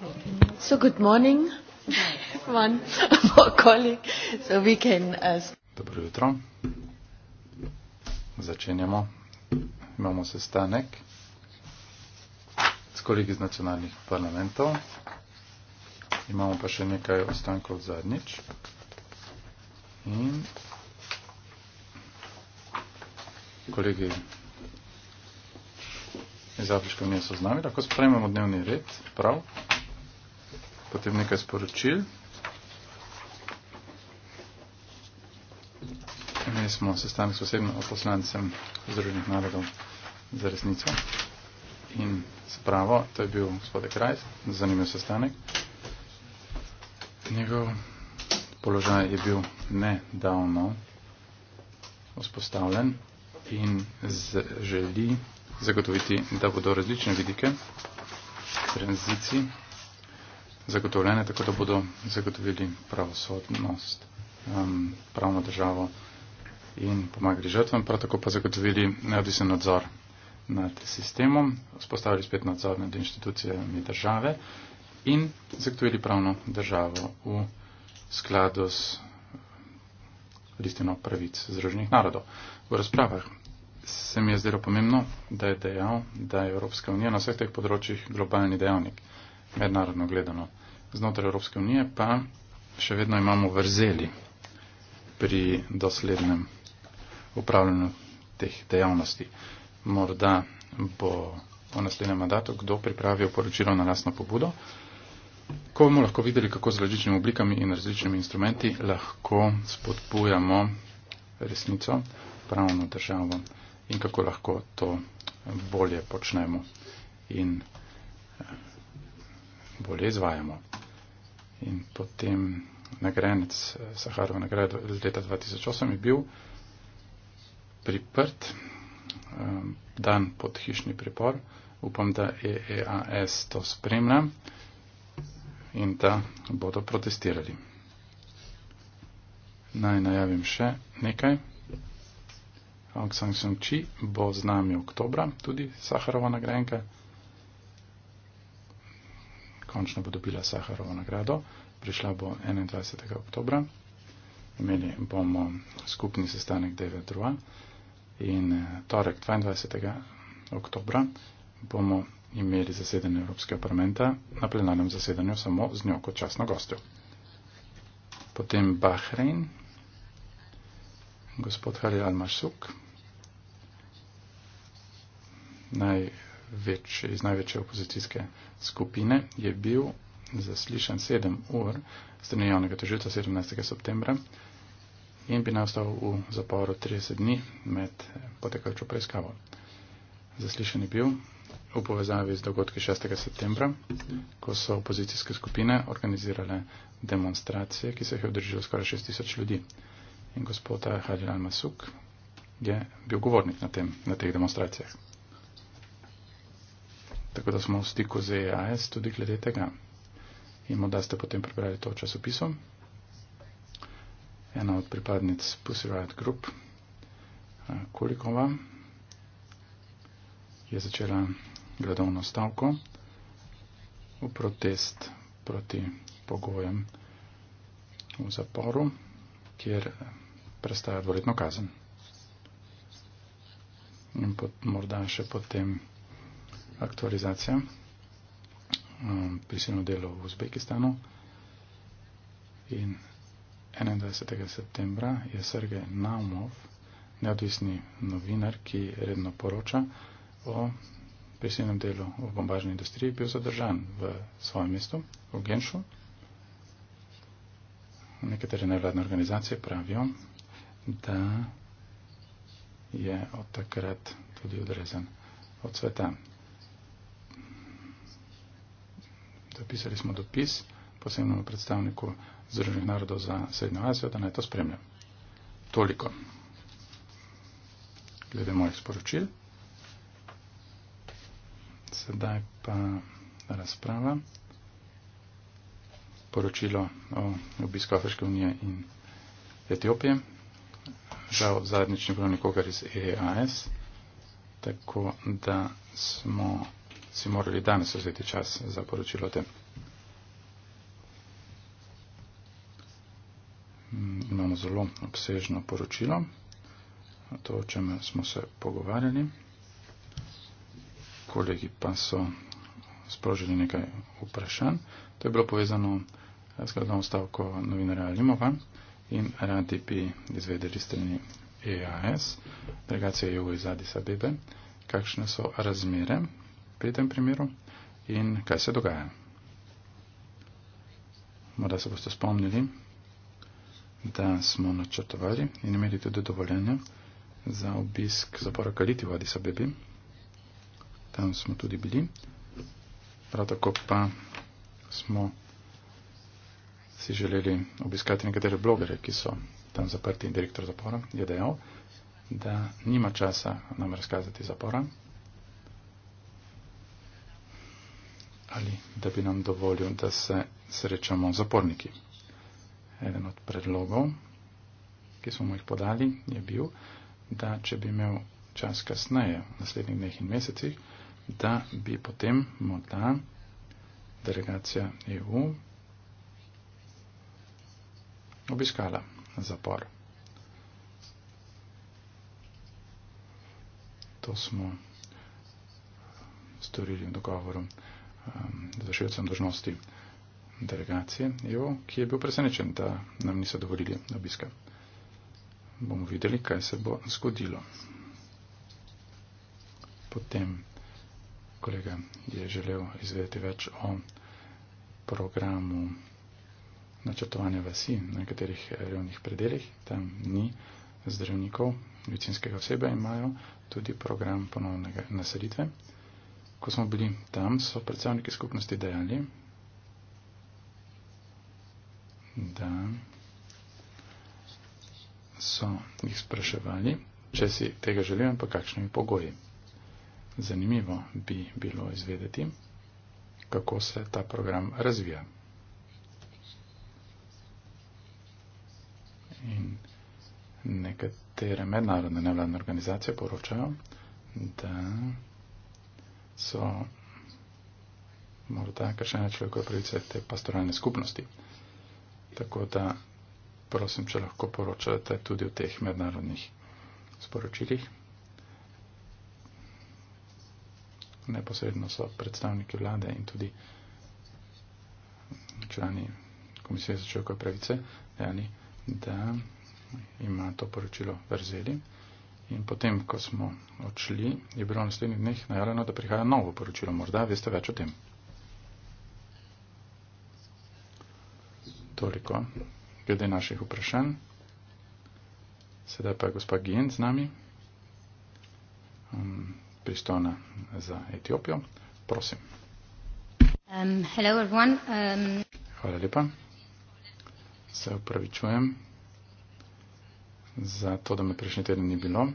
Uh, Dobro jutro. Začenjamo. Imamo sestanek s kolegi iz nacionalnih parlamentov. Imamo pa še nekaj ostankov zadnjič. In kolegi iz Afriške unije so z nami, lahko spremljamo dnevni red, prav? potem nekaj sporočil. Mi smo sestanek s osebnim poslancem Združenih narodov za resnico in spravo, to je bil gospod Krajs, zanimiv sestanek. Njegov položaj je bil nedavno vzpostavljen in želi zagotoviti, da bodo različne vidike tranziciji zagotovljene, tako da bodo zagotovili pravosodnost, um, pravno državo in pomagali žrtvam, prav tako pa zagotovili neodvisen nadzor nad sistemom, vzpostavili spet nadzor nad inštitucijami države in zagotovili pravno državo v skladu s listino pravic Združenih narodov. V razpravah se mi je zdelo pomembno, da je dejal, da je Evropska unija na vseh teh področjih globalni dejavnik, mednarodno gledano znotraj Evropske unije pa še vedno imamo vrzeli pri doslednem upravljanju teh dejavnosti. Morda bo v naslednjem mandatu kdo pripravil poročilo na lasno pobudo, ko bomo lahko videli, kako z različnimi oblikami in različnimi instrumenti lahko spodbujamo resnico, pravno državo in kako lahko to bolje počnemo in eh, bolje izvajamo in potem nagrajenec Saharova nagrada leta 2008 je bil priprt um, dan pod hišni pripor. Upam, da EEAS to spremlja in da bodo protestirali. Naj najavim še nekaj. Aung San Suu Kyi bo z nami oktobra, tudi Saharova nagrajenka končno bo dobila Saharovo nagrado. Prišla bo 21. oktobra. Imeli bomo skupni sestanek 9. druga in eh, torek 22. oktobra bomo imeli zasedanje Evropskega parlamenta na plenarnem zasedanju samo z njo kot časno gostjo. Potem Bahrein, gospod Halil Al-Mashuk, naj več, iz največje opozicijske skupine, je bil zaslišan 7 ur strani javnega tožilca 17. septembra in bi nastal v zaporu 30 dni med potekajočo preiskavo. Zaslišan je bil v povezavi z dogodki 6. septembra, ko so opozicijske skupine organizirale demonstracije, ki se jih je održilo skoraj 6000 ljudi. In gospoda Hadil Al-Masuk je bil govornik na, tem, na teh demonstracijah tako da smo v stiku z EAS tudi glede tega. In morda ste potem prebrali to časopiso. Ena od pripadnic Pussy Riot Group, Kulikova, je začela gledovno stavko v protest proti pogojem v zaporu, kjer prestaja dvoletno kazen. In pot, morda še potem aktualizacija, um, prisilno delo v Uzbekistanu. In 21. septembra je Sergej Naumov, neodvisni novinar, ki redno poroča o prisilnem delu v bombažni industriji, bil zadržan v svojem mestu, v Genšu. Nekatere nevladne organizacije pravijo, da je od takrat tudi odrezan od sveta. Napisali smo dopis posebnemu predstavniku Združenih narodov za Srednjo Azijo, da naj to spremlja. Toliko. Glede mojih sporočil. Sedaj pa razprava. Poročilo o obisku Afriške unije in Etiopije. Žal zadnjič ni bilo nikogar iz EAS, tako da smo si morali danes vzeti čas za poročilo tem. Mm, imamo zelo obsežno poročilo, to, o čem smo se pogovarjali. Kolegi pa so sprožili nekaj vprašanj. To je bilo povezano z eh, glavno stavko novinarja Limova in radi bi izvedeli strani EAS, delegacije EU iz Adisa Bebe, kakšne so razmere pri tem primeru in kaj se dogaja. Morda se boste spomnili, da smo načrtovali in imeli tudi dovoljenje za obisk zapora Kaliti v Adisa Bebi. Tam smo tudi bili. Prav tako pa smo si želeli obiskati nekatere blogere, ki so tam zaprti in direktor zapora je dejal, da nima časa nam razkazati zapora, ali da bi nam dovolil, da se srečamo z zaporniki. Eden od predlogov, ki smo mu jih podali, je bil, da če bi imel čas kasneje, v naslednjih dneh in mesecih, da bi potem morda delegacija EU obiskala zapor. To smo storili v dogovoru zašiljcem dožnosti delegacije EU, ki je bil presenečen, da nam niso dovolili obiska. Bomo videli, kaj se bo zgodilo. Potem kolega je želel izvedeti več o programu načrtovanja vasi na nekaterih revnih predeljih. Tam ni zdravnikov, medicinskega osebe imajo tudi program ponovnega naselitve ko smo bili tam, so predstavniki skupnosti dejali, da so jih spraševali, če si tega želijo, pa kakšnimi pogoji. Zanimivo bi bilo izvedeti, kako se ta program razvija. In nekatere mednarodne nevladne organizacije poročajo, da so morda kršene človekove pravice te pastoralne skupnosti. Tako da prosim, če lahko poročate tudi o teh mednarodnih sporočilih. Neposredno so predstavniki vlade in tudi člani Komisije za človekove pravice dejali, da ima to poročilo vrzeli. In potem, ko smo odšli, je bilo naslednjih dneh najavljeno, da prihaja novo poročilo. Morda veste več o tem. Toliko glede naših vprašanj. Sedaj pa je gospa Gijen z nami, um, pristojna za Etiopijo. Prosim. Um, hello um... Hvala lepa. Se upravičujem za to, da me prejšnji teden ni bilo.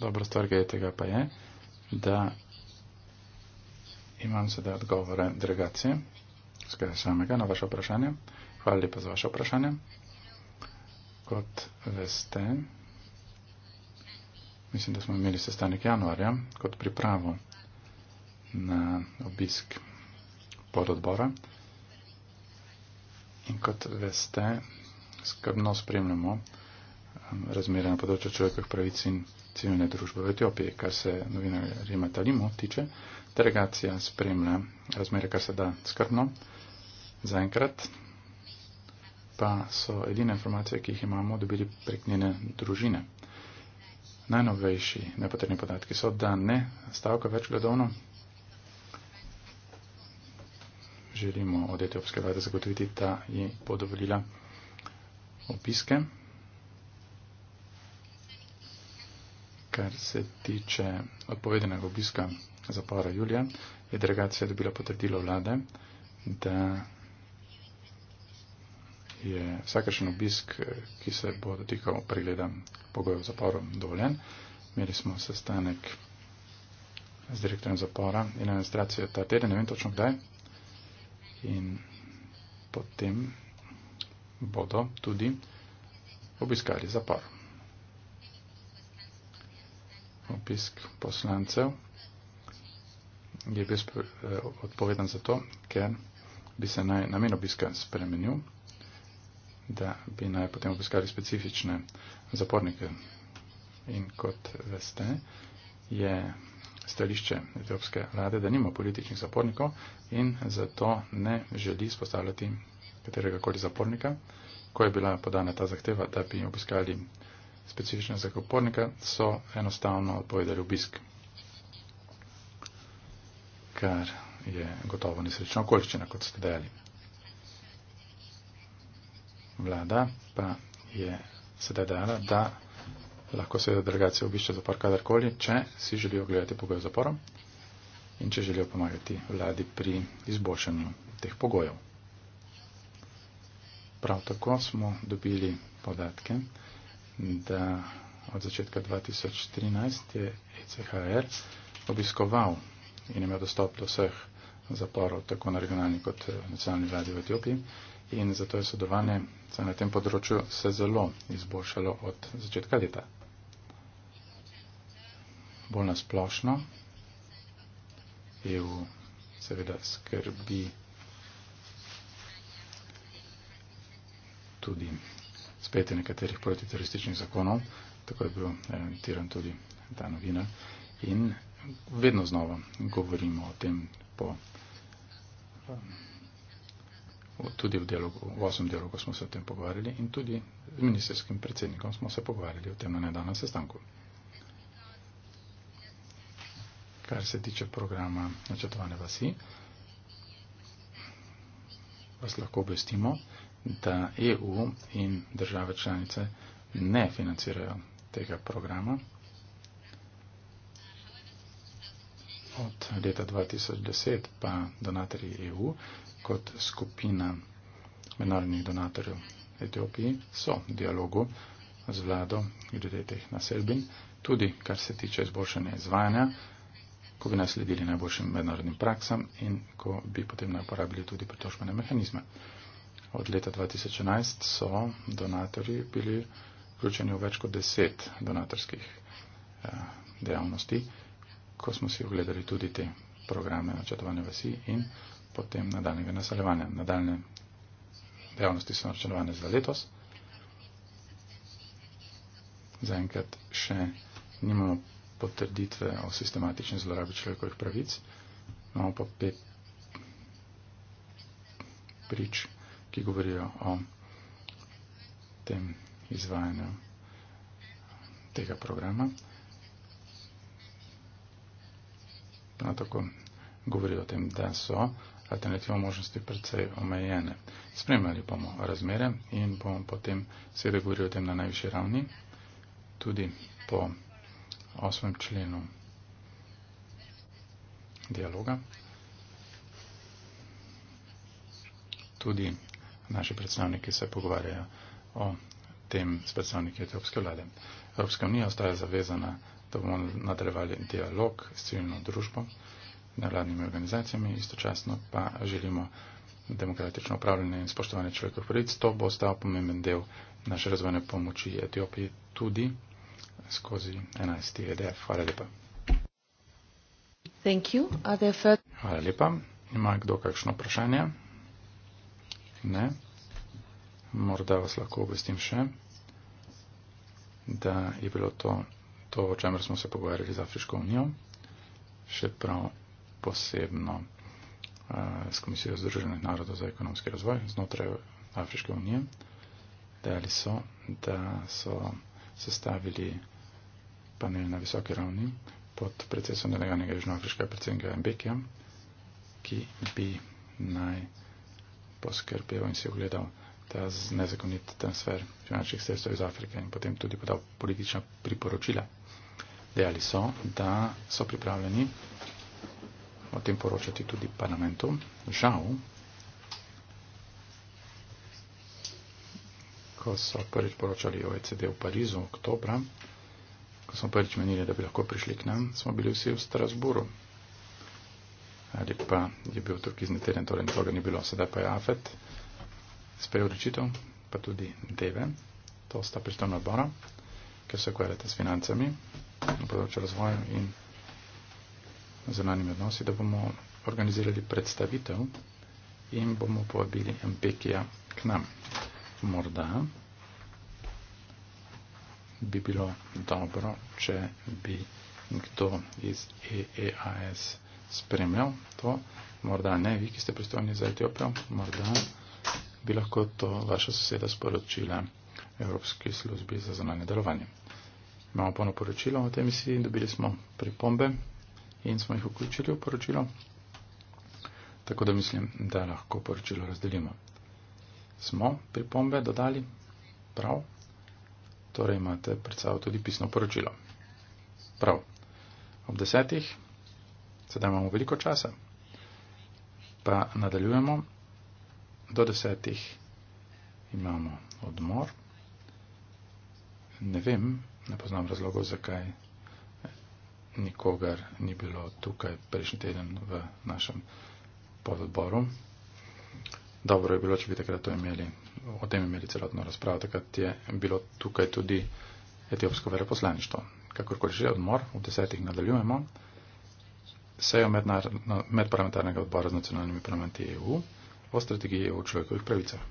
Dobro stvar je tega pa je, da imam sedaj odgovore delegacije, skaj samega na vaše vprašanje. Hvala lepa za vaše vprašanje. Kot veste, mislim, da smo imeli sestanek januarja kot pripravo na obisk pododbora. odbora. In kot veste, skrbno spremljamo um, razmere na področju človekovih pravic in civilne družbe v Etiopiji, kar se novinarima Talimu tiče. Delegacija spremlja razmere, kar se da skrbno. Zaenkrat pa so edine informacije, ki jih imamo, dobili prek njene družine. Najnovejši nepotrebni podatki so, da ne stavka več gledovno, želimo od etiopske vlade zagotoviti, da ji bo dovolila obiske. Kar se tiče odpovedenega obiska zapora Julija, je delegacija dobila potrdilo vlade, da je vsakršen obisk, ki se bo dotikal pregleda pogojev zaporov, dovoljen. Imeli smo sestanek z direktorjem zapora in administracijo ta teden, ne vem točno kdaj, in potem bodo tudi obiskali zapor. Obisk poslancev je bil eh, odpovedan zato, ker bi se naj namen obiska spremenil, da bi naj potem obiskali specifične zapornike. In kot veste, je stališče etiopske vlade, da nima političnih zapornikov in zato ne želi spostavljati katerega koli zapornika. Ko je bila podana ta zahteva, da bi obiskali specifičnega zapornika, so enostavno odpovedali obisk, kar je gotovo nesrečna okoliščina, kot ste dejali. Vlada pa je sedaj dejala, da lahko seveda delegacijo obišče zapor kadarkoli, če si želijo gledati pogoje zapora in če želijo pomagati vladi pri izboljšanju teh pogojev. Prav tako smo dobili podatke, da od začetka 2013 je ECHR obiskoval in imel dostop do vseh zaporov, tako na regionalni kot eh, nacionalni vladi v Etiopiji. In zato je sodelovanje na tem področju se zelo izboljšalo od začetka leta bolj nasplošno. EU seveda skrbi tudi spet nekaterih protiterorističnih zakonov, tako je bil orientiran eh, tudi ta novina. In vedno znova govorimo o tem po, eh, tudi v, dialogu, v osmem dialogu smo se o tem pogovarjali in tudi z ministerskim predsednikom smo se pogovarjali o tem na nedavnem sestanku kar se tiče programa načrtovane vasi, vas lahko obvestimo, da EU in države članice ne financirajo tega programa. Od leta 2010 pa donatorji EU kot skupina mednarodnih donatorjev Etiopiji so v dialogu z vlado glede teh naselbin, tudi kar se tiče izboljšanja izvajanja ko bi nasledili najboljšim mednarodnim praksam in ko bi potem najporabili tudi pritožbene mehanizme. Od leta 2011 so donatorji bili vključeni v več kot deset donatorskih eh, dejavnosti, ko smo si ogledali tudi te programe načrtovanja vasi in potem nadaljnega naseljevanja. Nadaljne dejavnosti so načrtovane za letos. Zaenkrat še nimamo potrditve o sistematični zlorabi človekovih pravic. Imamo pa pet prič, ki govorijo o tem izvajanju tega programa. Prav tako govorijo o tem, da so alternativne možnosti predvsej omejene. Spremljali bomo razmere in bomo potem seveda govorili o tem na najvišji ravni, tudi po 8. členu dialoga. Tudi naši predstavniki se pogovarjajo o tem s predstavniki Evropske vlade. Evropska unija ostaja zavezana, da bomo nadaljevali dialog s civilno družbo, nevladnimi organizacijami, istočasno pa želimo demokratično upravljanje in spoštovanje človekovih pravic. To bo ostal pomemben del naše razvojne pomoči Etiopiji tudi skozi 11. EDF. Hvala lepa. Thank you. Are there further... Hvala lepa. Ima kdo kakšno vprašanje? Ne. Morda vas lahko obvestim še, da je bilo to, to o čemer smo se pogovarjali z Afriško unijo, še prav posebno uh, s Komisijo Združenih narodov za ekonomski razvoj znotraj Afriške unije. Dejali so, da so sestavili panel na visoki ravni pod predsedstvom delegalnega južnoafriškega predsednika Mbekija, ki bi naj poskrbel in si ogledal ta nezakonit transfer finančnih sredstev iz Afrike in potem tudi podal politična priporočila. Dejali so, da so pripravljeni o tem poročati tudi parlamentu. Žal ko so prvič poročali OECD v Parizu, oktobra, ko smo prvič menili, da bi lahko prišli k nam, smo bili vsi v Strasburu. Ali pa je bil tukaj izneteren, torej toga ni bilo. Sedaj pa je AFET sprejel rečitev, pa tudi DEVE, to sta pristojna odbora, ker se ukvarjate s financami na področju razvoja in zunanjimi odnosi, da bomo organizirali predstavitev in bomo povabili MPK-ja k nam morda bi bilo dobro, če bi kdo iz EEAS spremljal to, morda ne, vi, ki ste pristojni za Etiopijo, morda bi lahko to vaša soseda sporočila Evropski službi za zonalne delovanje. Imamo polno poročilo o tej misiji, dobili smo pripombe in smo jih vključili v poročilo, tako da mislim, da lahko poročilo razdelimo. Smo pripombe dodali? Prav. Torej imate pred sabo tudi pisno poročilo. Prav. Ob desetih, sedaj imamo veliko časa, pa nadaljujemo. Do desetih imamo odmor. Ne vem, ne poznam razlogov, zakaj nikogar ni bilo tukaj prejšnji teden v našem pododboru dobro je bilo, če bi takrat to imeli. O tem imeli celotno razpravo. Takrat je bilo tukaj tudi etiopsko veleposlaništvo. Kakorkoli že odmor, v desetih nadaljujemo. Sejo medparlamentarnega odbora z nacionalnimi parlamenti EU o strategiji EU človekovih pravicah.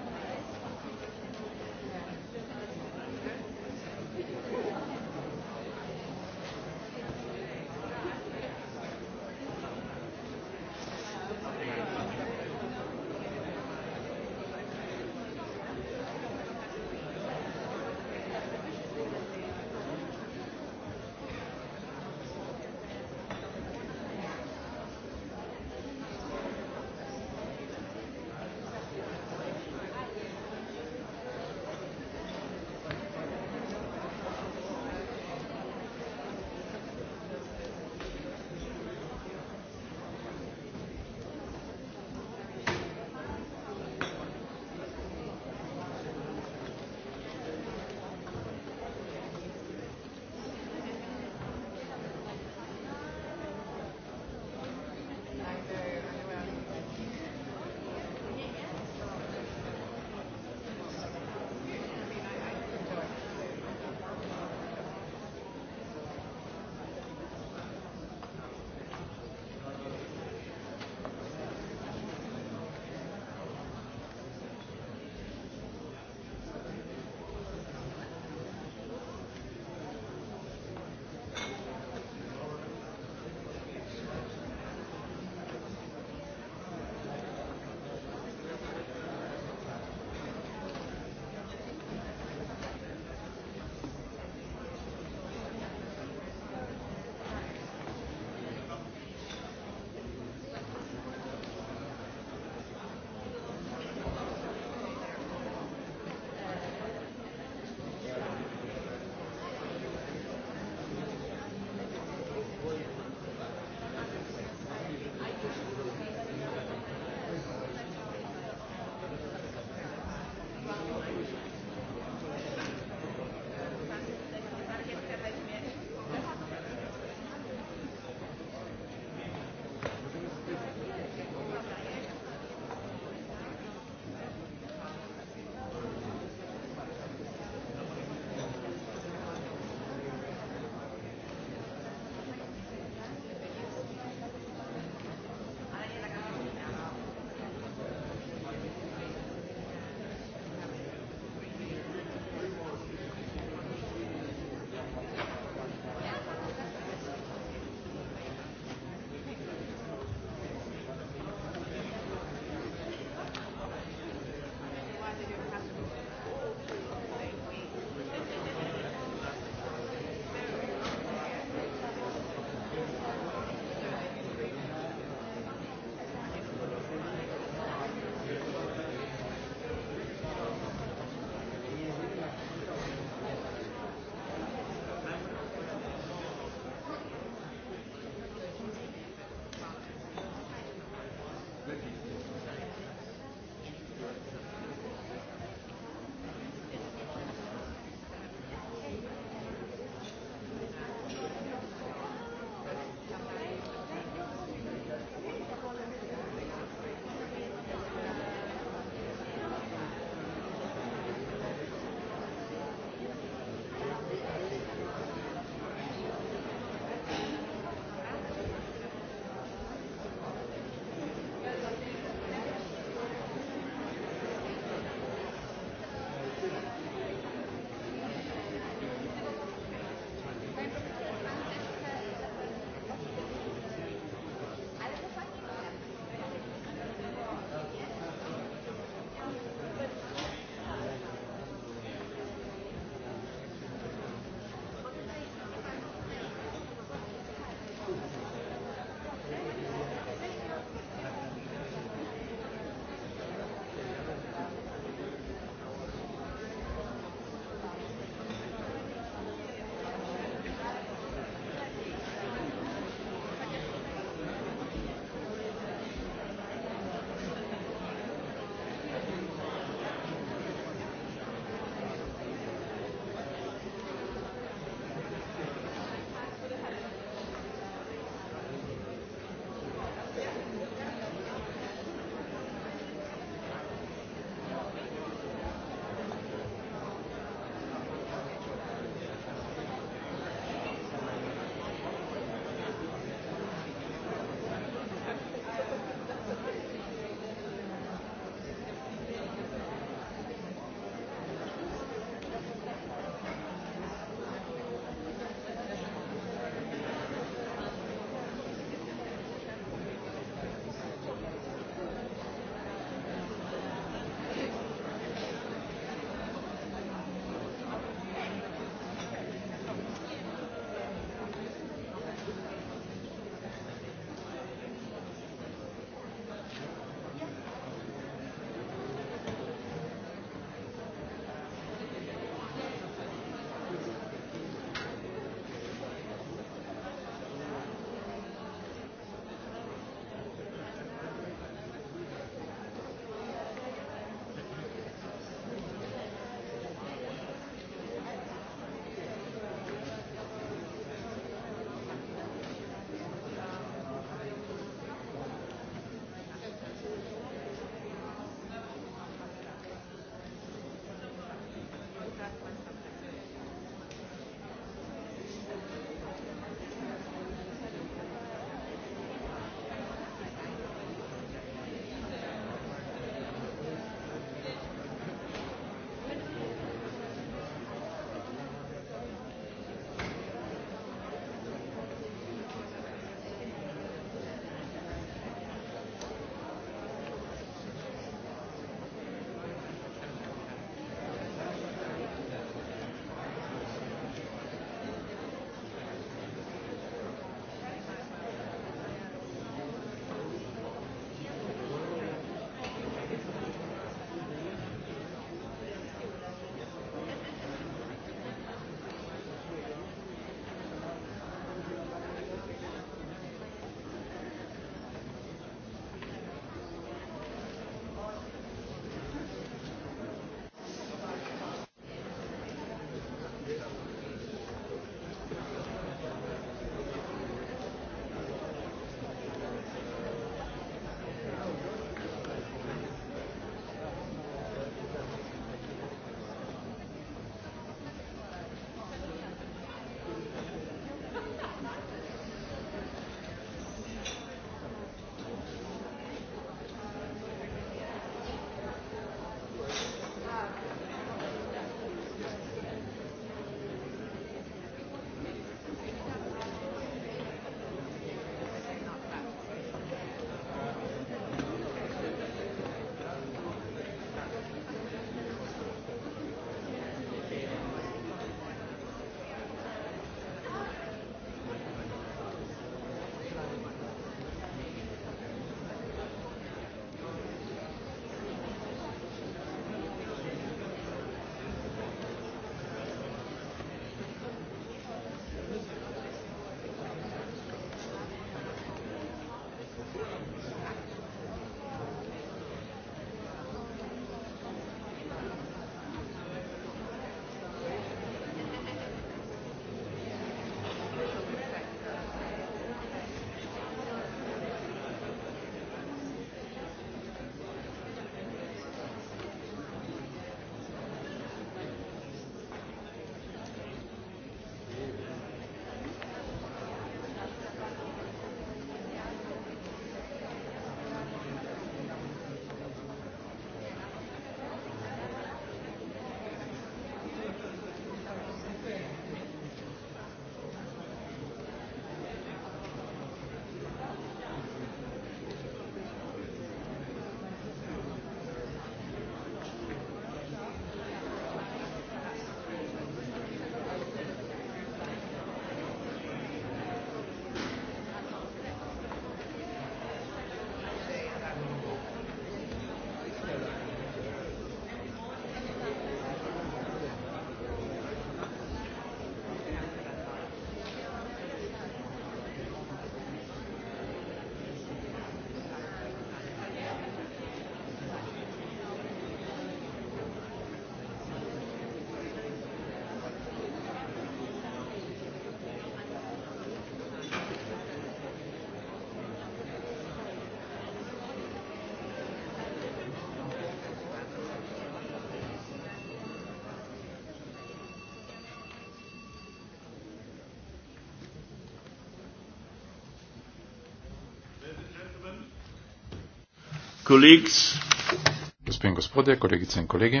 Gospod in gospodje, kolegice in kolegi,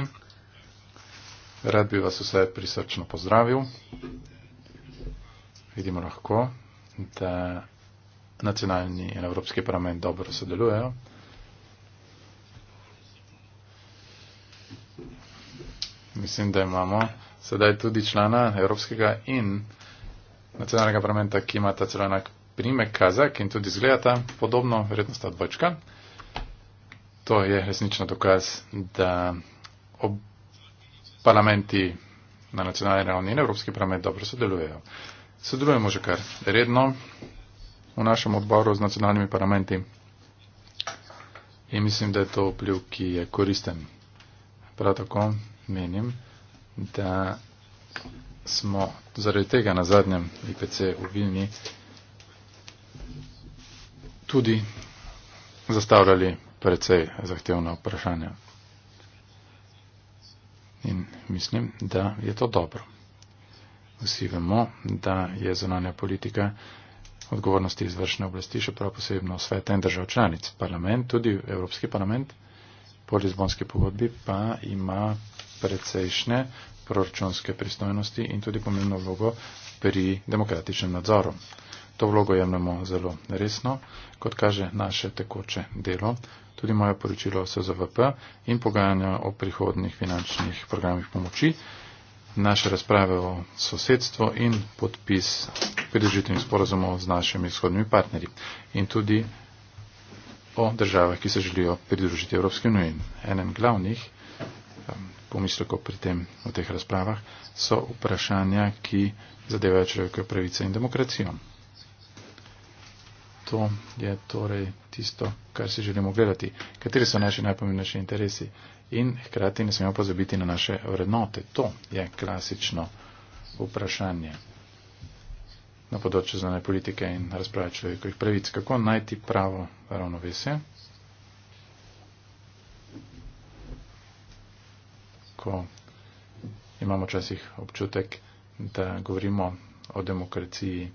rad bi vas vse prisrčno pozdravil. Vidimo lahko, da nacionalni in evropski parlament dobro sodelujejo. Mislim, da imamo sedaj tudi člana evropskega in nacionalnega parlamenta, ki imata celo enak prime kazak in tudi izgledata podobno, verjetno sta dvojčka to je resnično dokaz, da ob parlamenti na nacionalni ravni in Evropski parlament dobro sodelujejo. Sodelujemo že kar redno v našem odboru z nacionalnimi parlamenti in mislim, da je to vpliv, ki je koristen. Prav tako menim, da smo zaradi tega na zadnjem IPC v Vilni tudi zastavljali precej zahtevna vprašanja. In mislim, da je to dobro. Vsi vemo, da je zunanja politika odgovornosti izvršne oblasti, še prav posebno sveta in držav članic. Parlament, tudi Evropski parlament, po Lizbonski pogodbi pa ima precejšnje proračunske pristojnosti in tudi pomembno vlogo pri demokratičnem nadzoru. To vlogo jemljamo zelo resno, kot kaže naše tekoče delo, tudi moje poročilo SZVP in pogajanja o prihodnih finančnih programih pomoči, naše razprave o sosedstvo in podpis pridružitvenih sporazumov z našimi vzhodnimi partnerji in tudi o državah, ki se želijo pridružiti Evropski uniji. Enem glavnih um, pomislekov pri tem v teh razpravah so vprašanja, ki zadevajo človekove pravice in demokracijo to je torej tisto, kar si želimo gledati, kateri so naši najpomembnejši interesi in hkrati ne smemo pozabiti na naše vrednote. To je klasično vprašanje na področju znane politike in razprave človekovih pravic. Kako najti pravo ravnovesje, ko imamo včasih občutek, da govorimo o demokraciji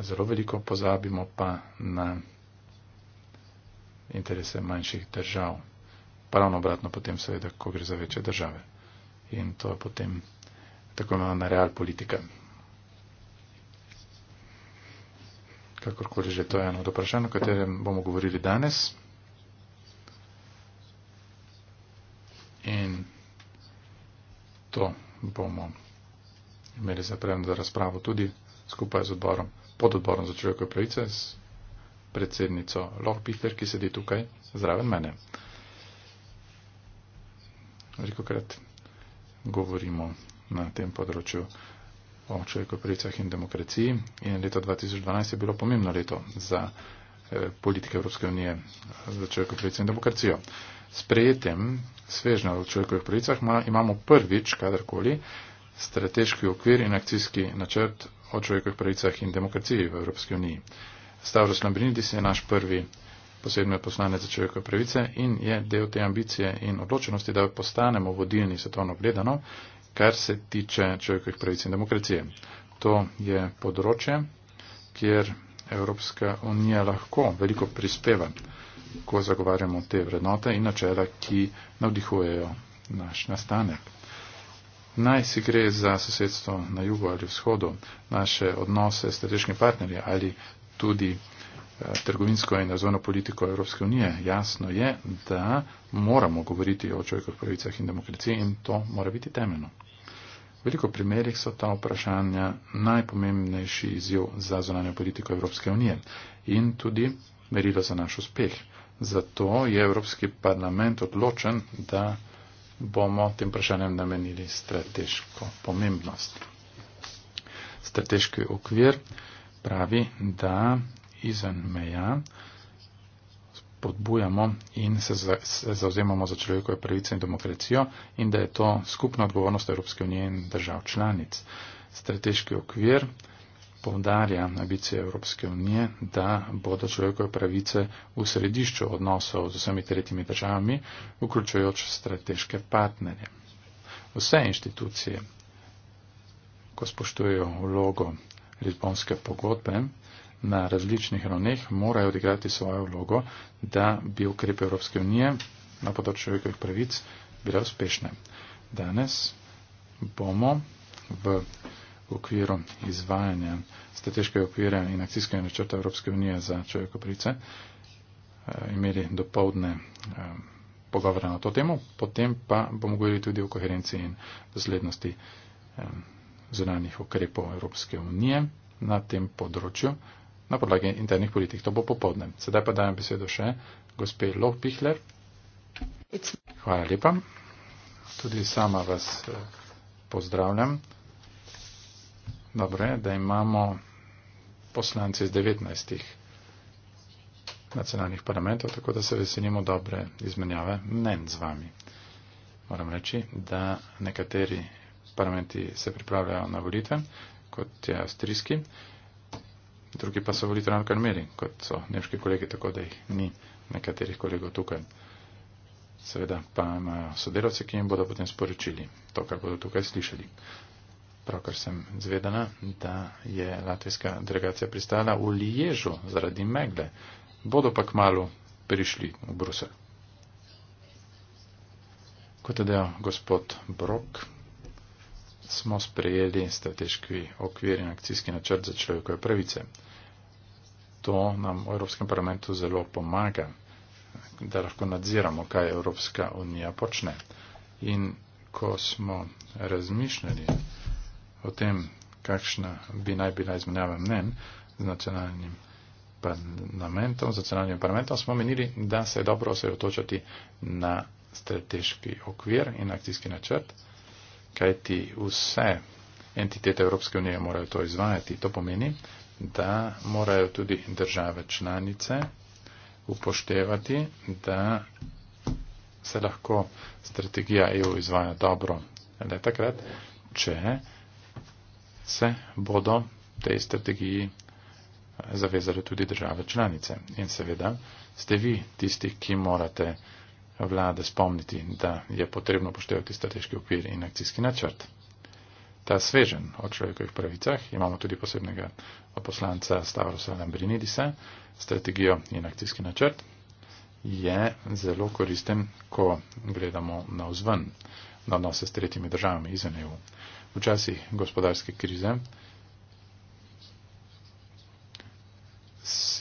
zelo veliko pozabimo pa na interese manjših držav. Pravno obratno potem seveda, ko gre za večje države. In to je potem tako imenovana real politika. Kakorkoli že, to je eno od vprašanj, o katerem bomo govorili danes. In to bomo imeli zapravljeno za razpravo tudi skupaj z odborom pododborom za človekove pravice, s predsednico Lohpihler, ki sedi tukaj zraven mene. Veliko krat govorimo na tem področju o človekovih pravicah in demokraciji in leto 2012 je bilo pomembno leto za eh, politike Evropske unije za človekovih pravic in demokracijo. Sprejetjem svežnja o človekovih pravicah imamo prvič, kadarkoli, strateški okvir in akcijski načrt o človekovih pravicah in demokraciji v Evropski uniji. Stavros Lambrinidis je naš prvi posebno poslanec za človekove pravice in je del te ambicije in odločenosti, da postanemo vodilni svetovno gledano, kar se tiče človekovih pravic in demokracije. To je področje, kjer Evropska unija lahko veliko prispeva, ko zagovarjamo te vrednote in načela, ki navdihujejo naš nastanek. Naj si gre za sosedstvo na jugu ali vzhodu, naše odnose s strateškimi partnerji ali tudi eh, trgovinsko in razvojno politiko Evropske unije. Jasno je, da moramo govoriti o človekovih pravicah in demokraciji in to mora biti temeljno. Veliko primerih so ta vprašanja najpomembnejši izjiv za zonanjo politiko Evropske unije in tudi merilo za naš uspeh. Zato je Evropski parlament odločen, da bomo tem vprašanjem namenili strateško pomembnost. Strateški okvir pravi, da izven meja podbujamo in se, za, se zauzemamo za človekove pravice in demokracijo in da je to skupna odgovornost Evropske unije in držav članic. Strateški okvir povdarja ambicije Evropske unije, da bodo človekove pravice v središču odnosov z vsemi tretjimi državami, vključujoč strateške partnerje. Vse inštitucije, ko spoštujejo vlogo Lizbonske pogodbe, na različnih ravneh morajo odigrati svojo vlogo, da bi ukrepe Evropske unije na področju človekovih pravic bile uspešne. Danes bomo v v okviru izvajanja strateškega okvira in akcijskega načrta Evropske unije za človeško price eh, imeli dopoldne eh, pogovore na to temo, potem pa bomo govorili tudi o koherenci in doslednosti eh, zunanjih ukrepov Evropske unije na tem področju na podlagi internih politik. To bo popoldne. Sedaj pa dajem besedo še gospe Loh Pihler. Hvala lepa. Tudi sama vas pozdravljam. Dobro je, da imamo poslance iz 19 nacionalnih parlamentov, tako da se veselimo dobre izmenjave mnen z vami. Moram reči, da nekateri parlamenti se pripravljajo na volitve, kot je avstrijski, drugi pa so volitve na karmeri, kot so nemški kolegi, tako da jih ni nekaterih kolegov tukaj. Seveda pa imajo sodelavce, ki jim bodo potem sporočili to, kar bodo tukaj slišali pravkar sem zvedena, da je latvijska delegacija pristala v Liježu zaradi megle. Bodo pa kmalo prišli v Bruselj. Kot je dejal gospod Brok, smo sprejeli strateški okvir in akcijski načrt za človekove pravice. To nam v Evropskem parlamentu zelo pomaga, da lahko nadziramo, kaj Evropska unija počne. In ko smo razmišljali, o tem, kakšna bi naj bila izmenjava mnen z nacionalnim parlamentom, z nacionalnim parlamentom, smo menili, da se je dobro osredotočati na strateški okvir in akcijski načrt, kajti vse entitete Evropske unije morajo to izvajati. To pomeni, da morajo tudi države članice upoštevati, da se lahko strategija EU izvaja dobro. Le takrat, če se bodo tej strategiji eh, zavezali tudi države članice. In seveda ste vi tisti, ki morate vlade spomniti, da je potrebno poštevati strateški okvir in akcijski načrt. Ta svežen o človekovih pravicah, imamo tudi posebnega poslanca Stavrosa Lambrinidisa, strategijo in akcijski načrt, je zelo koristen, ko gledamo na vzven, na odnose s tretjimi državami izven EU v časih gospodarske krize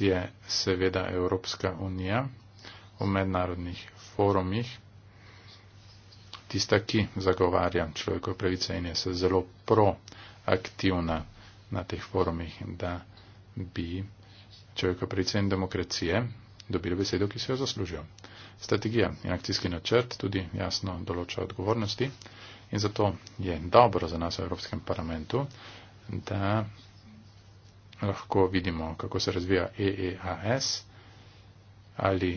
je seveda Evropska unija v mednarodnih forumih tista, ki zagovarja človekove pravice in je se zelo proaktivna na teh forumih, da bi človekove pravice in demokracije dobili besedo, ki se jo zaslužijo. Strategija in akcijski načrt tudi jasno določa odgovornosti. In zato je dobro za nas v Evropskem parlamentu, da lahko vidimo, kako se razvija EEAS, ali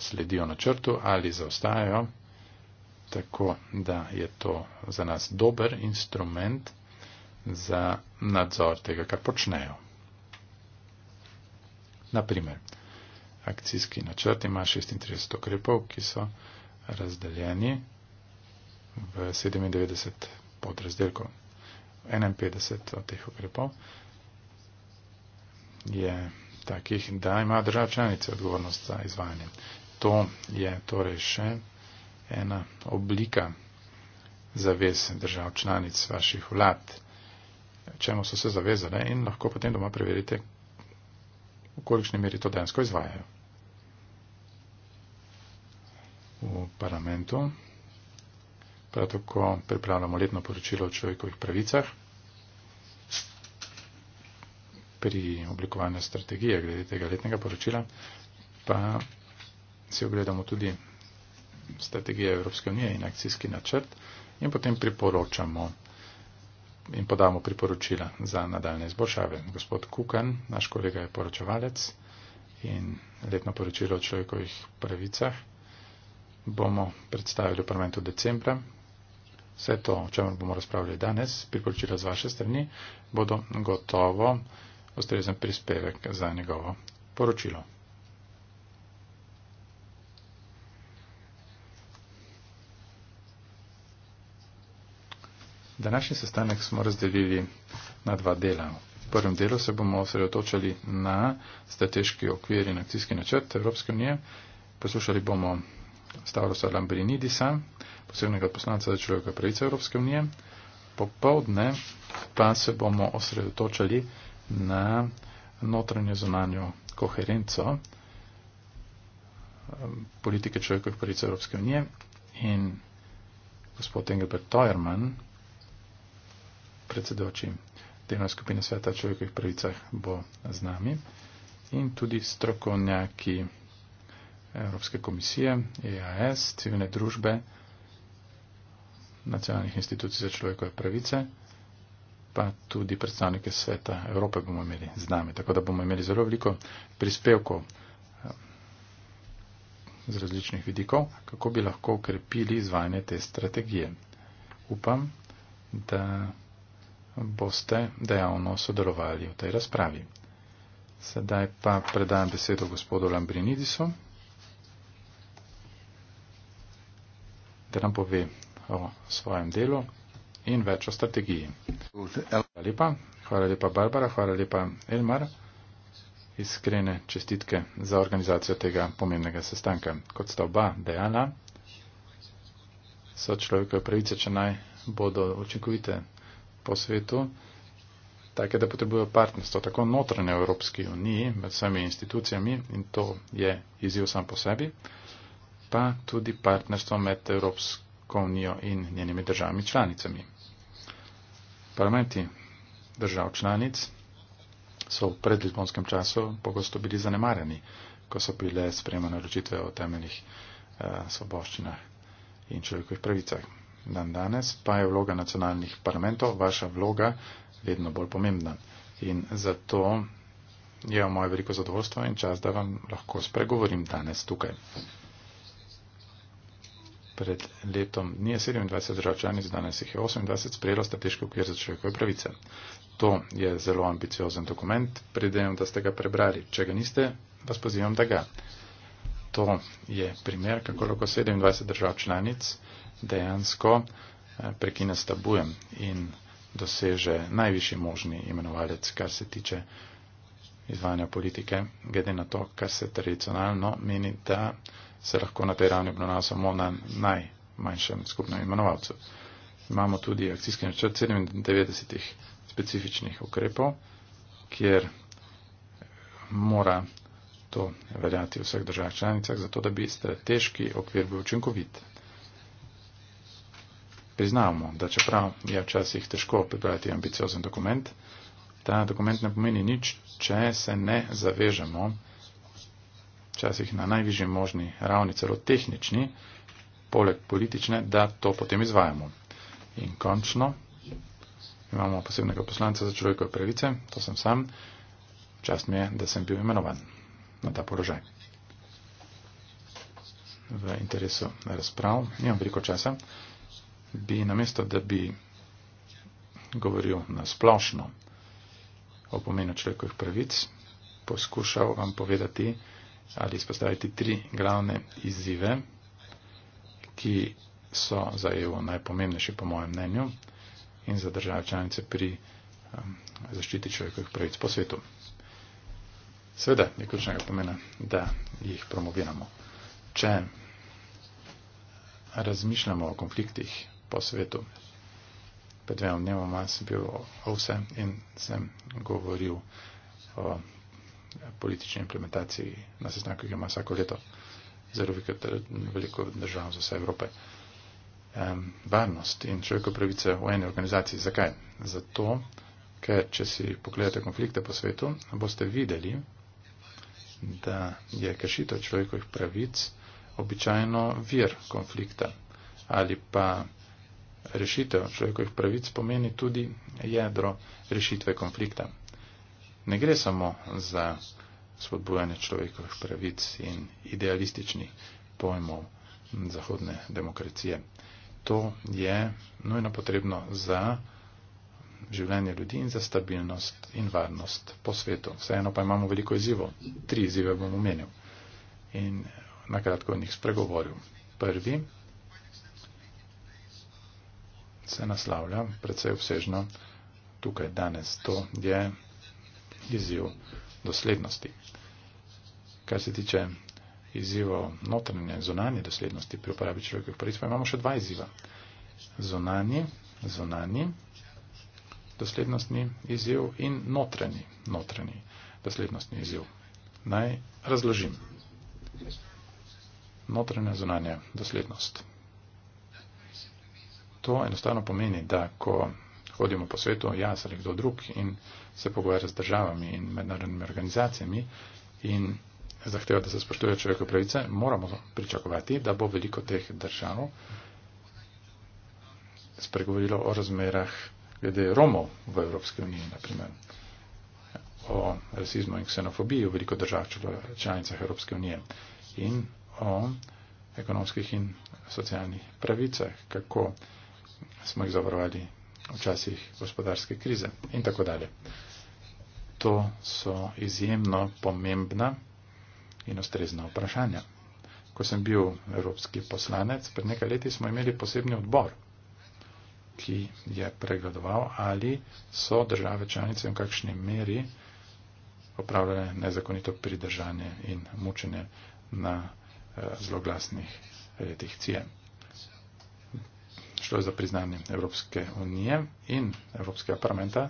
sledijo načrtu, ali zaostajajo, tako da je to za nas dober instrument za nadzor tega, kar počnejo. Naprimer, akcijski načrt ima 36 ukrepov, ki so razdeljeni v 97 podrazdelkov. 51 od teh ukrepov je takih, da ima država članice odgovornost za izvajanje. To je torej še ena oblika zavez držav članic vaših vlad, čemu so se zavezale in lahko potem doma preverite, v kolikšni meri to dejansko izvajajo. V parlamentu prav tako pripravljamo letno poročilo o človekovih pravicah. Pri oblikovanju strategije glede tega letnega poročila pa si ogledamo tudi strategije Evropske unije in akcijski načrt in potem priporočamo in podamo priporočila za nadaljne izboljšave. Gospod Kukan, naš kolega je poročevalec in letno poročilo o človekovih pravicah bomo predstavili v parlamentu decembra vse to, o čemer bomo razpravljali danes, priporočila z vaše strani, bodo gotovo ustrezen prispevek za njegovo poročilo. Današnji sestanek smo razdelili na dva dela. V prvem delu se bomo osredotočali na strateški okvir in akcijski načrt Evropske unije. Poslušali bomo Stavrosa Lambrinidisa, posebnega poslanca za človeka pravice Evropske unije. Popovdne pa se bomo osredotočali na notranjo zunanjo koherenco um, politike človekovih pravic Evropske unije in gospod Engelbert Toerman, predsedoči delovne skupine sveta o človekovih pravicah, bo z nami in tudi strokovnjaki Evropske komisije, EAS, civilne družbe nacionalnih institucij za človekove pravice, pa tudi predstavnike sveta Evrope bomo imeli z nami. Tako da bomo imeli zelo veliko prispevkov eh, z različnih vidikov, kako bi lahko ukrepili izvajanje te strategije. Upam, da boste dejavno sodelovali v tej razpravi. Sedaj pa predajam besedo gospodu Lambrinidisu, da nam pove o svojem delu in več o strategiji. Hvala lepa, hvala lepa Barbara, hvala lepa Elmar. Iskrene čestitke za organizacijo tega pomembnega sestanka. Kot sta oba dejala, so človekove pravice, če naj bodo učinkovite po svetu, take, da potrebujejo partnerstvo tako notranje Evropske unije med vsemi institucijami in to je izziv sam po sebi, pa tudi partnerstvo med Evropsko Evropsko unijo in njenimi državami članicami. Parlamenti držav članic so v predlizbonskem času pogosto bili zanemarjeni, ko so bile sprejemane odločitve o temeljnih eh, svoboščinah in človekovih pravicah. Dan danes pa je vloga nacionalnih parlamentov, vaša vloga, vedno bolj pomembna. In zato je moje veliko zadovoljstvo in čas, da vam lahko spregovorim danes tukaj pred letom nije 27 držav članic, danes jih je 28, sprejelo strateško okvir za človekove pravice. To je zelo ambiciozen dokument, predajem, da ste ga prebrali. Če ga niste, vas pozivam, da ga. To je primer, kako lahko 27 držav članic dejansko eh, prekine s tabujem in doseže najvišji možni imenovalec, kar se tiče izvajanja politike, glede na to, kar se tradicionalno meni, da se lahko na tej ravni obnašamo na najmanjšem skupnem imenovalcu. Imamo tudi akcijski načrt 97 specifičnih ukrepov, kjer mora to veljati v vseh državah članicah, zato da bi strateški okvir bil učinkovit. Priznavamo, da čeprav je včasih težko pripraviti ambiciozen dokument, ta dokument ne pomeni nič, če se ne zavežemo včasih na najvižji možni ravni, celo tehnični, poleg politične, da to potem izvajamo. In končno imamo posebnega poslanca za človekove pravice, to sem sam, čast mi je, da sem bil imenovan na ta položaj. V interesu razprav, nimam veliko časa, bi namesto, da bi govoril na splošno o pomenu človekovih pravic, poskušal vam povedati, ali izpostaviti tri glavne izzive, ki so za EU najpomembnejši, po mojem mnenju, in za države članice pri um, zaščiti človekovih pravic po svetu. Sveda je ključnega pomena, da jih promoviramo. Če razmišljamo o konfliktih po svetu, pred dvema dnevoma sem bil o vse in sem govoril o politični implementaciji na sestanku, ki ga ima vsako leto za Rubika, veliko držav za vse Evrope. Um, varnost in človekove pravice v eni organizaciji. Zakaj? Zato, ker če si pogledate konflikte po svetu, boste videli, da je kršitev človekovih pravic običajno vir konflikta ali pa rešitev človekovih pravic pomeni tudi jedro rešitve konflikta ne gre samo za spodbujanje človekovih pravic in idealističnih pojmov zahodne demokracije. To je nujno potrebno za življenje ljudi in za stabilnost in varnost po svetu. Vseeno pa imamo veliko izzivov. Tri izzive bom omenil in nakratko o njih spregovoril. Prvi se naslavlja predvsej obsežno tukaj danes. To je izziv doslednosti. Kar se tiče izzivo notranje, zunanje doslednosti pri uporabi človekovih pravic, pa imamo še dva izziva. Zunanje, zunanje doslednostni izziv in notranji, notranji doslednostni izziv. Naj razložim. Notranja zunanja doslednost. To enostavno pomeni, da ko hodimo po svetu, jaz ali kdo drug in se pogovarja z državami in mednarodnimi organizacijami in zahteva, da se spoštuje človekove pravice, moramo pričakovati, da bo veliko teh držav spregovorilo o razmerah glede Romov v Evropski uniji, naprimer o rasizmu in ksenofobiji v veliko držav članicah Evropske unije in o ekonomskih in socialnih pravicah, kako smo jih zavarovali včasih gospodarske krize in tako dalje. To so izjemno pomembna in ustrezna vprašanja. Ko sem bil evropski poslanec, pred nekaj leti smo imeli posebni odbor, ki je pregledoval, ali so države članice v kakšni meri opravljale nezakonito pridržanje in mučenje na eh, zloglasnih letih cijen šlo za priznanje Evropske unije in Evropskega parlamenta,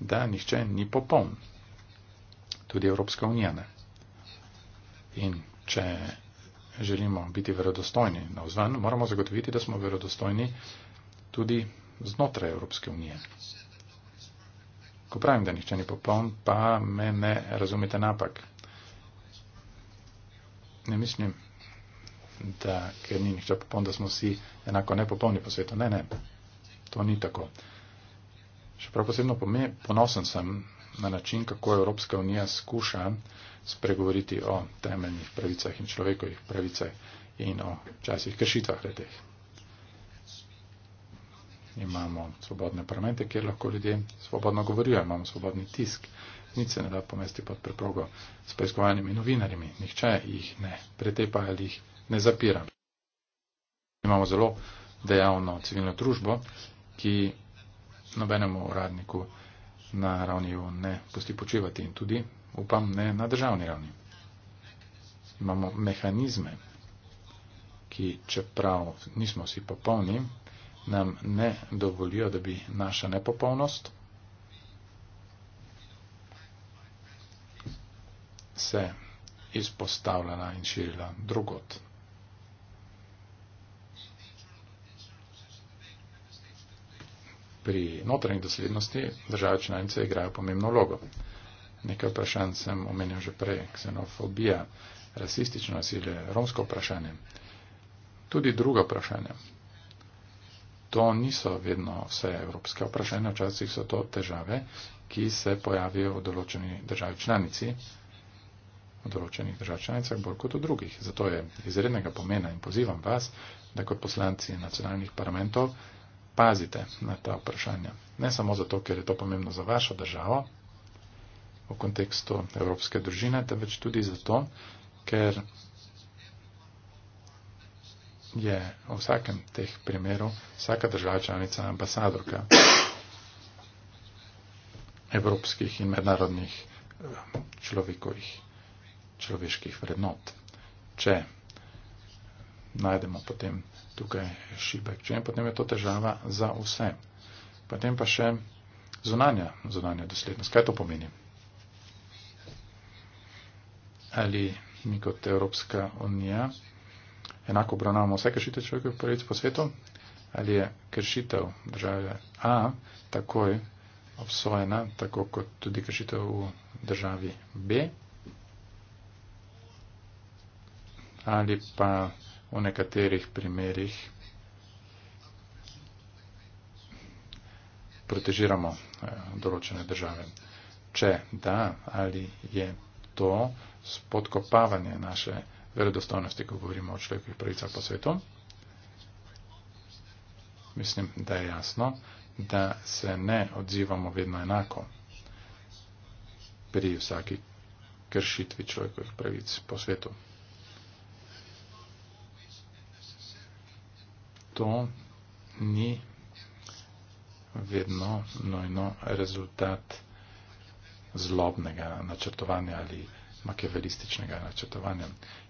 da nihče ni popoln. Tudi Evropska unija ne. In če želimo biti verodostojni na vzven, moramo zagotoviti, da smo verodostojni tudi znotraj Evropske unije. Ko pravim, da nihče ni popoln, pa me ne razumete napak. Ne mislim, da, ker ni nihče popoln, da smo vsi enako nepopolni po svetu. Ne, ne, to ni tako. Še prav posebno ponosen sem na način, kako Evropska unija skuša spregovoriti o temeljnih pravicah in človekovih pravicah in o časih kršitvah redeh. Imamo svobodne parlamente, kjer lahko ljudje svobodno govorijo, imamo svobodni tisk, nič se ne da pomesti pod preprogo s preiskovanimi novinarimi, nihče jih ne pretepa ali jih ne zapira. Imamo zelo dejavno civilno družbo, ki nobenemu uradniku na ravni EU ne pusti počivati in tudi, upam, ne na državni ravni. Imamo mehanizme, ki čeprav nismo vsi popolni, nam ne dovolijo, da bi naša nepopolnost se izpostavljala in širila drugot. pri notranji doslednosti države članice igrajo pomembno vlogo. Nekaj vprašanj sem omenil že prej, ksenofobija, rasistično nasilje, romsko vprašanje, tudi druga vprašanja. To niso vedno vse evropske vprašanja, včasih so to težave, ki se pojavijo v določeni državi članici, v določenih držav članicah bolj kot v drugih. Zato je izrednega pomena in pozivam vas, da kot poslanci nacionalnih parlamentov pazite na ta vprašanja. Ne samo zato, ker je to pomembno za vašo državo v kontekstu evropske družine, temveč tudi zato, ker je v vsakem teh primeru vsaka država članica ambasadorka evropskih in mednarodnih eh, človekovih človeških vrednot. Če najdemo potem tukaj šibek. Če je potem je to težava za vse. Potem pa še zunanja, zunanja doslednost. Kaj to pomeni? Ali mi kot Evropska unija enako obravnavamo vse kršitev človekovih pravic po svetu? Ali je kršitev države A takoj obsojena, tako kot tudi kršitev v državi B? Ali pa v nekaterih primerjih protežiramo eh, določene države. Če da, ali je to spodkopavanje naše veredostojnosti, ko govorimo o človekovih pravicah po svetu, mislim, da je jasno, da se ne odzivamo vedno enako pri vsaki kršitvi človekovih pravic po svetu. to ni vedno nojno rezultat zlobnega načrtovanja ali makevelističnega načrtovanja.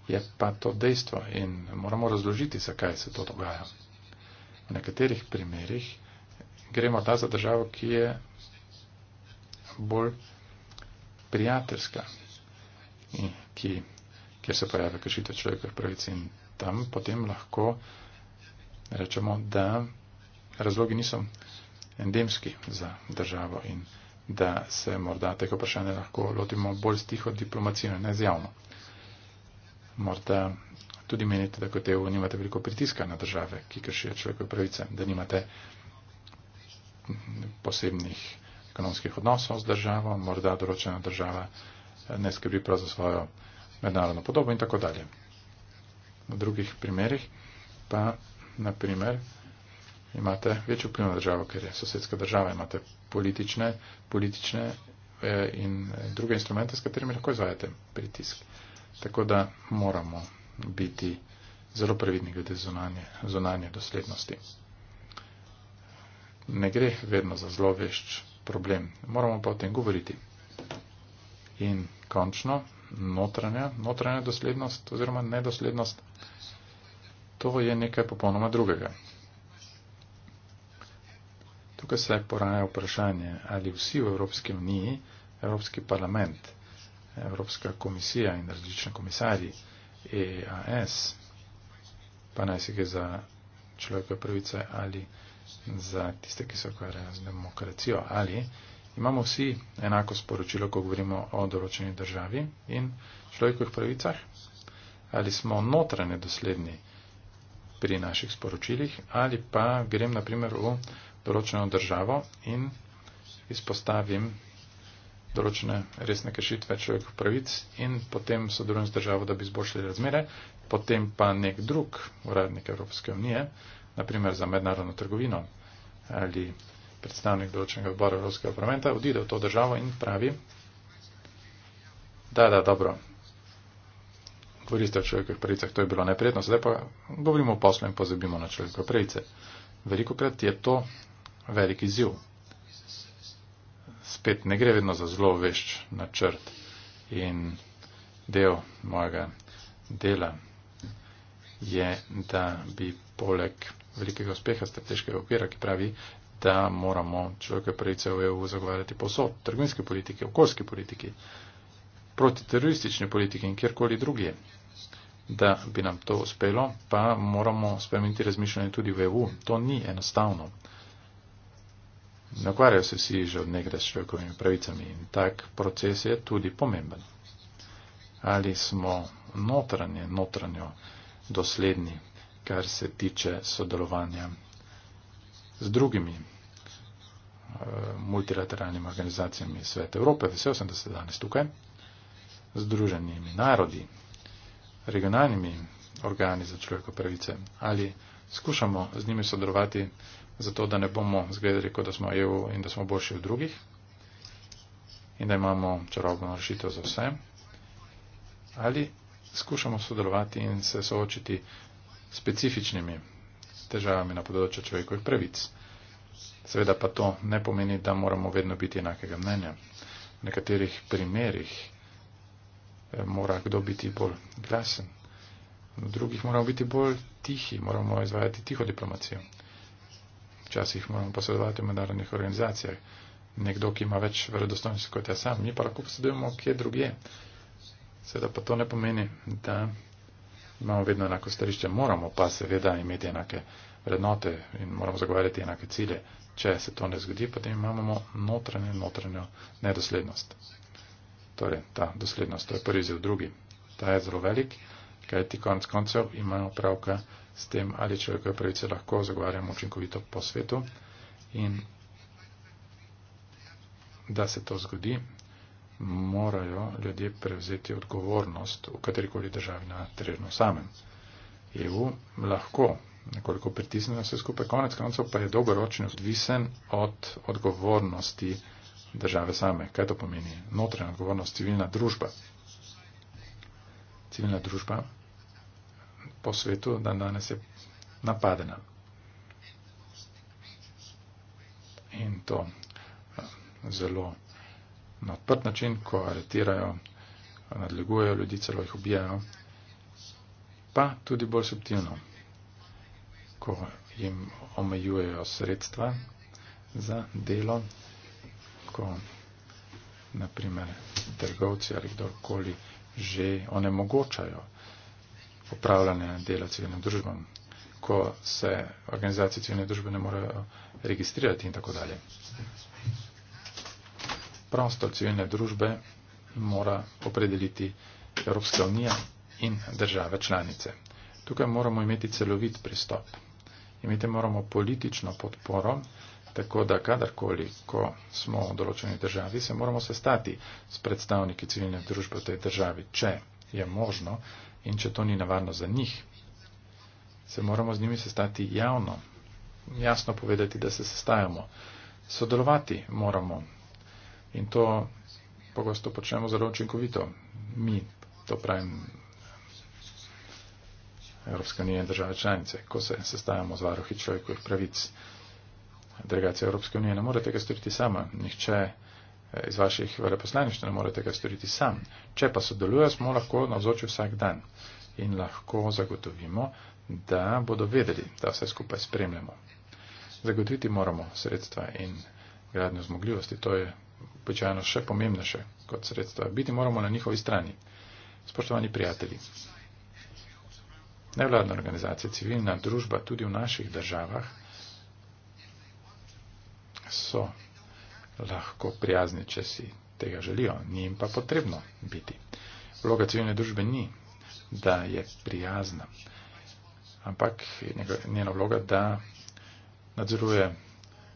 Je pa to dejstvo in moramo razložiti, zakaj se to dogaja. V nekaterih primerjih gremo ta za državo, ki je bolj prijateljska, in ki, kjer se pojavlja kršitev človekovih pravic in tam potem lahko rečemo, da razlogi niso endemski za državo in da se morda tega vprašanja lahko lotimo bolj s tiho diplomacijo, ne z javno. Morda tudi menite, da kot EU nimate veliko pritiska na države, ki kršijo človekove pravice, da nimate posebnih ekonomskih odnosov z državo, morda določena država eh, ne skrbi prav za svojo mednarodno podobo in tako dalje. V drugih primerih pa naprimer, imate večjo vplivno državo, ker je sosedska država, imate politične, politične eh, in eh, druge instrumente, s katerimi lahko izvajate pritisk. Tako da moramo biti zelo previdni glede zunanje, zunanje doslednosti. Ne gre vedno za zelo vešč problem, moramo pa o tem govoriti. In končno, notranja, notranja doslednost oziroma nedoslednost to je nekaj popolnoma drugega. Tukaj se poraja vprašanje, ali vsi v Evropski uniji, Evropski parlament, Evropska komisija in različni komisarji, EAS, pa naj se gre za človekove pravice ali za tiste, ki se ukvarjajo z demokracijo, ali imamo vsi enako sporočilo, ko govorimo o določeni državi in človekovih pravicah, ali smo notranje dosledni pri naših sporočilih ali pa grem naprimer v določeno državo in izpostavim določene resne kršitve človekov pravic in potem sodelujem z državo, da bi izboljšali razmere, potem pa nek drug uradnik Evropske unije, naprimer za mednarodno trgovino ali predstavnik določenega odbora Evropskega parlamenta, odide v to državo in pravi, da, da, dobro, koristi o človekovih pravicah, to je bilo neprijetno, zdaj pa govorimo o poslu in pozabimo na človekove pravice. Veliko krat je to veliki ziv. Spet ne gre vedno za zelo vešč načrt in del mojega dela je, da bi poleg velikega uspeha strateškega okvira, ki pravi, da moramo človekove pravice v EU zagovarjati posod, trgovinske politike, okoljske politike, protiteroristične politike in kjerkoli drugje da bi nam to uspelo, pa moramo spremeniti razmišljanje tudi v EU. To ni enostavno. Nakvarjajo se vsi že od nekde s človekovimi pravicami in tak proces je tudi pomemben. Ali smo notranje, notranjo dosledni, kar se tiče sodelovanja z drugimi eh, multilateralnimi organizacijami Svete Evrope, vse sem, da ste danes tukaj, združenimi narodi, regionalnimi organi za človekove pravice ali skušamo z njimi sodelovati zato, da ne bomo zgledali, kot da smo EU in da smo boljši od drugih in da imamo čarobno rešitev za vse ali skušamo sodelovati in se soočiti specifičnimi težavami na področju človekovih pravic. Seveda pa to ne pomeni, da moramo vedno biti enakega mnenja. V nekaterih primerih Eh, mora kdo biti bolj glasen. V drugih moramo biti bolj tihi, moramo izvajati tiho diplomacijo. Včasih moramo posodovati v mednarodnih organizacijah. Nekdo, ki ima več verodostojnosti kot jaz sam, mi pa lahko posodujemo kje druge. Seveda pa to ne pomeni, da imamo vedno enako starišče. Moramo pa seveda imeti enake vrednote in moramo zagovarjati enake cilje. Če se to ne zgodi, potem imamo notranje, notranjo nedoslednost torej ta doslednost, to je prvi izjiv, drugi. Ta je zelo velik, kaj ti konc koncev imamo pravka s tem, ali človekove pravice lahko zagovarjamo učinkovito po svetu in da se to zgodi, morajo ljudje prevzeti odgovornost v katerikoli državi na terenu samem. EU lahko nekoliko pritisne na vse skupaj, konec koncev pa je dolgoročno odvisen od odgovornosti države same. Kaj to pomeni? Notranja odgovornost, civilna družba. Civilna družba po svetu dan danes je napadena. In to eh, zelo na odprt način, ko aretirajo, nadlegujejo ljudi, celo jih ubijajo, pa tudi bolj subtilno, ko jim omejujejo sredstva za delo, ko naprimer trgovci ali kdorkoli že onemogočajo upravljanje dela civilne družbe, ko se organizacije civilne družbe ne morejo registrirati in tako dalje. Prostor civilne družbe mora opredeliti Evropska unija in države članice. Tukaj moramo imeti celovit pristop. Imeti moramo politično podporo, Tako da kadarkoli, ko smo v določeni državi, se moramo sestati s predstavniki civilne družbe v tej državi, če je možno in če to ni navarno za njih. Se moramo z njimi sestati javno, jasno povedati, da se sestajamo. Sodelovati moramo in to pogosto počnemo zelo učinkovito. Mi, to pravim Evropske unije in države članice, ko se sestajamo z varohi človekovih pravic delegacija Evropske unije ne more tega storiti sama. Nihče eh, iz vaših veleposlaništv ne more tega storiti sam. Če pa sodeluje, smo lahko navzoči vsak dan in lahko zagotovimo, da bodo vedeli, da vse skupaj spremljamo. Zagotoviti moramo sredstva in gradnjo zmogljivosti. To je običajno še pomembnejše kot sredstva. Biti moramo na njihovi strani. Spoštovani prijatelji, nevladna organizacija, civilna družba tudi v naših državah so lahko prijazni, če si tega želijo. Ni jim pa potrebno biti. Vloga civilne družbe ni, da je prijazna, ampak njena vloga, da nadzoruje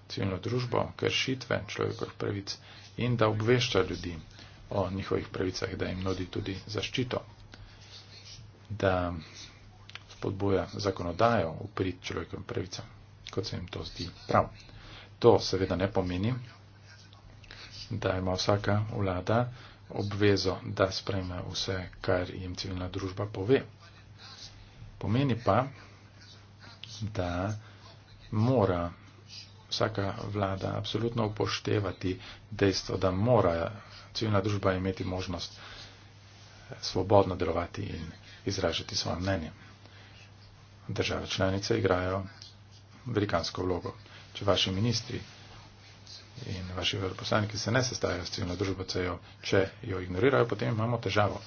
civilno družbo, kršitve človekovih pravic in da obvešča ljudi o njihovih pravicah, da jim nudi tudi zaščito, da spodbuja zakonodajo upriti človekovim pravicam, kot se jim to zdi prav. To seveda ne pomeni, da ima vsaka vlada obvezo, da sprejme vse, kar jim civilna družba pove. Pomeni pa, da mora vsaka vlada absolutno upoštevati dejstvo, da mora civilna družba imeti možnost svobodno delovati in izražati svoje mnenje. Države članice igrajo velikansko vlogo če vaši ministri in vaši veleposlaniki se ne sestavljajo s civilno družbo CEO, če jo ignorirajo, potem imamo težavo.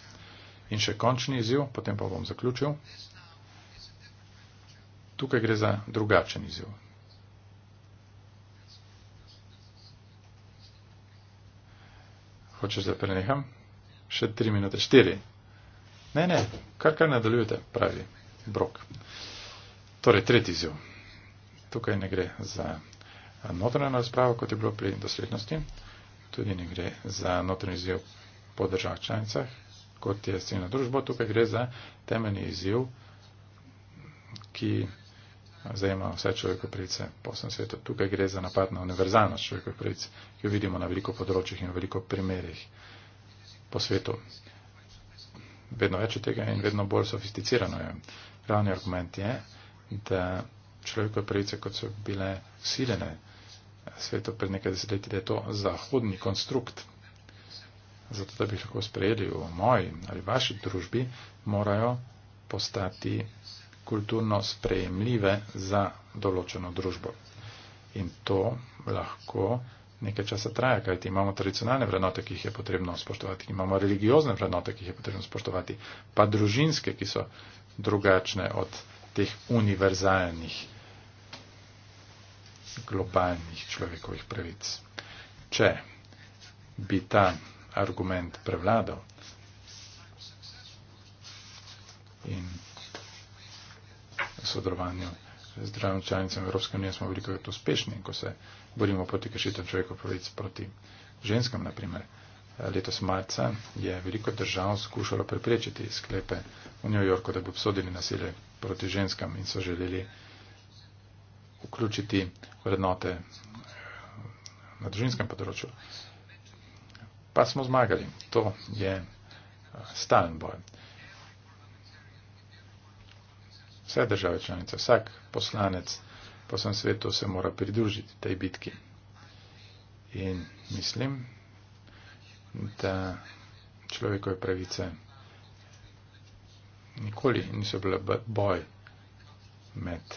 In še končni izziv, potem pa bom zaključil. Tukaj gre za drugačen izziv. Hočeš, da preneham? Še tri minute, štiri. Ne, ne, kar kar nadaljujete, pravi Brok. Torej, tretji izziv. Tukaj ne gre za notranjo razpravo, kot je bilo pri doslednosti, tudi ne gre za notranji izjiv po državah članicah, kot je civilna družba, tukaj gre za temeljni izjiv, ki zajema vse človekove pravice po vsem svetu. Tukaj gre za napad na univerzalnost človekovih pravic, ki jo vidimo na veliko področjih in veliko primerjih po svetu. Vedno več od tega in vedno bolj sofisticirano je. Glavni argument je, da človekove pravice, kot so bile silene svetu pred nekaj desetletji, da je to zahodni konstrukt. Zato, da bi lahko sprejeli v moji ali vaši družbi, morajo postati kulturno sprejemljive za določeno družbo. In to lahko nekaj časa traja, kajti imamo tradicionalne vrednote, ki jih je potrebno spoštovati, imamo religiozne vrednote, ki jih je potrebno spoštovati, pa družinske, ki so drugačne od teh univerzalnih, globalnih človekovih pravic. Če bi ta argument prevladal in sodelovanju z državno članicami Evropske unije smo veliko krat uspešni, ko se borimo proti kršitev človekovih pravic proti ženskam, naprimer. Letos marca je veliko držav skušalo preprečiti sklepe v New Yorku, da bi obsodili nasilje proti ženskam in so želeli vključiti vrednote eh, na družinskem področju. Pa smo zmagali. To je eh, stalen boj. Vse države članice, vsak poslanec po vsem svetu se mora pridružiti tej bitki. In mislim, da človekove pravice nikoli niso bile boj med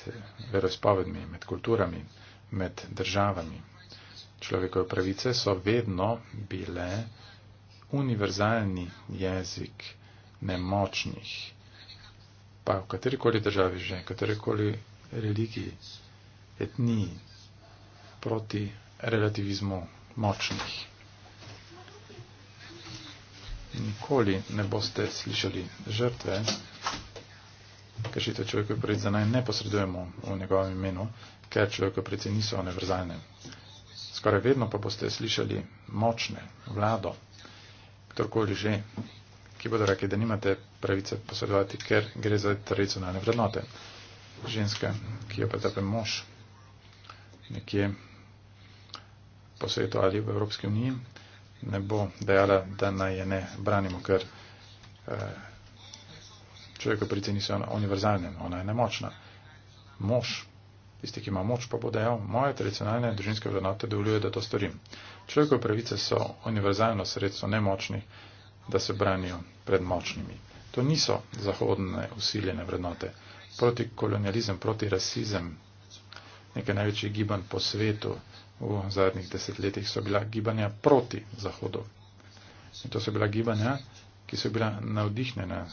verospovedmi, eh, med kulturami, med državami. Človekove pravice so vedno bile univerzalni jezik nemočnih, pa v katerikoli državi že, v katerikoli religiji, etniji proti relativizmu močnih in nikoli ne boste slišali žrtve, ker šitve človekove pravice naj ne posredujemo v njegovem imenu, ker človekove pravice niso univerzalne. Skoraj vedno pa boste slišali močne vlado, ktorkoli že, ki bodo rekli, da nimate pravice posredovati, ker gre za tradicionalne vrednote. Ženska, ki jo pretrpe mož, nekje po svetu ali v Evropski uniji, ne bo dejala, da naj je ne branimo, ker eh, človeka pritice niso univerzalne, ona je nemočna. Mož, tisti, ki ima moč, pa bo dejal, moje tradicionalne družinske vrednote dovoljuje, da to storim. Človekove pravice so univerzalno sredstvo nemočnih, da se branijo pred močnimi. To niso zahodne usiljene vrednote. Proti kolonializem, proti rasizem, nekaj največjih gibanj po svetu, v zadnjih desetletjih so bila gibanja proti Zahodu. In to so bila gibanja, ki so bila navdihnjena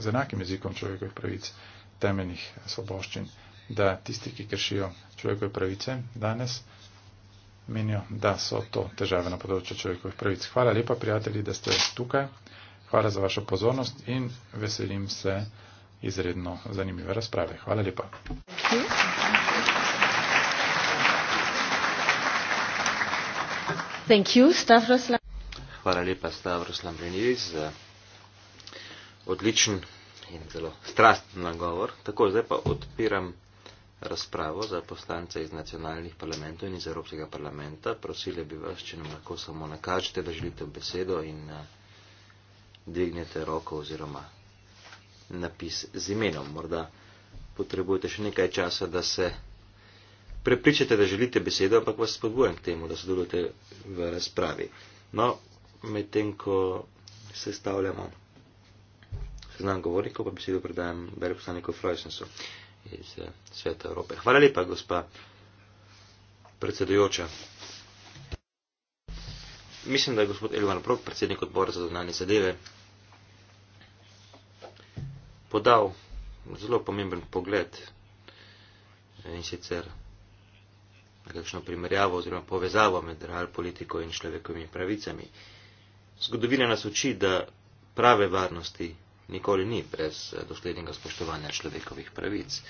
z enakim jezikom človekovih pravic, temeljnih svoboščin, da tisti, ki kršijo človekove pravice danes, menijo, da so to težave na področju človekovih pravic. Hvala lepa, prijatelji, da ste tukaj. Hvala za vašo pozornost in veselim se izredno zanimive razprave. Hvala lepa. Hvala lepa, Stavros Lambrinidis, za odličen in zelo strasten nagovor. Tako, zdaj pa odpiram razpravo za poslance iz nacionalnih parlamentov in iz Evropskega parlamenta. Prosile bi vas, če nam lahko samo nakažete, da želite besedo in eh, dvignete roko oziroma napis z imenom. Morda potrebujete še nekaj časa, da se prepričate, da želite besedo, ampak vas spodbujam k temu, da sodelujete v razpravi. No, medtem ko se stavljamo seznam govornikov, pa besedo predajam veleposlaniku Freusensu iz eh, Sveta Evrope. Hvala lepa, gospa predsedujoča. Mislim, da je gospod Elvan Prok, predsednik odbora za zunanje zadeve, podal zelo pomemben pogled eh, in sicer nekakšno primerjavo oziroma povezavo med realpolitiko in človekovimi pravicami. Zgodovina nas uči, da prave varnosti nikoli ni brez eh, doslednjega spoštovanja človekovih pravic.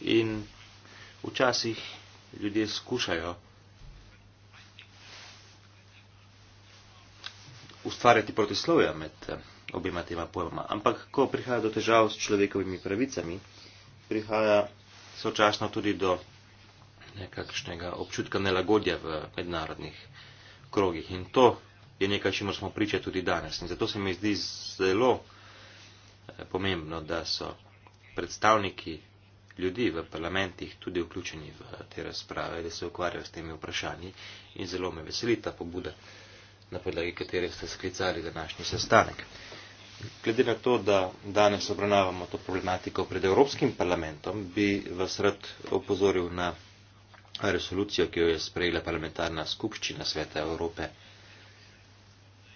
In včasih ljudje skušajo ustvarjati protislovja med eh, obima tema pojmama. Ampak, ko prihaja do težav s človekovimi pravicami, prihaja sočasno tudi do nekakšnega občutka nelagodja v mednarodnih krogih. In to je nekaj, čemu smo priča tudi danes. In zato se mi zdi zelo eh, pomembno, da so predstavniki ljudi v parlamentih tudi vključeni v te razprave, da se ukvarjajo s temi vprašanji. In zelo me veseli ta pobuda, na podlagi katere ste sklicali današnji sestanek. Glede na to, da danes obravnavamo to problematiko pred Evropskim parlamentom, bi vas rad opozoril na resolucijo, ki jo je sprejela parlamentarna skupščina Sveta Evrope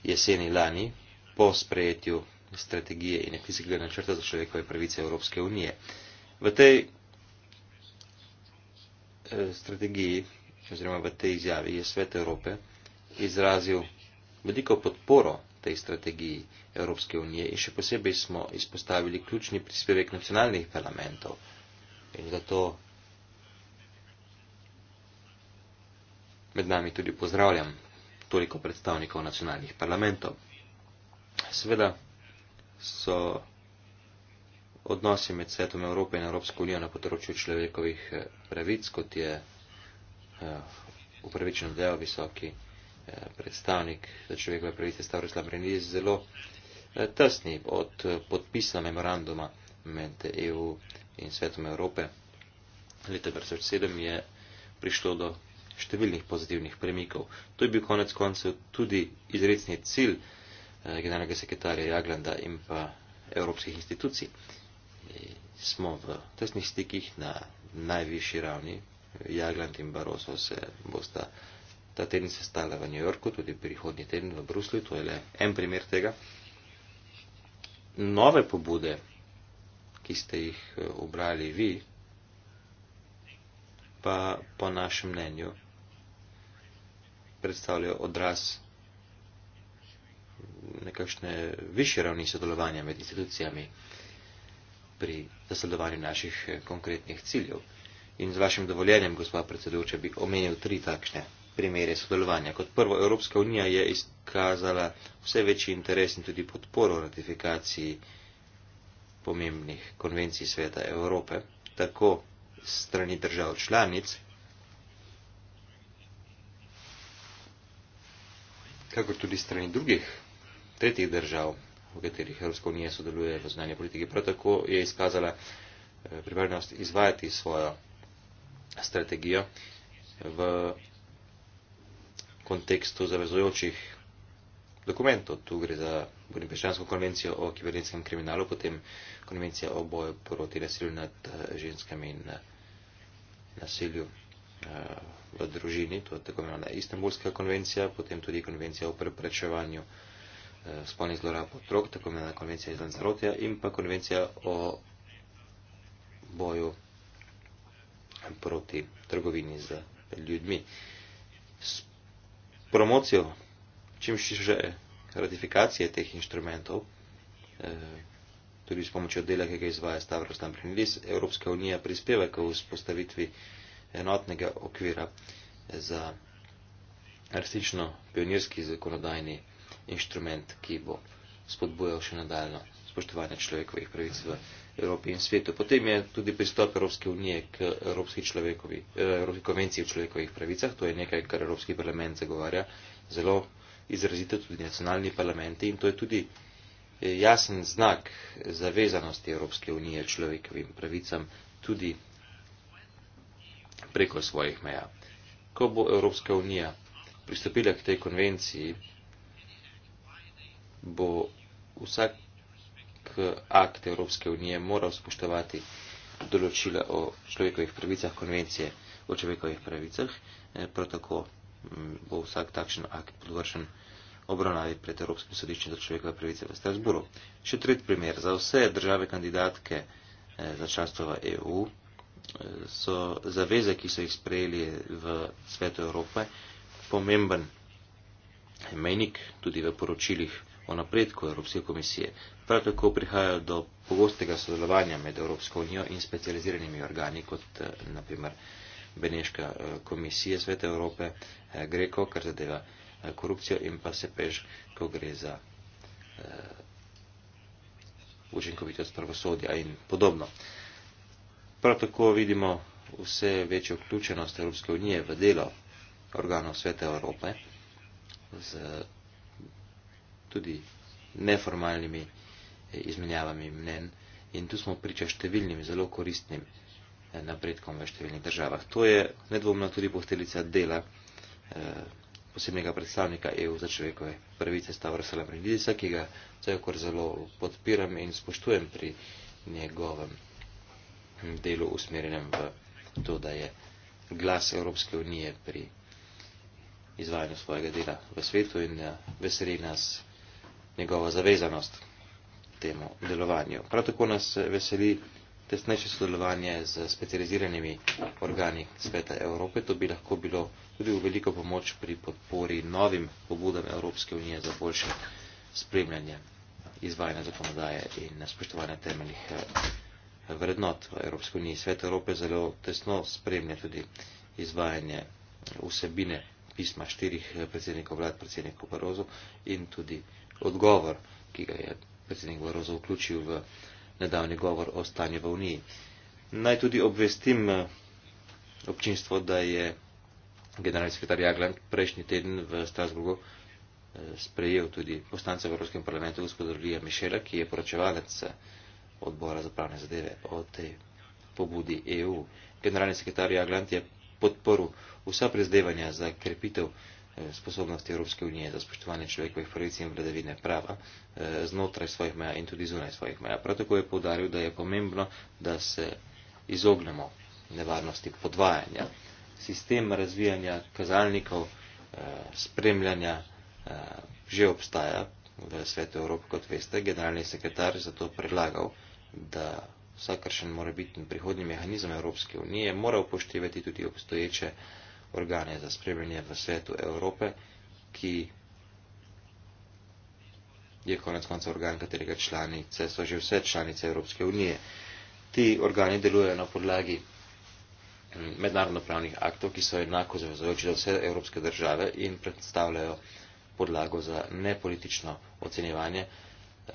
jeseni lani po sprejetju strategije in akcijskega načrta za človekove pravice Evropske unije. V tej eh, strategiji oziroma v tej izjavi je Svet Evrope izrazil veliko podporo tej strategiji Evropske unije in še posebej smo izpostavili ključni prispevek nacionalnih parlamentov. In zato med nami tudi pozdravljam toliko predstavnikov nacionalnih parlamentov. Sveda so odnosi med svetom Evrope in Evropsko unijo na področju človekovih eh, pravic, kot je eh, upravičeno dejal visoki eh, predstavnik za človekove pravice Stavros Lambrinis, zelo tesni od podpisa memoranduma med EU in svetom Evrope. Leta 2007 je prišlo do številnih pozitivnih premikov. To je bil konec koncev tudi izredni cilj eh, generalnega sekretarja Jaglanda in pa evropskih institucij. Eh, smo v tesnih stikih na najvišji ravni. Jagland in Barroso se bosta ta teden sestala v New Yorku, tudi prihodnji teden v Bruslju. To je le en primer tega. Nove pobude, ki ste jih obrali eh, vi, pa po našem mnenju predstavljajo odraz nekakšne više ravni sodelovanja med institucijami pri zasledovanju naših eh, konkretnih ciljev. In z vašim dovoljenjem, gospod predsedujoče, bi omenil tri takšne primere sodelovanja. Kot prvo, Evropska unija je izkazala vse večji interes in tudi podporo ratifikaciji pomembnih konvencij sveta Evrope, tako strani držav članic, kakor tudi strani drugih tretjih držav, v katerih Evropska unija sodeluje v zunanje politiki. Prav tako je izkazala eh, pripravljenost izvajati svojo strategijo v kontekstu zavezojočih dokumentov. Tu gre za Budimpeščansko konvencijo o kibernetskem kriminalu, potem konvencija o boju proti nasilju nad eh, ženskami in eh, nasilju. Na Eh, v družini, to je tako imenovana Istanbulska konvencija, potem tudi konvencija o preprečevanju eh, spolnih zlorab otrok, tako imenovana konvencija iz Lanzarotja in pa konvencija o boju proti trgovini z ljudmi. S promocijo čim širše ratifikacije teh inštrumentov, eh, tudi s pomočjo dela, ki ga izvaja Stavros Tamprinidis, Evropska unija prispeva k vzpostavitvi enotnega okvira za resnično pionirski zakonodajni inštrument, ki bo spodbujal še nadaljno spoštovanje človekovih pravic v Evropi in svetu. Potem je tudi pristop Evropske unije k Evropski, Evropski konvenciji o človekovih pravicah. To je nekaj, kar Evropski parlament zagovarja zelo izrazito, tudi nacionalni parlamenti in to je tudi eh, jasen znak zavezanosti Evropske unije človekovim pravicam, tudi preko svojih meja. Ko bo Evropska unija pristopila k tej konvenciji, bo vsak akt Evropske unije moral spoštovati določila o človekovih pravicah konvencije o človekovih pravicah. E, prav tako bo vsak takšen akt podvršen obravnavi pred Evropskim sodiščem za človekove pravice v Strasburu. Še tretji primer. Za vse države kandidatke e, za članstvo v EU so zaveze, ki so jih sprejeli v svetu Evrope, pomemben menik tudi v poročilih o napredku Evropske komisije. Prav tako prihajajo do pogostega sodelovanja med Evropsko unijo in specializiranimi organi, kot eh, naprimer Beneška eh, komisija Sveta Evrope, eh, Greko, kar zadeva korupcijo in pa se peš, ko gre za učinkovitost pravosodja in podobno. Prav tako vidimo vse večjo vključenost Evropske unije v delo organov Svete Evrope z tudi neformalnimi eh, izmenjavami mnen in tu smo priča številnim zelo koristnim eh, napredkom v številnih državah. To je nedvomno tudi posteljica dela eh, posebnega predstavnika EU za človekove pravice Stavra Salamrindisa, ki ga vsekakor zelo podpiram in spoštujem pri njegovem delu usmerjenem v to, da je glas Evropske unije pri izvajanju svojega dela v svetu in eh, veseli nas njegova zavezanost temu delovanju. Prav tako nas veseli tesnejše sodelovanje z specializiranimi organi Sveta Evrope. To bi lahko bilo tudi v veliko pomoč pri podpori novim pobudam Evropske unije za boljše spremljanje izvajanja zakonodaje in spoštovanja temeljih eh, vrednot v Evropske unije. Svet Evrope zelo tesno spremlja tudi izvajanje vsebine pisma štirih predsednikov vlad, predsedniku Barozu in tudi odgovor, ki ga je predsednik Barozu vključil v nedavni govor o stanju v Uniji. Naj tudi obvestim eh, občinstvo, da je generalni sekretar Jagland prejšnji teden v Strasburgu eh, sprejel tudi poslance v Evropskem parlamentu gospodarja Mišela, ki je poročevalec eh, odbora za pravne zadeve o tej pobudi EU. Generalni sekretar Jagland je podporil vsa prezdevanja za krepitev eh, sposobnosti Evropske unije za spoštovanje človekovih pravic in vladavine prava eh, znotraj svojih meja in tudi zunaj svojih meja. Prav tako je povdaril, da je pomembno, da se izognemo nevarnosti podvajanja. Sistem razvijanja kazalnikov, eh, spremljanja že obstaja v svetu Evrope, kot veste, generalni sekretar je zato predlagal da vsakršen mora biti prihodnji mehanizem Evropske unije, mora upoštevati tudi obstoječe organe za spremljanje v svetu Evrope, ki je konec konca organ, katerega članice so že vse članice Evropske unije. Ti organi delujejo na podlagi mednarodno pravnih aktov, ki so enako zavezujoči za vse evropske države in predstavljajo podlago za nepolitično ocenjevanje, eh,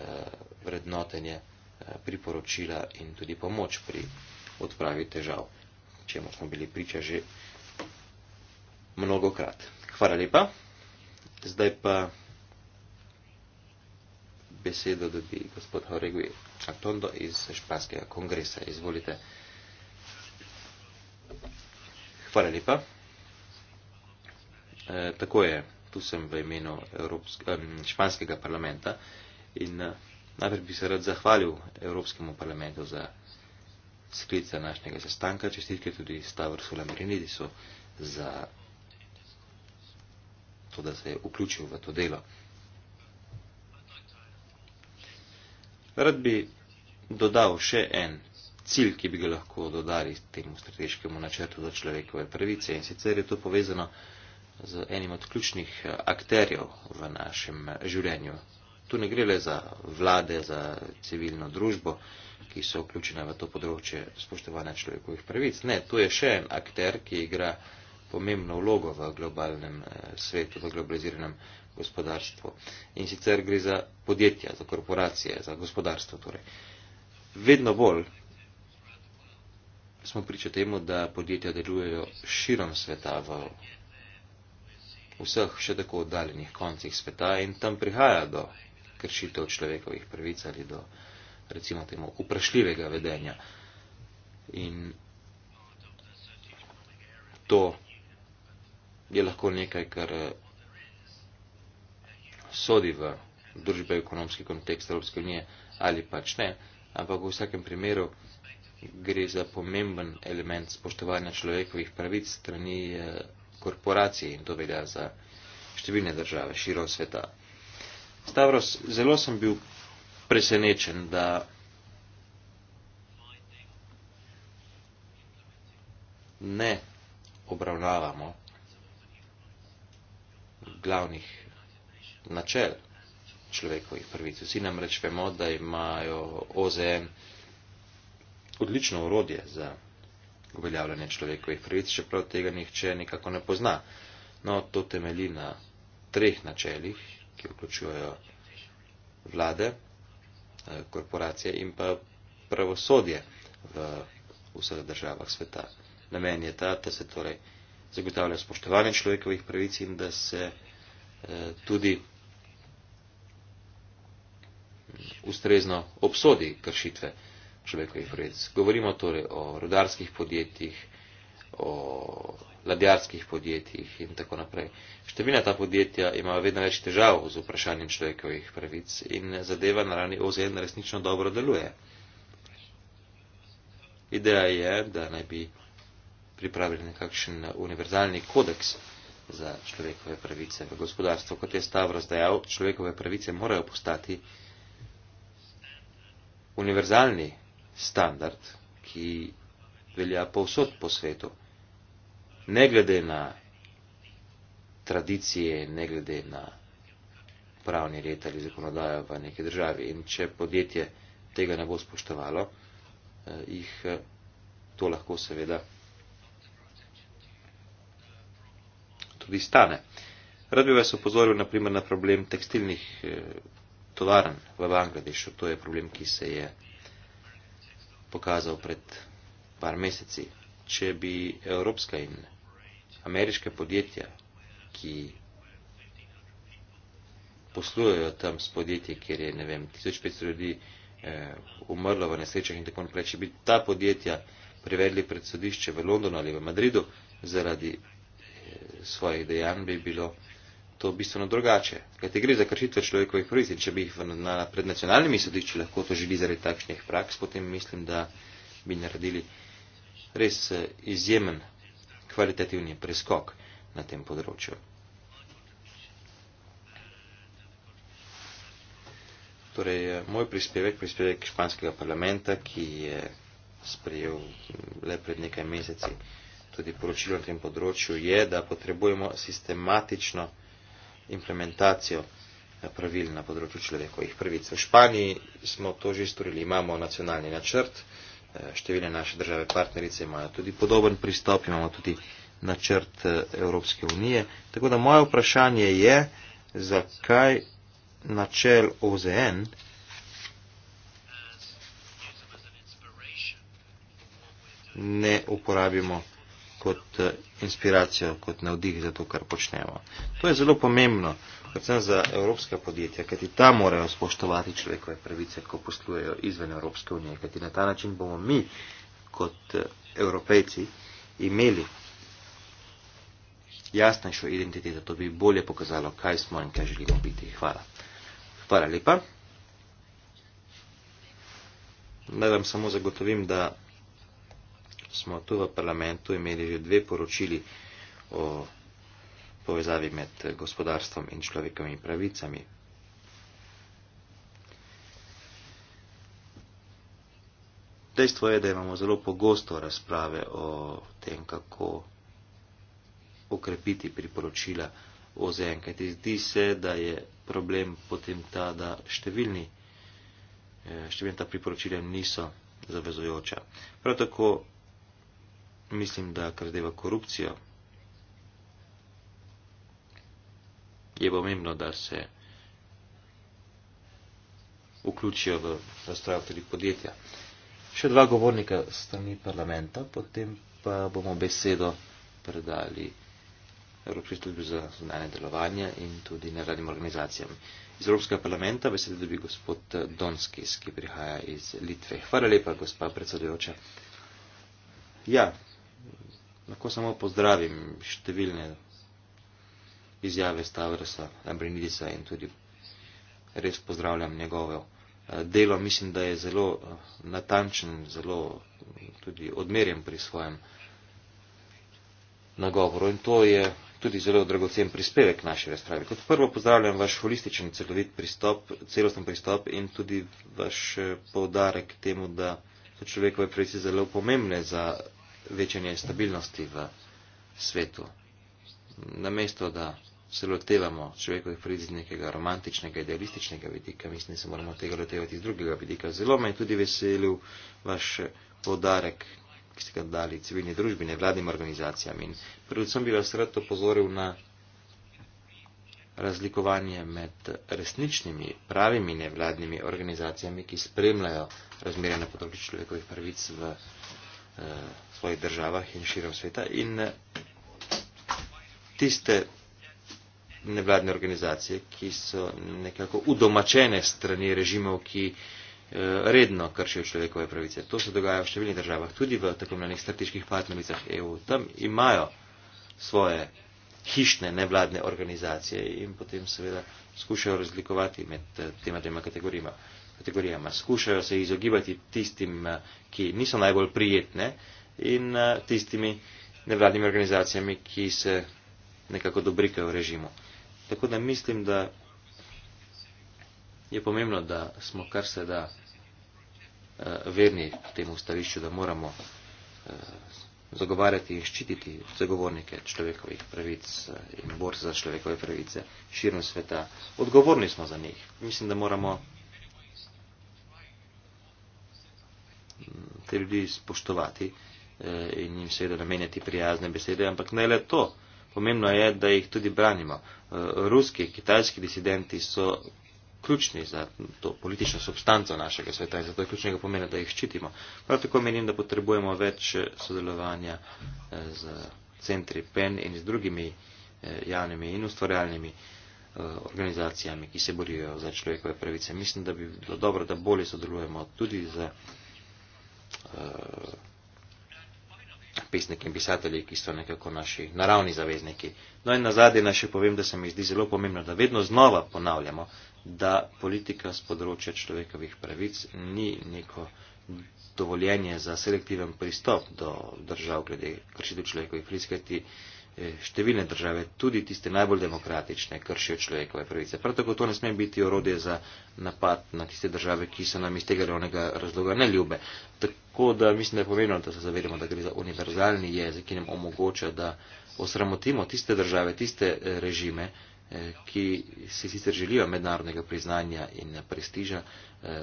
vrednotenje. Eh, Eh, priporočila in tudi pomoč pri odpravi težav, čemu smo bili priča že mnogokrat. Hvala lepa. Zdaj pa besedo dobi gospod Horegui Antondo iz Španskega kongresa. Izvolite. Hvala lepa. E, tako je, tu sem v imenu Evropske, španskega parlamenta in eh, Najprej bi se rad zahvalil Evropskemu parlamentu za sklic današnjega sestanka. Čestitke tudi Stavr Sulamirinidisu za to, da se je vključil v to delo. Rad bi dodal še en cilj, ki bi ga lahko dodali temu strateškemu načrtu za človekove pravice in sicer je to povezano z enim od ključnih akterjev v našem življenju, Tu ne gre le za vlade, za civilno družbo, ki so vključene v to področje spoštovanja človekovih pravic. Ne, tu je še en akter, ki igra pomembno vlogo v globalnem eh, svetu, v globaliziranem gospodarstvu. In sicer gre za podjetja, za korporacije, za gospodarstvo. Torej. Vedno bolj smo priča temu, da podjetja delujejo širom sveta v vseh še tako oddaljenih koncih sveta in tam prihaja do kršitev človekovih pravic ali do recimo temu vprašljivega vedenja. In to je lahko nekaj, kar eh, sodi v družbe ekonomski kontekst Evropske unije ali pač ne, ampak v vsakem primeru gre za pomemben element spoštovanja človekovih pravic strani eh, korporacije in to velja za številne države širom sveta. Stavros, zelo sem bil presenečen, da ne obravnavamo glavnih načel človekovih prvic. Vsi nam reč vemo, da imajo OZN odlično urodje za uveljavljanje človekovih prvic, čeprav tega nihče nikako ne pozna. No, to temelji na treh načelih, ki vključujejo vlade, eh, korporacije in pa pravosodje v vseh državah sveta. Namen je ta, da se torej zagotavlja spoštovanje človekovih pravic in da se eh, tudi mm, ustrezno obsodi kršitve človekovih pravic. Govorimo torej o rudarskih podjetjih, o ladjarskih podjetjih in tako naprej. Številna ta podjetja imajo vedno več težav z vprašanjem človekovih pravic in zadeva na ravni OZN resnično dobro deluje. Ideja je, da naj bi pripravili nekakšen univerzalni kodeks za človekove pravice v gospodarstvu. Kot je stav razdajal, človekove pravice morajo postati univerzalni standard, ki velja povsod po svetu ne glede na tradicije, ne glede na pravni red ali zakonodajo v neki državi. In če podjetje tega ne bo spoštovalo, eh, jih eh, to lahko seveda tudi stane. Rad bi vas opozoril naprimer na problem tekstilnih eh, tovarn v Bangladešu. To je problem, ki se je pokazal pred par meseci če bi evropska in ameriška podjetja, ki poslujejo tam s podjetji, kjer je, ne vem, 1500 ljudi eh, umrlo v nesrečah in tako naprej, če bi ta podjetja privedli pred sodišče v Londonu ali v Madridu zaradi eh, svojih dejanj, bi bilo to bistveno drugače. Kajte gre za kršitve človekovih pravic in če bi jih na, pred nacionalnimi sodišči lahko tožili zaradi takšnih praks, potem mislim, da bi naredili res eh, izjemen kvalitativni preskok na tem področju. Torej, eh, moj prispevek, prispevek španskega parlamenta, ki je sprejel le pred nekaj meseci tudi poročilo na tem področju, je, da potrebujemo sistematično implementacijo eh, pravil na področju človekovih pravic. V Španiji smo to že storili, imamo nacionalni načrt, Eh, številne naše države partnerice imajo tudi podoben pristop, imamo tudi načrt eh, Evropske unije. Tako da moje vprašanje je, zakaj načel OZN ne uporabimo kot eh, inspiracijo, kot navdih za to, kar počnemo. To je zelo pomembno, predvsem za evropska podjetja, kajti ta morajo spoštovati človekove pravice, ko poslujejo izven Evropske unije, kajti na ta način bomo mi kot eh, evropejci imeli jasnejšo identiteto, to bi bolje pokazalo, kaj smo in kaj želimo biti. Hvala. Hvala lepa. Naj vam samo zagotovim, da smo tu v parlamentu imeli že dve poročili o povezavi med gospodarstvom in človekovimi pravicami. Dejstvo je, da imamo zelo pogosto razprave o tem, kako okrepiti priporočila OZN, kajti zdi se, da je problem potem ta, da številni, eh, številni ta priporočila niso zavezojoča. Prav tako mislim, da kar zadeva korupcijo, je pomembno, da se vključijo v razpravo tudi podjetja. Še dva govornika strani parlamenta, potem pa bomo besedo predali Evropski službi za zunanje delovanje in tudi nevladnim organizacijam. Iz Evropskega parlamenta besedo dobi gospod Donskis, ki prihaja iz Litve. Hvala lepa, gospa predsedujoča. Ja, lahko samo pozdravim številne izjave Stavresa Abrinidisa in tudi res pozdravljam njegove eh, delo. Mislim, da je zelo eh, natančen, zelo tudi odmerjen pri svojem nagovoru in to je tudi zelo dragocen prispevek naše razprave. Kot prvo pozdravljam vaš holističen, celovit pristop, celosten pristop in tudi vaš eh, poudarek temu, da so človekove pravice zelo pomembne za večanje stabilnosti v svetu. Namesto, da se lotevamo človekovih pravic iz nekega romantičnega, idealističnega vidika, mislim, da se moramo tega lotevati iz drugega vidika. Zelo me je tudi veselil vaš podarek, ki ste ga dali civilni družbi, nevladnim organizacijam. In predvsem bi vas rad opozoril na razlikovanje med resničnimi, pravimi nevladnimi organizacijami, ki spremljajo razmerje na področju človekovih pravic v eh, svojih državah in širom sveta in eh, tiste nevladne organizacije, ki so nekako udomačene strani režimov, ki eh, redno kršijo človekove pravice. To se dogaja v številnih državah, tudi v tako imenih strateških partnericah EU. Tam imajo svoje hišne nevladne organizacije in potem seveda skušajo razlikovati med eh, tema dvema kategorijama. Skušajo se izogibati tistim, ki niso najbolj prijetne, uh, in eh, tistimi nevladnimi organizacijami, ki se nekako dobrikajo v režimu. Tako da mislim, da je pomembno, da smo kar se da eh, verni temu stališču, da moramo eh, zagovarjati in ščititi zagovornike človekovih pravic in borce za človekove pravice širom sveta. Odgovorni smo za njih. Mislim, da moramo mm, te ljudi spoštovati. Eh, in jim seveda namenjati prijazne besede, ampak ne le to. Pomembno je, da jih tudi branimo. Eh, ruski, kitajski disidenti so ključni za to politično substanco našega sveta in zato je ključnega pomena, da jih ščitimo. Prav tako menim, da potrebujemo več eh, sodelovanja z centri PEN in z drugimi javnimi in ustvarjalnimi organizacijami, ki se borijo za človekove pravice. Mislim, da bi bilo dobro, da bolje sodelujemo tudi z. Uh, pisniki in pisatelji, ki so nekako naši naravni zavezniki. No in na zadnje naj še povem, da se mi zdi zelo pomembno, da vedno znova ponavljamo, da politika z področja človekovih pravic ni neko dovoljenje za selektiven pristop do držav glede kršitev človekovih pravic, kajti Eh, številne države, tudi tiste najbolj demokratične, kršijo človekove pravice. Prav tako to ne sme biti orodje za napad na tiste države, ki so nam iz tega ravnega razloga ne ljube. Tako da mislim, da je pomembno, da se zaverimo, da gre za univerzalni jezik, ki nam omogoča, da osramotimo tiste države, tiste eh, režime, eh, ki si sicer želijo mednarodnega priznanja in prestiža,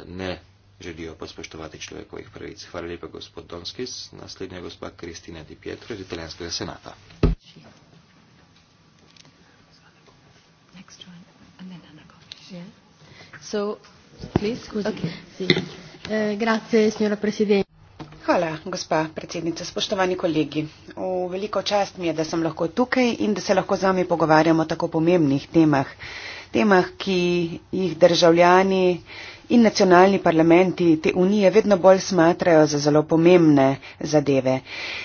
ne želijo pa spoštovati človekovih pravic. Hvala lepa, gospod Donskis. Naslednja gospa Kristina Di Pietro iz italijanskega senata. Thank you. Next one, and then Anakovic. Yeah. So, please, scusi. Okay. Sì. Eh, grazie, signora Presidente. Hvala, gospa predsednica, spoštovani kolegi. V veliko čast mi je, da sem lahko tukaj in da se lahko z vami pogovarjamo o tako pomembnih temah temah, ki jih državljani in nacionalni parlamenti te unije vedno bolj smatrajo za zelo pomembne zadeve.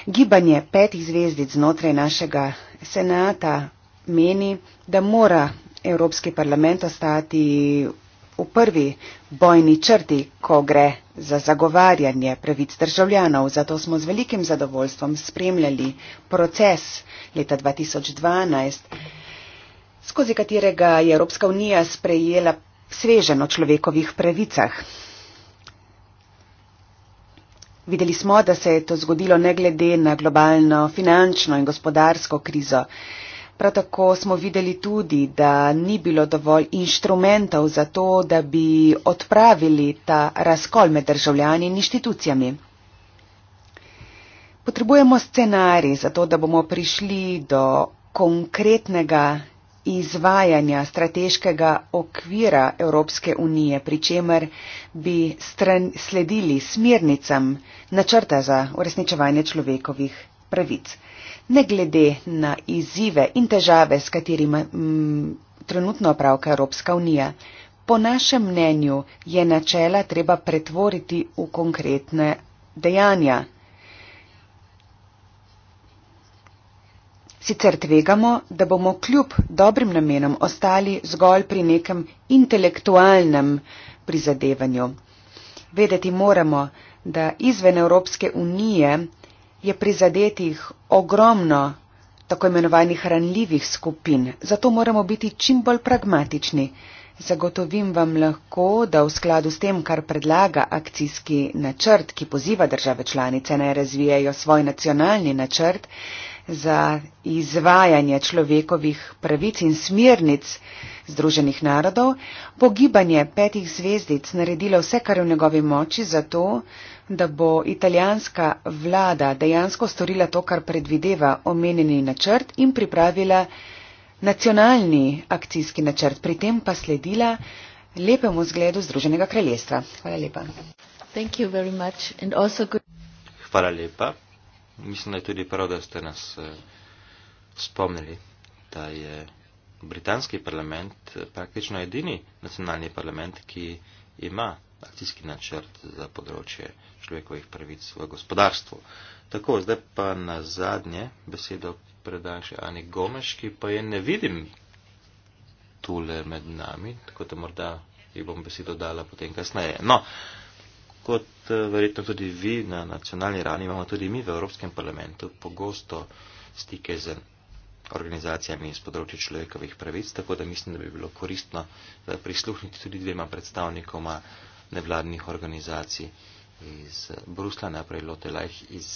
Gibanje petih zvezdic znotraj našega senata meni, da mora Evropski parlament ostati v prvi bojni črti, ko gre za zagovarjanje pravic državljanov. Zato smo z velikim zadovoljstvom spremljali proces leta 2012 skozi katerega je Evropska unija sprejela svežen o človekovih pravicah. Videli smo, da se je to zgodilo ne glede na globalno finančno in gospodarsko krizo. Prav tako smo videli tudi, da ni bilo dovolj inštrumentov za to, da bi odpravili ta razkol med državljani in inštitucijami. Potrebujemo scenarij za to, da bomo prišli do konkretnega izvajanja strateškega okvira Evropske unije, pri čemer bi stran, sledili smernicam načrta za uresničevanje človekovih pravic. Ne glede na izzive in težave, s katerimi mm, trenutno opravka Evropska unija, po našem mnenju je načela treba pretvoriti v konkretne dejanja, Sicer tvegamo, da bomo kljub dobrim namenom ostali zgolj pri nekem intelektualnem prizadevanju. Vedeti moramo, da izven Evropske unije je prizadetih ogromno tako imenovanih ranljivih skupin, zato moramo biti čim bolj pragmatični. Zagotovim vam lahko, da v skladu s tem, kar predlaga akcijski načrt, ki poziva države članice naj razvijajo svoj nacionalni načrt, za izvajanje človekovih pravic in smernic Združenih narodov, bo gibanje petih zvezdic naredilo vse, kar je v njegovi moči, zato, da bo italijanska vlada dejansko storila to, kar predvideva omenjeni načrt in pripravila nacionalni akcijski načrt, pri tem pa sledila lepemu zgledu Združenega kraljestva. Hvala lepa. Hvala lepa mislim, da je tudi prav, da ste nas eh, spomnili, da je britanski parlament eh, praktično edini nacionalni parlament, ki ima akcijski načrt za področje človekovih pravic v gospodarstvu. Tako, zdaj pa na zadnje besedo predam še Ani Gomeš, ki pa je ne vidim tule med nami, tako da morda ji bom besedo dala potem kasneje. No, uh, kot eh, verjetno tudi vi na nacionalni ravni, imamo tudi mi v Evropskem parlamentu pogosto stike z organizacijami iz področja človekovih pravic, tako da mislim, da bi bilo koristno eh, prisluhniti tudi dvema predstavnikoma nevladnih organizacij iz eh, Brusla, najprej Lotte Leich iz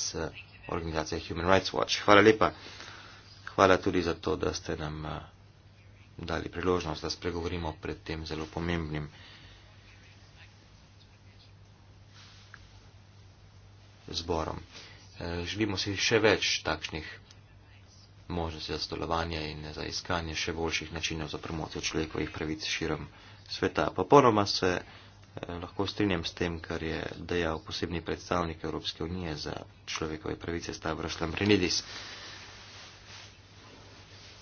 organizacije Human Rights Watch. Hvala lepa. Hvala tudi za to, da ste nam dali priložnost, da spregovorimo pred tem zelo pomembnim. zborom. E, želimo si še več takšnih možnosti za stolovanje in za iskanje še boljših načinov za promocijo človekovih pravic širom sveta. Popolnoma se e, lahko strinjam s tem, kar je dejal posebni predstavnik Evropske unije za človekove pravice Stavros Lambrinidis.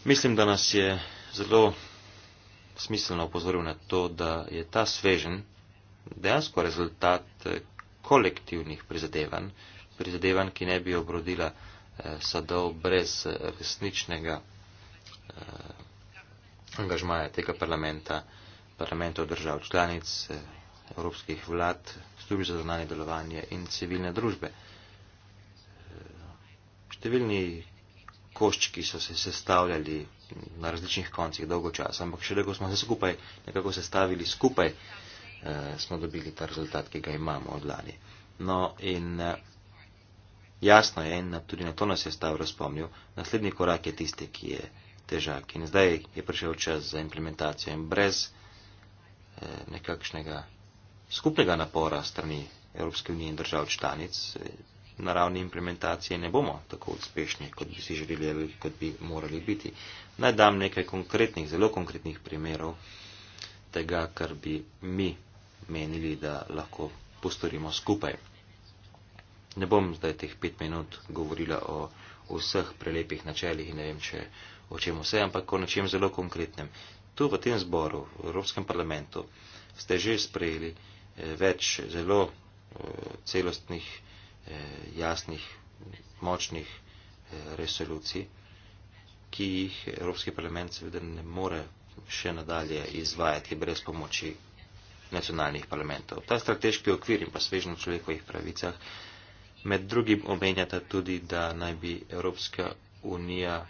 Mislim, da nas je zelo smiselno opozoril na to, da je ta svežen dejansko rezultat, kolektivnih prizadevanj, prizadevanj, ki ne bi obrodila eh, sadov brez eh, resničnega eh, angažmaja tega parlamenta, parlamentov držav članic, eh, evropskih vlad, službe za zunanje delovanje in civilne družbe. Eh, številni koščki so se sestavljali na različnih koncih dolgo časa, ampak še da ko smo se skupaj nekako sestavili skupaj, eh, eh, smo dobili ta rezultat, ki ga imamo od lani. No in eh, jasno je, in tudi na to nas je stav razpomnil, naslednji korak je tisti, ki je težak. In zdaj je prišel čas za implementacijo in brez eh, nekakšnega skupnega napora strani Evropske unije in držav članic eh, na ravni implementacije ne bomo tako uspešni, kot bi si želeli ali kot bi morali biti. Naj dam nekaj konkretnih, zelo konkretnih primerov tega, kar bi mi menili, da lahko postorimo skupaj. Ne bom zdaj teh pet minut govorila o vseh prelepih načelih in ne vem, če o čem vse, ampak o nečem zelo konkretnem. Tu v tem zboru, v Evropskem parlamentu, ste že sprejeli eh, več zelo eh, celostnih, eh, jasnih, močnih resolucij, ki jih Evropski parlament seveda ne more še nadalje izvajati brez pomoči nacionalnih parlamentov. Ta strateški okvir in pa svežno človekovih pravicah med drugim omenjata tudi, da naj bi Evropska unija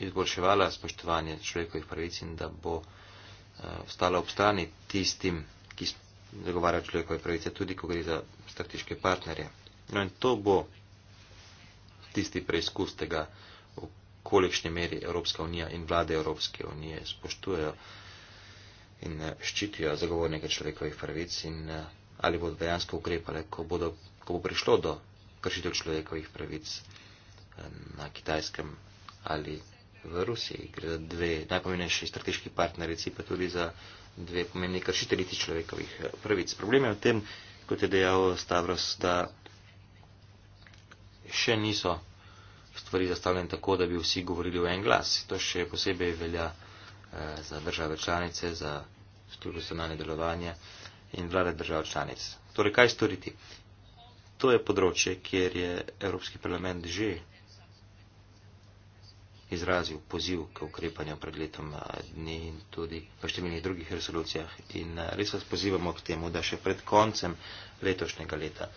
izboljševala spoštovanje človekovih pravic in da bo uh, eh, stala ob strani tistim, ki zagovarjajo človekove pravice, tudi ko gre za strateške partnerje. No in to bo tisti preizkus tega, v kolikšni meri Evropska unija in vlade Evropske unije spoštujejo in eh, ščitijo zagovornike človekovih pravic in eh, ali bodo dejansko ukrepale, ko, bodo, ko bo prišlo do kršitev človekovih pravic eh, na kitajskem ali v Rusiji. Gre za dve najpomembnejši strateški partnerici, pa tudi za dve pomembni kršiteljici človekovih pravic. Problem je v tem, kot je dejal Stavros, da še niso stvari zastavljene tako, da bi vsi govorili v en glas. To še posebej velja Eh, za države članice, za institucionalne delovanje in vlade držav članic. Torej, kaj storiti? To je področje, kjer je Evropski parlament že izrazil poziv k ukrepanju pred letom eh, dni in tudi v številnih drugih resolucijah. In eh, res vas pozivamo k temu, da še pred koncem letošnjega leta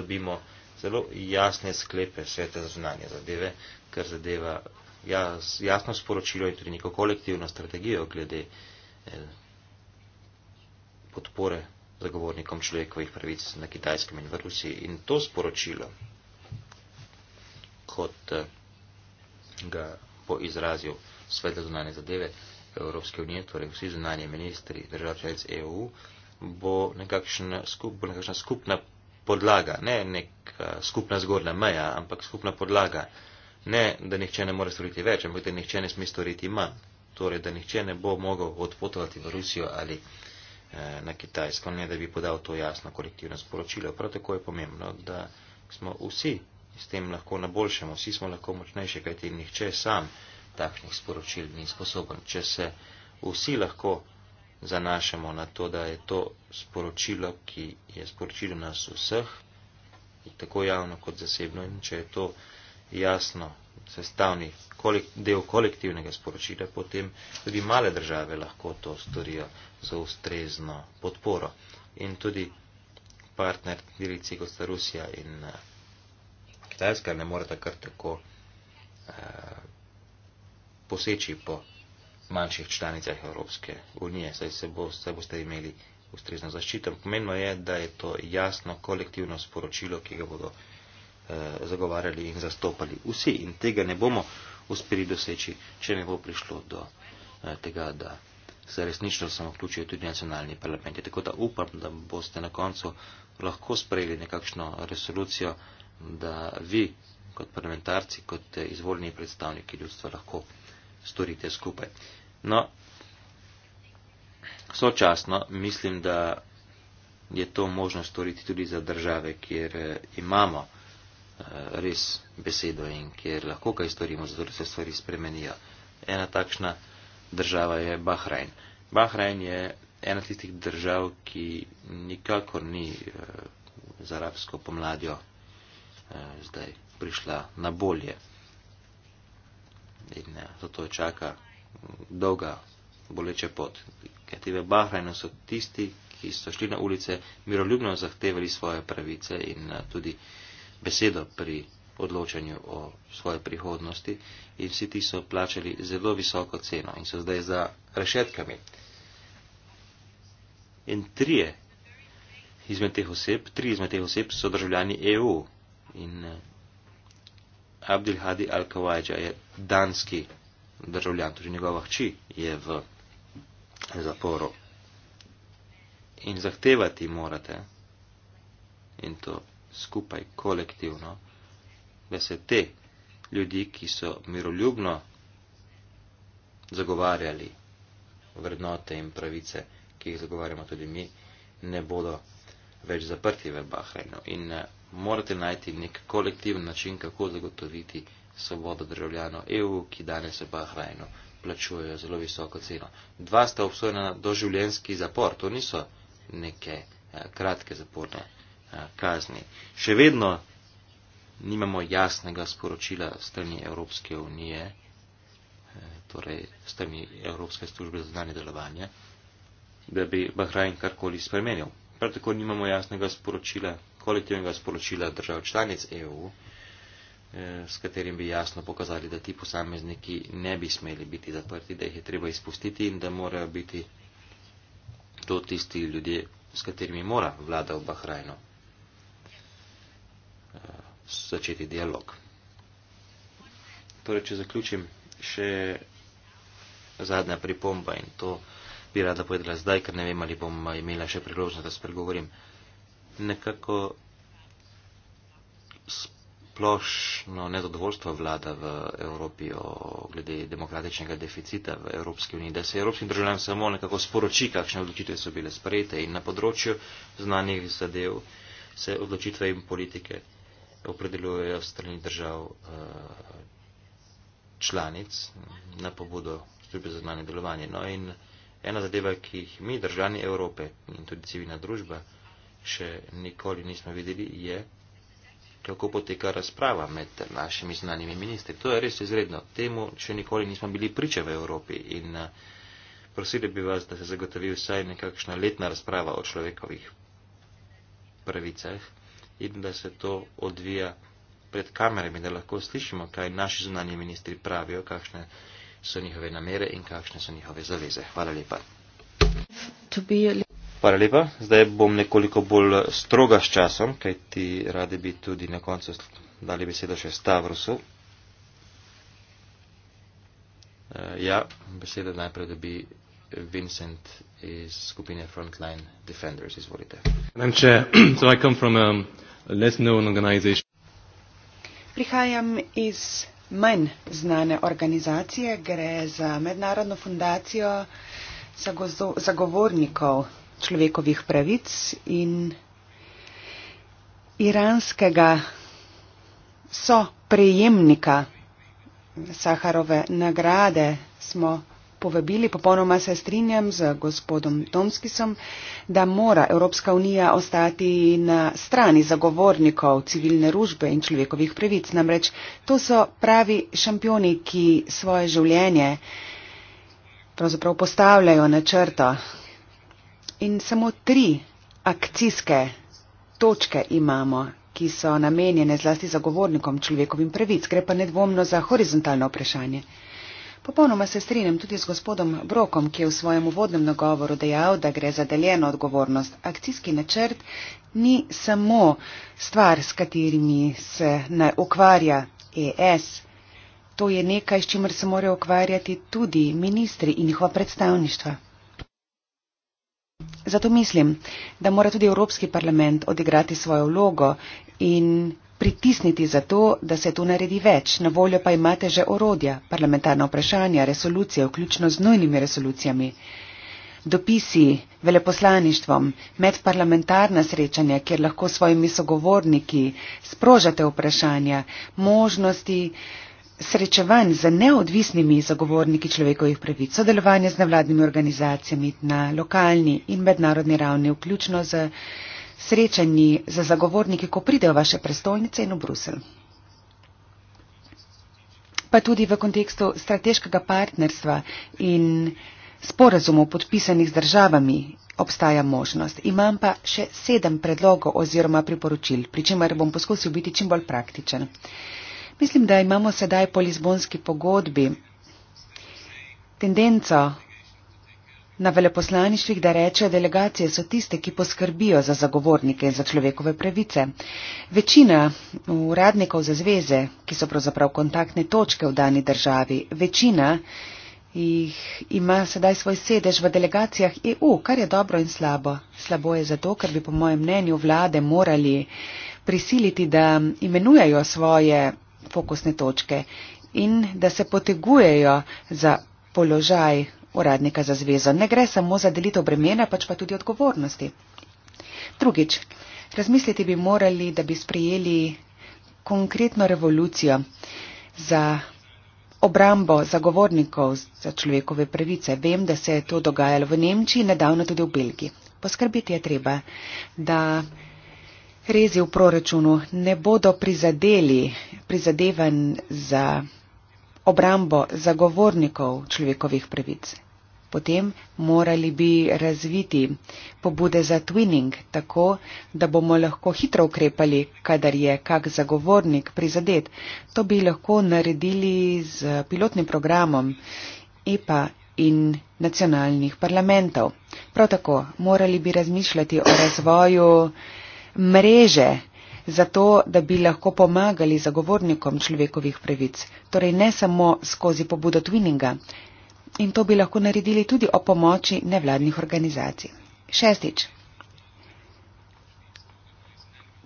dobimo zelo jasne sklepe sveta za zunanje zadeve, kar zadeva jaz, jasno sporočilo in tudi neko kolektivno strategijo glede eh, podpore zagovornikom človekovih pravic na Kitajskem in v Rusiji. In to sporočilo, kot eh, ga bo izrazil svet zunanje zadeve Evropske unije, torej vsi zunanje ministri držav članic EU, bo nekakšna, skup, bo nekakšna skupna podlaga, ne neka skupna zgornja meja, ampak skupna podlaga Ne, da nihče ne more storiti več, ampak da nihče ne sme storiti manj. Torej, da nihče ne bo mogel odpotovati v Rusijo ali eh, na Kitajsko, ne da bi podal to jasno kolektivno sporočilo. Prav tako je pomembno, da smo vsi s tem lahko na boljšem, vsi smo lahko močnejši, kajti nihče sam takšnih sporočil ni sposoben. Če se vsi lahko zanašamo na to, da je to sporočilo, ki je sporočilo nas vseh, tako javno kot zasebno, in če je to jasno sestavni kolik, del kolektivnega sporočila, potem tudi male države lahko to storijo za ustrezno podporo. In tudi partner direkcije kot sta Rusija in uh, Kitajska ne morata kar tako uh, poseči po manjših članicah Evropske unije, saj se, bo, se boste imeli ustrezno zaščito. Pomembno je, da je to jasno kolektivno sporočilo, ki ga bodo uh, Eh, zagovarjali in zastopali vsi. In tega ne bomo uspeli doseči, če ne bo prišlo do eh, tega, da se resnično samo vključijo tudi nacionalni parlamenti. Tako da upam, da boste na koncu lahko sprejeli nekakšno resolucijo, da vi kot parlamentarci, kot eh, izvoljeni predstavniki ljudstva lahko storite skupaj. No, sočasno mislim, da je to možno storiti tudi za države, kjer imamo res besedo in kjer lahko kaj storimo, zato da se stvari spremenijo. Ena takšna država je Bahrajn. Bahrajn je ena tistih držav, ki nikakor ni eh, z arabsko pomladjo eh, zdaj prišla na bolje. In eh, zato čaka mm, dolga, boleče pot. Kajti v Bahrajnu so tisti, ki so šli na ulice, miroljubno zahtevali svoje pravice in tudi uh, besedo pri odločanju o svoje prihodnosti in vsi ti so plačali zelo visoko ceno in so zdaj za rešetkami. In trije izmed teh oseb, tri izmed teh oseb so državljani EU in eh, Abdelhadi Al-Kawajdža je danski državljan, tudi torej njegova hči je v zaporu. In zahtevati morate, in to skupaj, kolektivno, da se te ljudi, ki so miroljubno zagovarjali vrednote in pravice, ki jih zagovarjamo tudi mi, ne bodo več zaprti v Bahrajnu. In eh, morate najti nek kolektiven način, kako zagotoviti svobodo državljanov EU, ki danes v Bahrajnu plačujejo zelo visoko ceno. Dva sta obsojena na doživljenski zapor, to niso neke eh, kratke zaporne. Eh, kazni. Še vedno nimamo jasnega sporočila strani Evropske unije, eh, torej strani Evropske službe za znanje delovanje, da bi Bahrajn karkoli spremenil. Prav tako nimamo jasnega sporočila, kolektivnega sporočila držav članic EU, eh, s katerim bi jasno pokazali, da ti posamezniki ne bi smeli biti zaprti, da jih je treba izpustiti in da morajo biti to tisti ljudje, s katerimi mora vlada v Bahrajnu začeti dialog. Torej, če zaključim, še zadnja pripomba in to bi rada povedala zdaj, ker ne vem, ali bom imela še priložnost, da spregovorim. Nekako splošno nezadovoljstvo vlada v Evropi o glede demokratičnega deficita v Evropski uniji, da se evropskim državljanom samo nekako sporoči, kakšne odločitve so bile sprejete in na področju znanih zadev se odločitve in politike opredeljujejo strani držav eh, članic na pobudo službe za znanje delovanje. No in ena zadeva, ki jih mi, državljani Evrope in tudi civilna družba, še nikoli nismo videli, je, kako poteka razprava med našimi znanimi ministri. To je res izredno. Temu še nikoli nismo bili priča v Evropi in eh, prosili bi vas, da se zagotovi vsaj nekakšna letna razprava o človekovih pravicah in da se to odvija pred kamerami, da lahko slišimo, kaj naši zunanji ministri pravijo, kakšne so njihove namere in kakšne so njihove zaveze. Hvala lepa. Hvala lepa. Zdaj bom nekoliko bolj stroga s časom, kaj ti radi bi tudi na koncu dali besedo še Stavrusu. Eh, ja, beseda najprej, da bi Vincent iz skupine Frontline Defenders izvolite. Vem, če, so I come from a, um, less known organization. Prihajam iz manj znane organizacije, gre za mednarodno fundacijo zagovornikov človekovih pravic in iranskega soprejemnika Saharove nagrade smo povabili. Popolnoma se strinjam z gospodom Tomskisom, da mora Evropska unija ostati na strani zagovornikov civilne družbe in človekovih pravic. Namreč to so pravi šampioni, ki svoje življenje pravzaprav postavljajo na črto. In samo tri akcijske točke imamo ki so namenjene zlasti zagovornikom človekovim pravic, gre pa nedvomno za horizontalno vprašanje. Popolnoma se strinjam tudi z gospodom Brokom, ki je v svojem uvodnem nagovoru dejal, da gre za deljeno odgovornost. Akcijski načrt ni samo stvar, s katerimi se ne ukvarja ES. To je nekaj, s čimer se morajo ukvarjati tudi ministri in njihova predstavništva. Zato mislim, da mora tudi Evropski parlament odigrati svojo vlogo in pritisniti za to, da se tu naredi več. Na voljo pa imate že orodja, parlamentarna vprašanja, resolucije, vključno z nujnimi resolucijami, dopisi veleposlaništvom, medparlamentarna srečanja, kjer lahko svojimi sogovorniki sprožate vprašanja, možnosti srečevanj z neodvisnimi zagovorniki človekovih pravic, sodelovanje z nevladnimi organizacijami na lokalni in mednarodni ravni, vključno z srečanji za zagovorniki, ko pridejo v vaše prestolnice in v Brusel. Pa tudi v kontekstu strateškega partnerstva in sporazumov podpisanih z državami obstaja možnost. Imam pa še sedem predlogov oziroma priporočil, pri čemer bom poskusil biti čim bolj praktičen. Mislim, da imamo sedaj po Lizbonski pogodbi tendenco Na veleposlaništvih, da reče, delegacije so tiste, ki poskrbijo za zagovornike in za človekove pravice. Večina uradnikov za zveze, ki so pravzaprav kontaktne točke v dani državi, večina jih ima sedaj svoj sedež v delegacijah EU, kar je dobro in slabo. Slabo je zato, ker bi po mojem mnenju vlade morali prisiliti, da imenujajo svoje fokusne točke in da se potegujejo za položaj uradnika za zvezo. Ne gre samo za delitev bremena, pač pa tudi odgovornosti. Drugič, razmisliti bi morali, da bi sprejeli konkretno revolucijo za obrambo zagovornikov za človekove pravice. Vem, da se je to dogajalo v Nemčiji, nedavno tudi v Belgiji. Poskrbiti je treba, da rezi v proračunu ne bodo prizadeli, prizadevan za obrambo zagovornikov človekovih pravic potem morali bi razviti pobude za twinning tako, da bomo lahko hitro ukrepali, kadar je kak zagovornik prizadet. To bi lahko naredili z pilotnim programom EPA in nacionalnih parlamentov. Prav tako morali bi razmišljati o razvoju mreže zato, da bi lahko pomagali zagovornikom človekovih pravic, torej ne samo skozi pobudo twinninga, in to bi lahko naredili tudi o pomoči nevladnih organizacij. Šestič.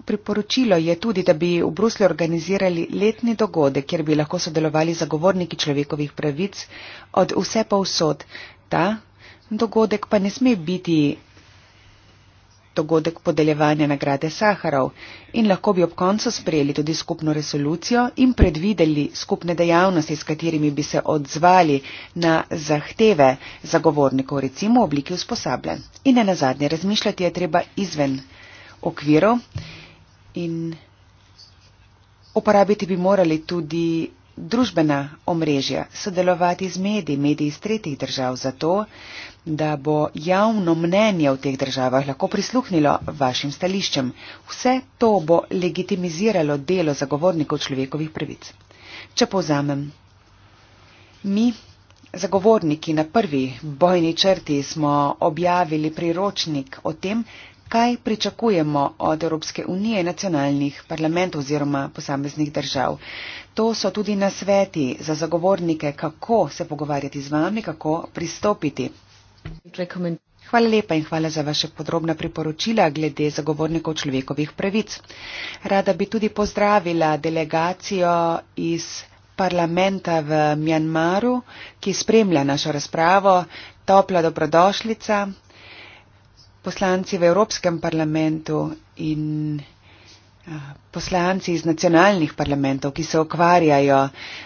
Priporočilo je tudi, da bi v Bruslju organizirali letni dogodek, kjer bi lahko sodelovali zagovorniki človekovih pravic od vse pa vsod. Ta dogodek pa ne sme biti dogodek podeljevanja nagrade Saharov in lahko bi ob koncu sprejeli tudi skupno resolucijo in predvideli skupne dejavnosti, s katerimi bi se odzvali na zahteve zagovornikov, recimo v obliki usposabljanj. In ne nazadnje, razmišljati je treba izven okvirov in uporabiti bi morali tudi družbena omrežja, sodelovati z mediji, mediji iz tretjih držav, zato da bo javno mnenje v teh državah lahko prisluhnilo vašim stališčem. Vse to bo legitimiziralo delo zagovornikov človekovih pravic. Če povzamem, mi, zagovorniki na prvi bojni črti, smo objavili priročnik o tem, kaj pričakujemo od Evropske unije, nacionalnih parlamentov oziroma posameznih držav. To so tudi nasveti za zagovornike, kako se pogovarjati z vami, kako pristopiti. Hvala lepa in hvala za vaše podrobna priporočila glede zagovornikov človekovih pravic. Rada bi tudi pozdravila delegacijo iz parlamenta v Mjanmaru, ki spremlja našo razpravo. Topla dobrodošlica poslanci v Evropskem parlamentu in eh, poslanci iz nacionalnih parlamentov, ki se ukvarjajo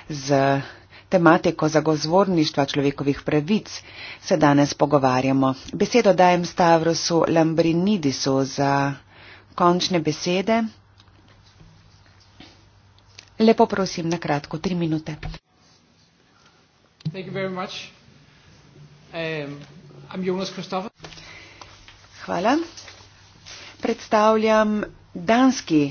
z tematiko zagozvorništva človekovih pravic, se danes pogovarjamo. Besedo dajem Stavrosu Lambrinidisu za končne besede. Lepo prosim, na kratko, tri minute. Thank you very much. Um, I'm Jonas Christopher. Hvala. Predstavljam Danski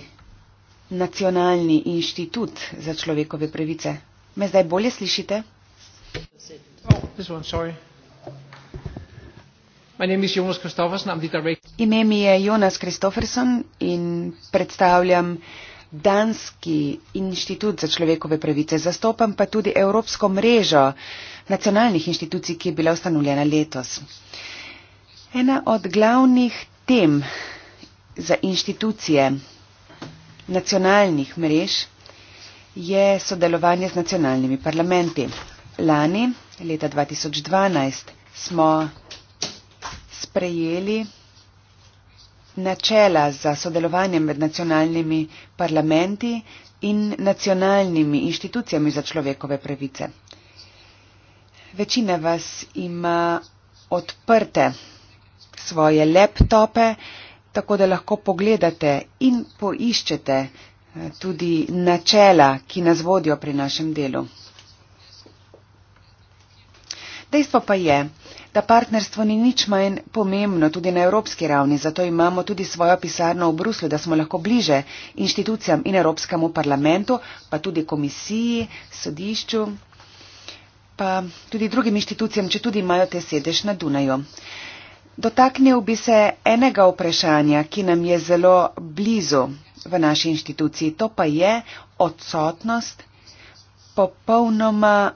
nacionalni inštitut za človekove pravice. Me zdaj bolje slišite? Ime mi je Jonas Kristofferson in predstavljam Danski inštitut za človekove pravice. Zastopam pa tudi Evropsko mrežo nacionalnih inštitucij, ki je bila ustanovljena letos. Ena od glavnih tem za inštitucije nacionalnih mrež je sodelovanje z nacionalnimi parlamenti. Lani, leta 2012, smo sprejeli načela za sodelovanje med nacionalnimi parlamenti in nacionalnimi inštitucijami za človekove pravice. Večina vas ima odprte svoje laptope, tako da lahko pogledate in poiščete eh, tudi načela, ki nas vodijo pri našem delu. Dejstvo pa je, da partnerstvo ni nič manj pomembno tudi na evropski ravni, zato imamo tudi svojo pisarno v Bruslu, da smo lahko bliže inštitucijam in Evropskemu parlamentu, pa tudi komisiji, sodišču, pa tudi drugim inštitucijam, če tudi imajo te sedež na Dunaju. Dotaknil bi se enega vprašanja, ki nam je zelo blizu v naši inštituciji, to pa je odsotnost popolnoma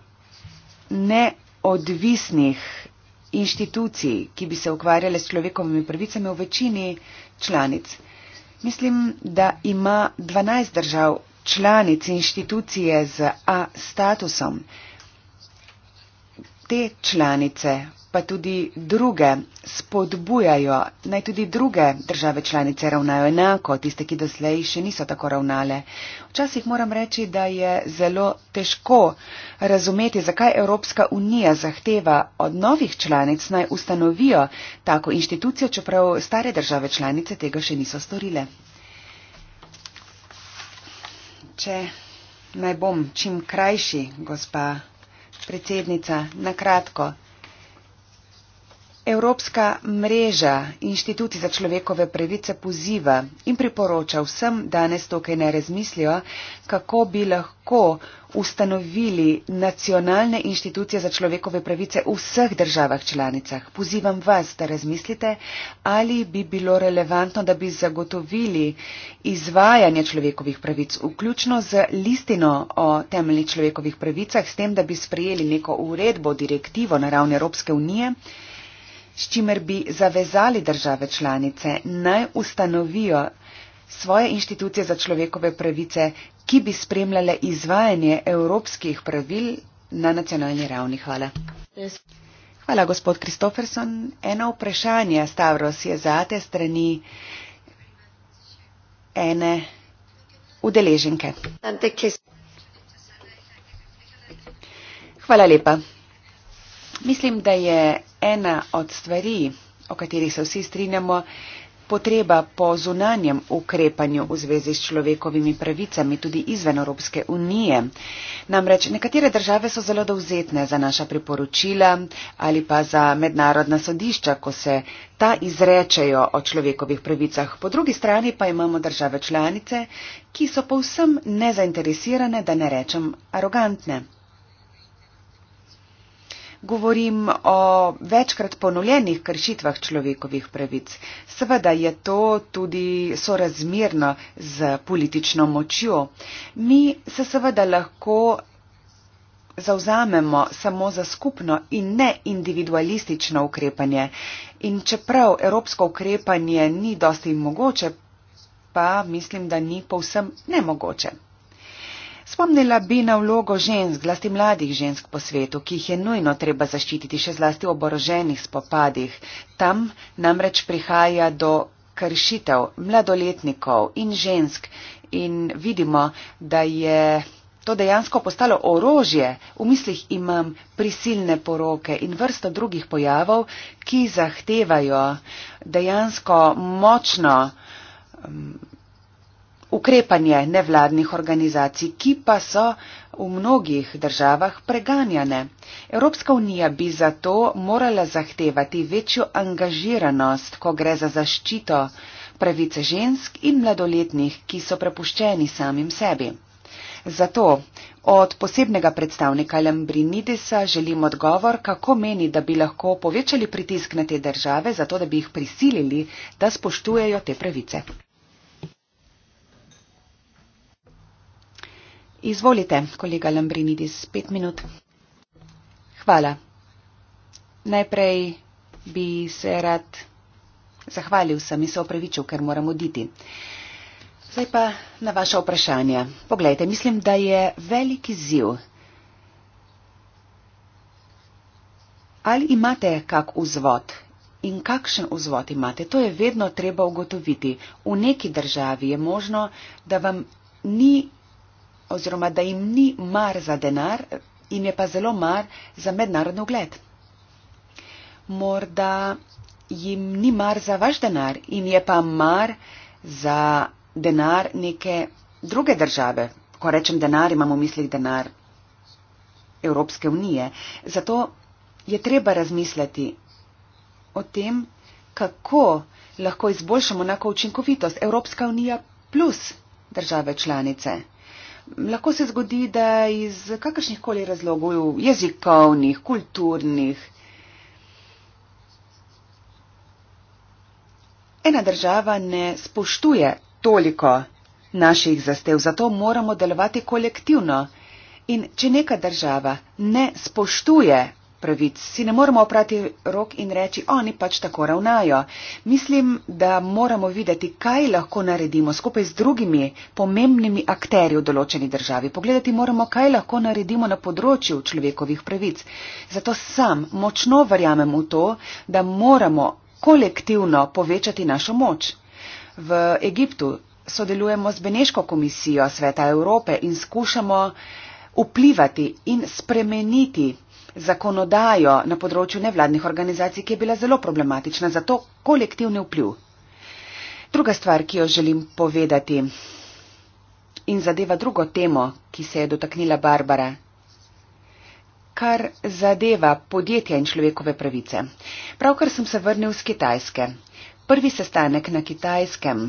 neodvisnih inštitucij, ki bi se ukvarjale s človekovimi pravicami v večini članic. Mislim, da ima 12 držav članic inštitucije z A statusom. Te članice pa tudi druge spodbujajo, naj tudi druge države članice ravnajo enako, tiste, ki doslej še niso tako ravnale. Včasih moram reči, da je zelo težko razumeti, zakaj Evropska unija zahteva od novih članic naj ustanovijo tako inštitucijo, čeprav stare države članice tega še niso storile. Če naj bom čim krajši, gospa predsednica, na kratko. Evropska mreža inštitucij za človekove pravice poziva in priporoča vsem danes tukaj ne razmislijo, kako bi lahko ustanovili nacionalne inštitucije za človekove pravice v vseh državah članicah. Pozivam vas, da razmislite, ali bi bilo relevantno, da bi zagotovili izvajanje človekovih pravic, vključno z listino o temeljnih človekovih pravicah, s tem, da bi sprejeli neko uredbo, direktivo na ravni Evropske unije s čimer bi zavezali države članice naj ustanovijo svoje inštitucije za človekove pravice, ki bi spremljale izvajanje evropskih pravil na nacionalni ravni. Hvala. Hvala, gospod Kristoferson. Eno vprašanje, Stavros, je za te strani ene udeleženke. Hvala lepa. Mislim, da je ena od stvari, o katerih se vsi strinjamo, potreba po zunanjem ukrepanju v zvezi s človekovimi pravicami tudi izven Evropske unije. Namreč nekatere države so zelo dovzetne za naša priporočila ali pa za mednarodna sodišča, ko se ta izrečejo o človekovih pravicah. Po drugi strani pa imamo države članice, ki so povsem nezainteresirane, da ne rečem arogantne govorim o večkrat ponuljenih kršitvah človekovih pravic. Seveda je to tudi sorazmerno z politično močjo. Mi se seveda lahko zauzamemo samo za skupno in ne individualistično ukrepanje. In čeprav evropsko ukrepanje ni dosti mogoče, pa mislim, da ni povsem nemogoče spomnila bi na vlogo žensk, zlasti mladih žensk po svetu, ki jih je nujno treba zaščititi še zlasti v oboroženih spopadih. Tam namreč prihaja do kršitev mladoletnikov in žensk in vidimo, da je. To dejansko postalo orožje, v mislih imam prisilne poroke in vrsto drugih pojavov, ki zahtevajo dejansko močno ukrepanje nevladnih organizacij, ki pa so v mnogih državah preganjane. Evropska unija bi zato morala zahtevati večjo angažiranost, ko gre za zaščito pravice žensk in mladoletnih, ki so prepuščeni samim sebi. Zato od posebnega predstavnika Lambrinidisa želim odgovor, kako meni, da bi lahko povečali pritisk na te države, zato da bi jih prisilili, da spoštujejo te pravice. Izvolite, kolega Lambrinidis, pet minut. Hvala. Najprej bi se rad zahvalil, sem se opravičil, ker moram oditi. Zdaj pa na vaše vprašanje. Poglejte, mislim, da je veliki ziv. Ali imate kak vzvod in kakšen vzvod imate? To je vedno treba ugotoviti. V neki državi je možno, da vam ni oziroma da jim ni mar za denar, jim je pa zelo mar za mednarodno ugled. Morda jim ni mar za vaš denar, jim je pa mar za denar neke druge države. Ko rečem denar, imam v mislih denar Evropske unije. Zato je treba razmisliti o tem, kako lahko izboljšamo enako učinkovitost Evropska unija plus države članice lahko se zgodi, da iz kakršnih koli razlogov, jezikovnih, kulturnih, ena država ne spoštuje toliko naših zastev, zato moramo delovati kolektivno. In če neka država ne spoštuje pravic. Si ne moremo oprati rok in reči, oni pač tako ravnajo. Mislim, da moramo videti, kaj lahko naredimo skupaj z drugimi pomembnimi akterji v določeni državi. Pogledati moramo, kaj lahko naredimo na področju človekovih pravic. Zato sam močno verjamem v to, da moramo kolektivno povečati našo moč. V Egiptu sodelujemo z Beneško komisijo Sveta Evrope in skušamo vplivati in spremeniti zakonodajo na področju nevladnih organizacij, ki je bila zelo problematična, zato kolektivni vpliv. Druga stvar, ki jo želim povedati in zadeva drugo temo, ki se je dotaknila Barbara, kar zadeva podjetja in človekove pravice. Pravkar sem se vrnil z Kitajske. Prvi sestanek na Kitajskem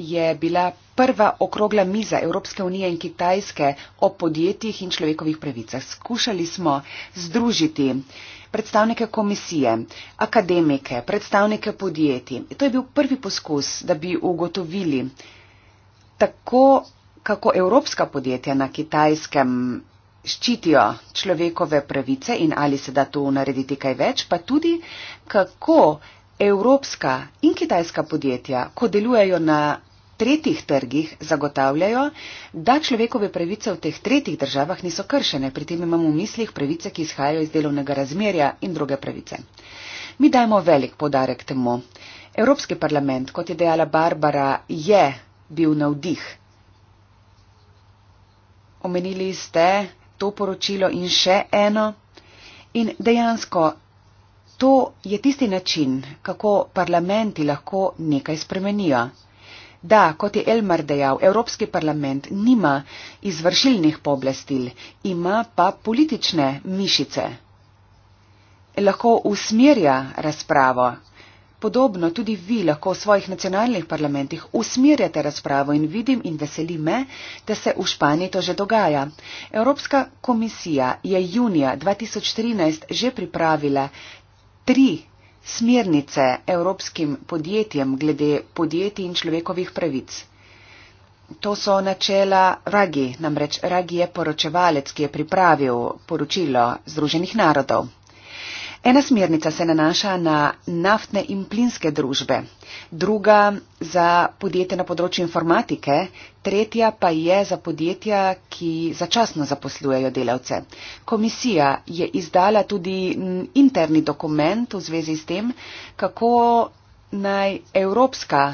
je bila prva okrogla miza Evropske unije in Kitajske o podjetjih in človekovih pravicah. Skušali smo združiti predstavnike komisije, akademike, predstavnike podjetij. To je bil prvi poskus, da bi ugotovili tako, kako evropska podjetja na Kitajskem ščitijo človekove pravice in ali se da to narediti kaj več, pa tudi kako evropska in kitajska podjetja, ko delujejo na tretjih trgih zagotavljajo, da človekove pravice v teh tretjih državah niso kršene, pri tem imamo v mislih pravice, ki izhajajo iz delovnega razmerja in druge pravice. Mi dajemo velik podarek temu. Evropski parlament, kot je dejala Barbara, je bil na vdih. Omenili ste to poročilo in še eno. In dejansko to je tisti način, kako parlamenti lahko nekaj spremenijo. Da, kot je Elmar dejal, Evropski parlament nima izvršilnih pooblastil, ima pa politične mišice. Lahko usmerja razpravo. Podobno tudi vi lahko v svojih nacionalnih parlamentih usmerjate razpravo in vidim in veseli me, da se v Španiji to že dogaja. Evropska komisija je junija 2013 že pripravila tri smernice evropskim podjetjem glede podjetij in človekovih pravic. To so načela Ragi, namreč Ragi je poročevalec, ki je pripravil poročilo Združenih narodov. Ena smernica se nanaša na naftne in plinske družbe, druga za podjetje na področju informatike, tretja pa je za podjetja, ki začasno zaposlujejo delavce. Komisija je izdala tudi interni dokument v zvezi s tem, kako naj evropska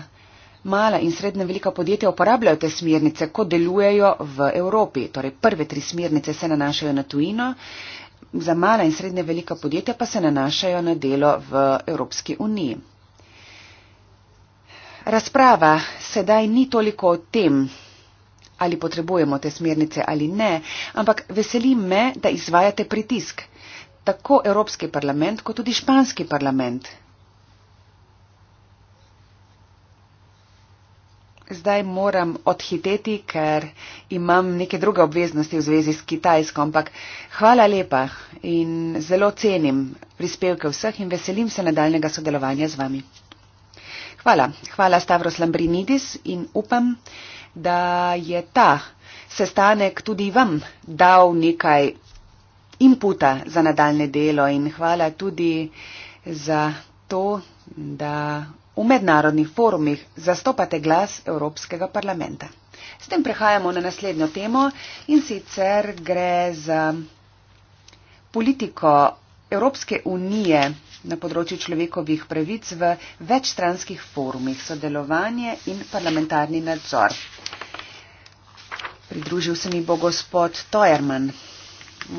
mala in srednje velika podjetja uporabljajo te smernice, ko delujejo v Evropi. Torej prve tri smernice se nanašajo na tujino za mala in srednje velika podjetja pa se nanašajo na delo v Evropski uniji. Razprava sedaj ni toliko o tem, ali potrebujemo te smernice ali ne, ampak veseli me, da izvajate pritisk. Tako Evropski parlament, kot tudi Španski parlament Zdaj moram odhiteti, ker imam neke druge obveznosti v zvezi s Kitajsko, ampak hvala lepa in zelo cenim prispevke vseh in veselim se nadaljnega sodelovanja z vami. Hvala, hvala Stavros Lambrinidis in upam, da je ta sestanek tudi vam dal nekaj inputa za nadaljne delo in hvala tudi za to, da V mednarodnih forumih zastopate glas Evropskega parlamenta. S tem prehajamo na naslednjo temo in sicer gre za politiko Evropske unije na področju človekovih pravic v večstranskih forumih, sodelovanje in parlamentarni nadzor. Pridružil se mi bo gospod Tojerman.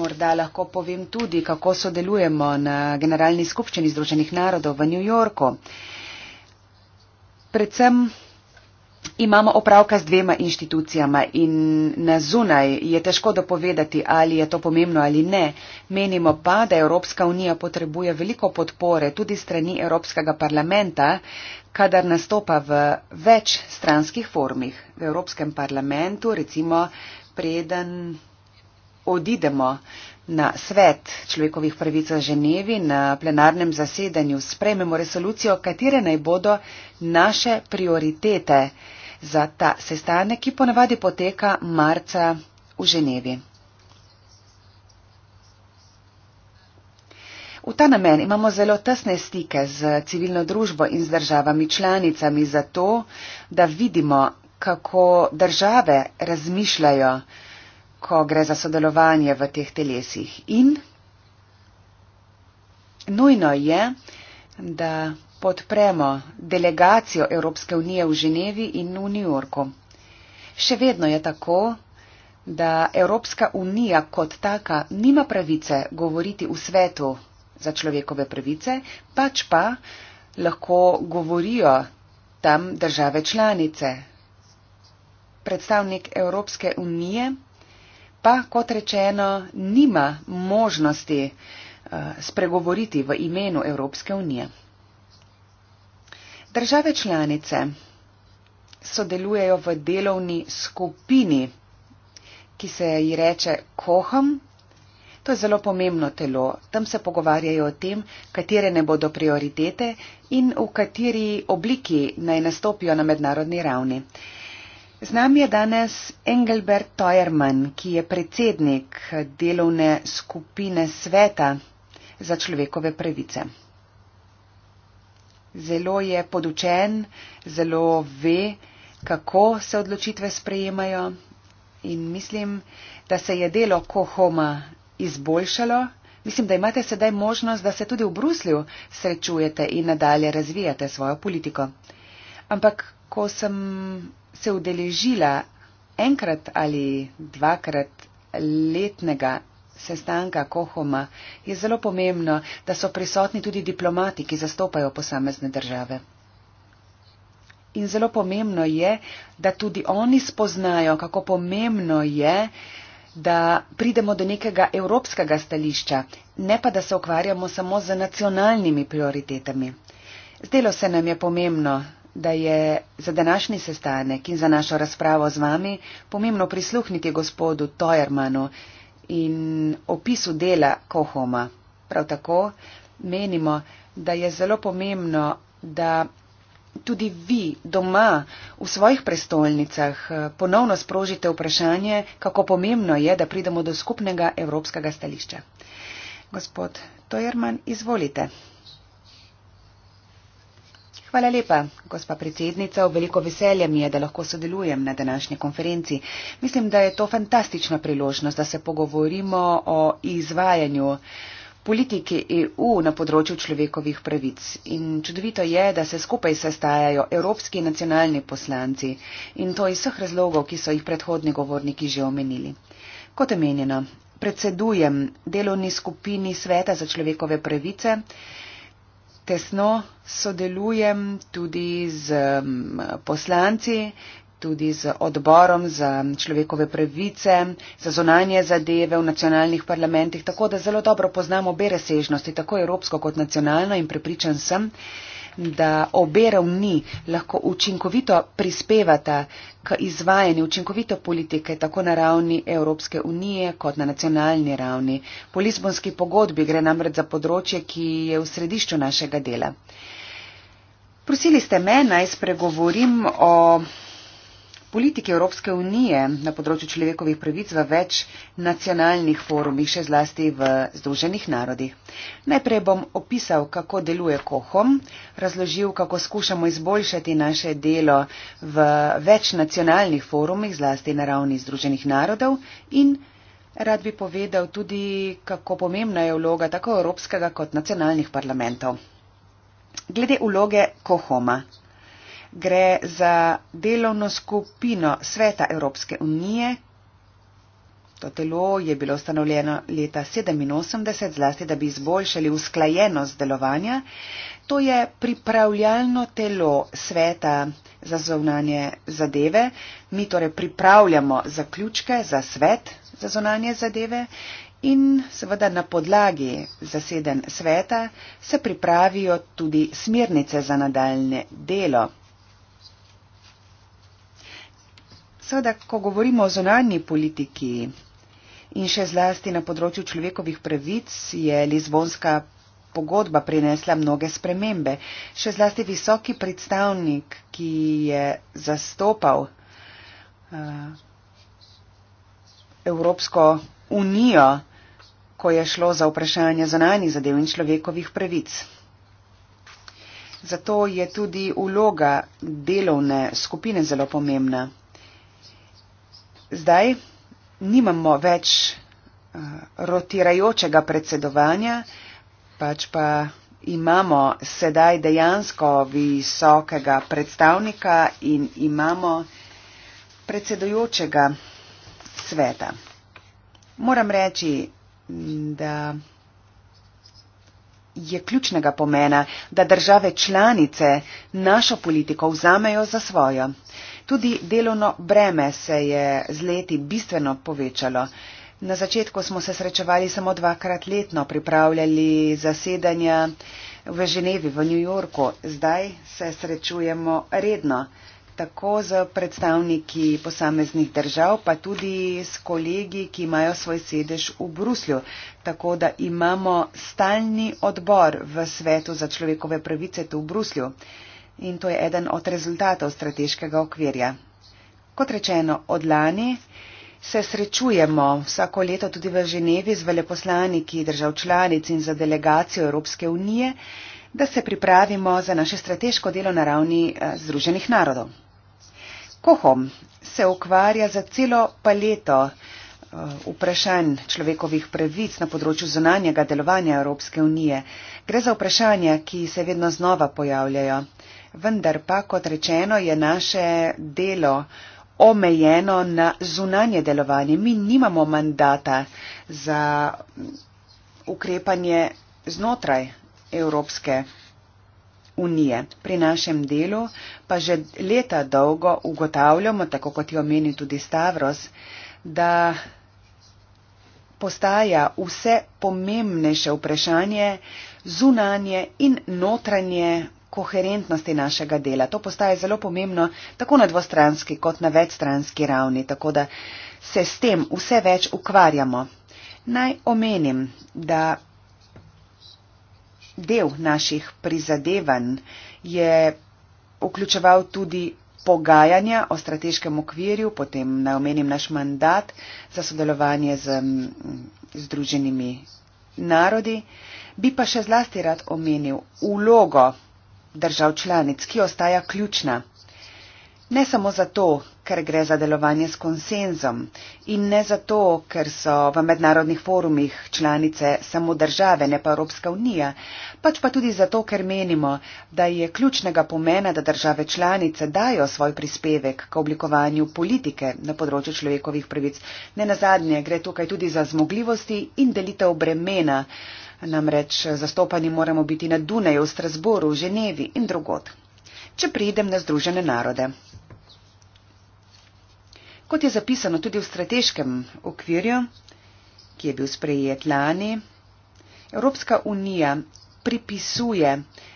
Morda lahko povem tudi, kako sodelujemo na Generalni skupščini Združenih narodov v New Yorku predvsem imamo opravka z dvema inštitucijama in na zunaj je težko dopovedati, ali je to pomembno ali ne. Menimo pa, da Evropska unija potrebuje veliko podpore tudi strani Evropskega parlamenta, kadar nastopa v več stranskih formih v Evropskem parlamentu, recimo preden odidemo. Uh, Na svet človekovih pravic v Ženevi na plenarnem zasedanju sprejmemo resolucijo, katere naj bodo naše prioritete za ta sestanek, ki ponavadi poteka marca v Ženevi. V ta namen imamo zelo tesne stike z civilno družbo in z državami članicami, zato da vidimo, kako države razmišljajo ko gre za sodelovanje v teh telesih. In nujno je, da podpremo delegacijo Evropske unije v Ženevi in v New Yorku. Še vedno je tako, da Evropska unija kot taka nima pravice govoriti v svetu za človekove pravice, pač pa lahko govorijo tam države članice. Predstavnik Evropske unije pa, kot rečeno, nima možnosti eh, spregovoriti v imenu Evropske unije. Države članice sodelujejo v delovni skupini, ki se ji reče kohom. To je zelo pomembno telo. Tam se pogovarjajo o tem, katere ne bodo prioritete in v kateri obliki naj nastopijo na mednarodni ravni. Uh, Z nami je danes Engelbert Toerman, ki je predsednik delovne skupine sveta za človekove pravice. Zelo je podučen, zelo ve, kako se odločitve sprejemajo in mislim, da se je delo Kohoma izboljšalo. Mislim, da imate sedaj možnost, da se tudi v Bruslju srečujete in nadalje razvijate svojo politiko. Ampak, ko sem se udeležila enkrat ali dvakrat letnega sestanka Kohoma, je zelo pomembno, da so prisotni tudi diplomati, ki zastopajo posamezne države. In zelo pomembno je, da tudi oni spoznajo, kako pomembno je, da pridemo do nekega evropskega stališča, ne pa da se ukvarjamo samo z nacionalnimi prioritetami. Zdelo se nam je pomembno, da je za današnji sestanek in za našo razpravo z vami pomembno prisluhniti gospodu Tojermanu in opisu dela Kohoma. Prav tako menimo, da je zelo pomembno, da tudi vi doma v svojih prestolnicah eh, ponovno sprožite vprašanje, kako pomembno je, da pridemo do skupnega evropskega stališča. Gospod Tojerman, izvolite. Hvala lepa, gospa predsednica. Veliko veselje mi je, da lahko sodelujem na današnji konferenci. Mislim, da je to fantastična priložnost, da se pogovorimo o izvajanju politike EU na področju človekovih pravic. In čudovito je, da se skupaj sestajajo evropski nacionalni poslanci in to iz vseh razlogov, ki so jih predhodni govorniki že omenili. Kot omenjeno, predsedujem delovni skupini Sveta za človekove pravice tesno sodelujem tudi z poslanci, tudi z odborom za človekove pravice, za zonanje zadeve v nacionalnih parlamentih, tako da zelo dobro poznam obe razsežnosti, tako evropsko kot nacionalno in prepričan sem, da obe ravni lahko učinkovito prispevata k izvajanju učinkovite politike tako na ravni Evropske unije kot na nacionalni ravni. Po Lisbonski pogodbi gre namreč za področje, ki je v središču našega dela. Prosili ste me, naj spregovorim o Politike Evropske unije na področju človekovih pravic v več nacionalnih forumih, še zlasti v Združenih narodih. Najprej bom opisal, kako deluje Kohom, razložil, kako skušamo izboljšati naše delo v več nacionalnih forumih, zlasti na ravni Združenih narodov in rad bi povedal tudi, kako pomembna je vloga tako evropskega kot nacionalnih parlamentov. Glede vloge Kohoma gre za delovno skupino Sveta Evropske unije. To telo je bilo ustanovljeno leta 1987, zlasti da bi izboljšali usklajenost delovanja. To je pripravljalno telo Sveta za zvonanje zadeve. Mi torej pripravljamo zaključke za svet za zvonanje zadeve in seveda na podlagi zaseden sveta se pripravijo tudi smernice za nadaljne delo. Seveda, ko govorimo o zonalni politiki in še zlasti na področju človekovih pravic, je Lizbonska pogodba prinesla mnoge spremembe. Še zlasti visoki predstavnik, ki je zastopal uh, Evropsko unijo, ko je šlo za vprašanje zonalnih zadev in človekovih pravic. Zato je tudi uloga delovne skupine zelo pomembna zdaj nimamo več eh, rotirajočega predsedovanja, pač pa imamo sedaj dejansko visokega predstavnika in imamo predsedojočega sveta. Moram reči, da je ključnega pomena, da države članice našo politiko vzamejo za svojo. Tudi delovno breme se je z leti bistveno povečalo. Na začetku smo se srečevali samo dvakrat letno, pripravljali zasedanja v Ženevi, v New Yorku. Zdaj se srečujemo redno, tako z predstavniki posameznih držav, pa tudi s kolegi, ki imajo svoj sedež v Bruslju. Tako da imamo stalni odbor v svetu za človekove pravice tu v Bruslju in to je eden od rezultatov strateškega okvirja. Kot rečeno, od lani se srečujemo vsako leto tudi v Ženevi z veleposlaniki držav članic in za delegacijo Evropske unije, da se pripravimo za naše strateško delo na ravni eh, Združenih narodov. Kohom se ukvarja za celo paleto eh, vprašanj človekovih pravic na področju zunanjega delovanja Evropske unije. Gre za vprašanja, ki se vedno znova pojavljajo vendar pa, kot rečeno, je naše delo omejeno na zunanje delovanje. Mi nimamo mandata za ukrepanje znotraj Evropske unije. Pri našem delu pa že leta dolgo ugotavljamo, tako kot je omenil tudi Stavros, da postaja vse pomembnejše vprašanje zunanje in notranje koherentnosti našega dela. To postaje zelo pomembno tako na dvostranski kot na večstranski ravni, tako da se s tem vse več ukvarjamo. Naj omenim, da del naših prizadevanj je vključeval tudi pogajanja o strateškem okvirju, potem naj omenim naš mandat za sodelovanje z združenimi narodi. Bi pa še zlasti rad omenil ulogo držav članic, ki ostaja ključna. Ne samo zato, ker gre za delovanje s konsenzom in ne zato, ker so v mednarodnih forumih članice samo države, ne pa Evropska unija, pač pa tudi zato, ker menimo, da je ključnega pomena, da države članice dajo svoj prispevek k oblikovanju politike na področju človekovih pravic. Ne nazadnje gre tukaj tudi za zmogljivosti in delitev bremena, Namreč zastopani moramo biti na Dunaju, v Strasboru, v Ženevi in drugod. Če pridem na Združene narode. Kot je zapisano tudi v strateškem okvirju, ki je bil sprejet lani, Evropska unija pripisuje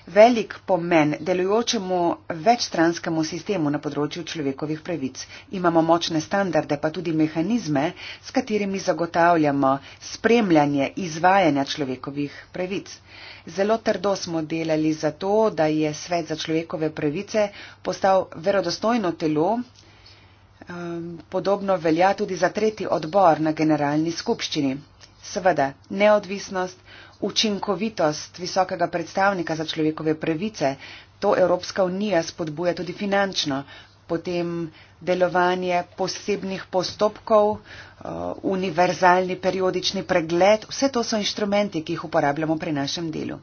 velik pomen delujočemu večstranskemu sistemu na področju človekovih pravic. Imamo močne standarde, pa tudi mehanizme, s katerimi zagotavljamo spremljanje izvajanja človekovih pravic. Zelo trdo smo delali za to, da je svet za človekove pravice postal verodostojno telo. Ehm, podobno velja tudi za tretji odbor na generalni skupščini. Seveda, neodvisnost, učinkovitost visokega predstavnika za človekove pravice, to Evropska unija spodbuja tudi finančno, potem delovanje posebnih postopkov, uh, univerzalni periodični pregled, vse to so inštrumenti, ki jih uporabljamo pri našem delu.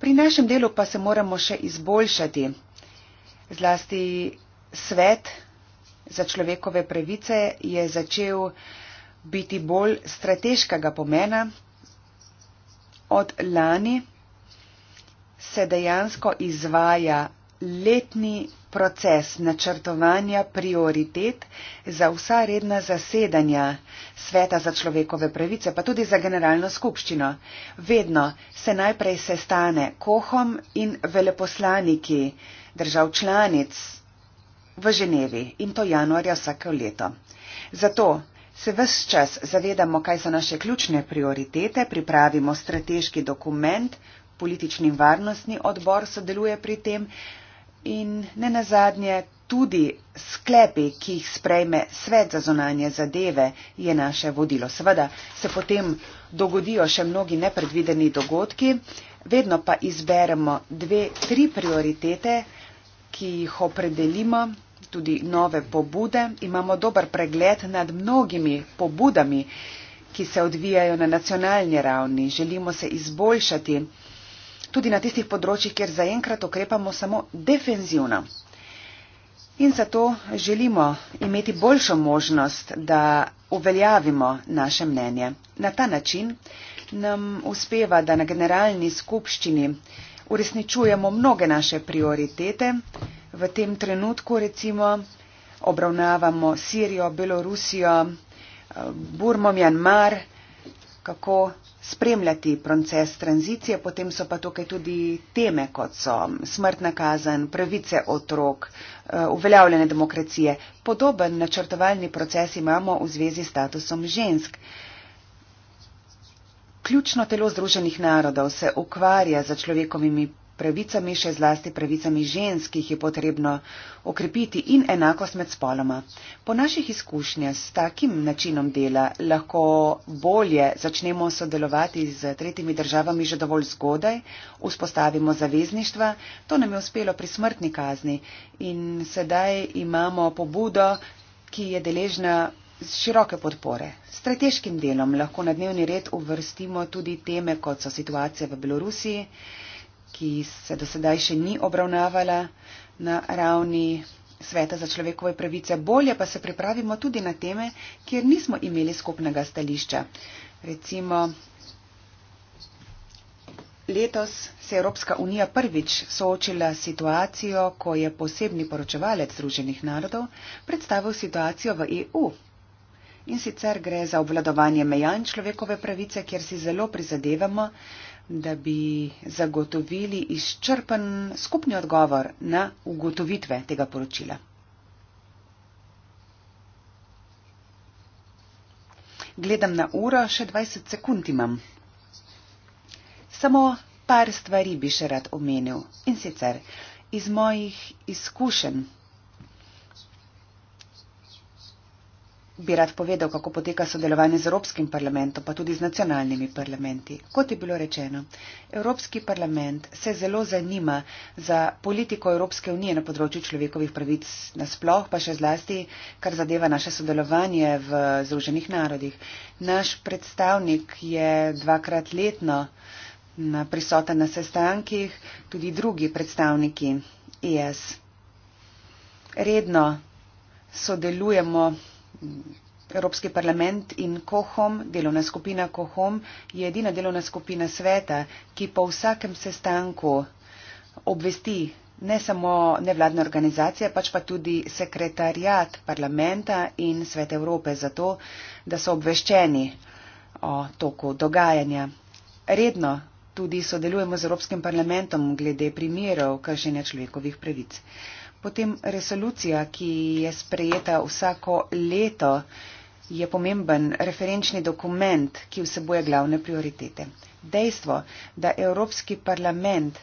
Pri našem delu pa se moramo še izboljšati. Zlasti svet za človekove pravice je začel biti bolj strateškega pomena. Od lani se dejansko izvaja letni proces načrtovanja prioritet za vsa redna zasedanja Sveta za človekove pravice, pa tudi za Generalno skupščino. Vedno se najprej sestane kohom in veleposlaniki držav članic v Ženevi in to januarja vsako leto. Zato se vse čas zavedamo, kaj so naše ključne prioritete, pripravimo strateški dokument, politični in varnostni odbor sodeluje pri tem in ne nazadnje tudi sklepi, ki jih sprejme svet za zonanje zadeve, je naše vodilo. Seveda se potem dogodijo še mnogi nepredvideni dogodki, vedno pa izberemo dve, tri prioritete, ki jih opredelimo tudi nove pobude, imamo dober pregled nad mnogimi pobudami, ki se odvijajo na nacionalni ravni. Želimo se izboljšati tudi na tistih področjih, kjer zaenkrat okrepamo samo defenzivno. In zato želimo imeti boljšo možnost, da uveljavimo naše mnenje. Na ta način nam uspeva, da na generalni skupščini uresničujemo mnoge naše prioritete, v tem trenutku recimo obravnavamo Sirijo, Belorusijo, Burmo, Mjanmar, kako spremljati proces tranzicije, potem so pa tukaj tudi teme, kot so smrtna kazen, pravice otrok, eh, uveljavljene demokracije. Podoben načrtovalni proces imamo v zvezi s statusom žensk. Ključno telo Združenih narodov se ukvarja za človekovimi pravicami, še zlasti pravicami žensk, ki jih je potrebno okrepiti in enakost med spoloma. Po naših izkušnjah s takim načinom dela lahko bolje začnemo sodelovati z tretjimi državami že dovolj zgodaj, vzpostavimo zavezništva, to nam je uspelo pri smrtni kazni in sedaj imamo pobudo, ki je deležna. Z široke podpore. S strateškim delom lahko na dnevni red uvrstimo tudi teme, kot so situacije v Belorusiji, ki se dosedaj še ni obravnavala na ravni sveta za človekove pravice, bolje pa se pripravimo tudi na teme, kjer nismo imeli skupnega stališča. Recimo, letos se je Evropska unija prvič soočila s situacijo, ko je posebni poročevalec Združenih narodov predstavil situacijo v EU. In sicer gre za obvladovanje mejanj človekove pravice, kjer si zelo prizadevamo, da bi zagotovili izčrpen skupni odgovor na ugotovitve tega poročila. Gledam na uro, še 20 sekund imam. Samo par stvari bi še rad omenil in sicer iz mojih izkušenj. bi rad povedal, kako poteka sodelovanje z Evropskim parlamentom, pa tudi z nacionalnimi parlamenti. Kot je bilo rečeno, Evropski parlament se zelo zanima za politiko Evropske unije na področju človekovih pravic nasploh, pa še zlasti, kar zadeva naše sodelovanje v Združenih narodih. Naš predstavnik je dvakrat letno prisoten na sestankih, tudi drugi predstavniki IS. Redno sodelujemo Evropski parlament in Kohom, delovna skupina Kohom, je edina delovna skupina sveta, ki po vsakem sestanku obvesti ne samo nevladne organizacije, pač pa tudi sekretarjat parlamenta in svet Evrope za to, da so obveščeni o toku dogajanja. Redno tudi sodelujemo z Evropskim parlamentom glede primerov kršenja človekovih pravic. Potem resolucija, ki je sprejeta vsako leto, je pomemben referenčni dokument, ki vseboje glavne prioritete. Dejstvo, da Evropski parlament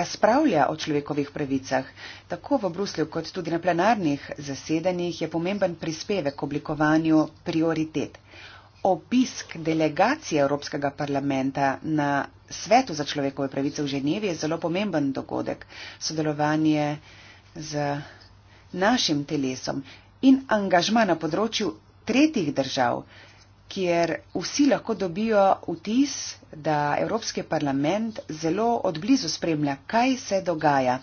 razpravlja o človekovih pravicah, tako v Bruslju kot tudi na plenarnih zasedanjih, je pomemben prispevek k oblikovanju prioritet. Obisk delegacije Evropskega parlamenta na svetu za človekove pravice v Ženevi je zelo pomemben dogodek. Sodelovanje z našim telesom in angažma na področju tretjih držav, kjer vsi lahko dobijo vtis, da Evropski parlament zelo odblizu spremlja, kaj se dogaja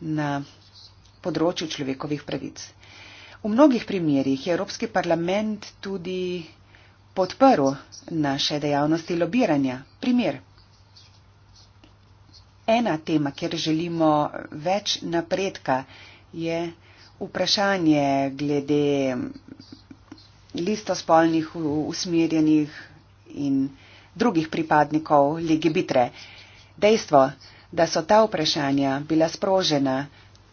na področju človekovih pravic. V mnogih primerjih je Evropski parlament tudi podporil naše dejavnosti lobiranja. Primer ena tema, kjer želimo več napredka, je vprašanje glede listospolnih usmerjenih in drugih pripadnikov legibitre. Dejstvo, da so ta vprašanja bila sprožena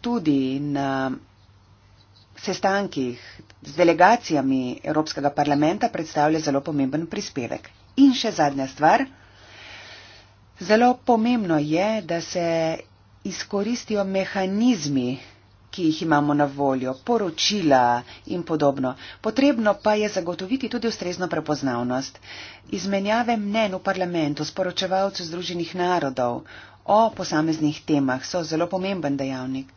tudi na sestankih z delegacijami Evropskega parlamenta, predstavlja zelo pomemben prispevek. In še zadnja stvar. Zelo pomembno je, da se izkoristijo mehanizmi, ki jih imamo na voljo, poročila in podobno. Potrebno pa je zagotoviti tudi ustrezno prepoznavnost. Izmenjave mnen v parlamentu s poročevalci Združenih narodov o posameznih temah so zelo pomemben dejavnik.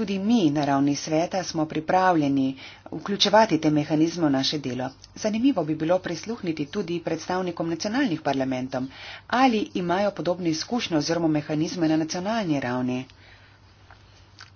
Tudi mi na ravni sveta smo pripravljeni vključevati te mehanizme v naše delo. Zanimivo bi bilo prisluhniti tudi predstavnikom nacionalnih parlamentov, ali imajo podobne izkušnje oziroma mehanizme na nacionalni ravni.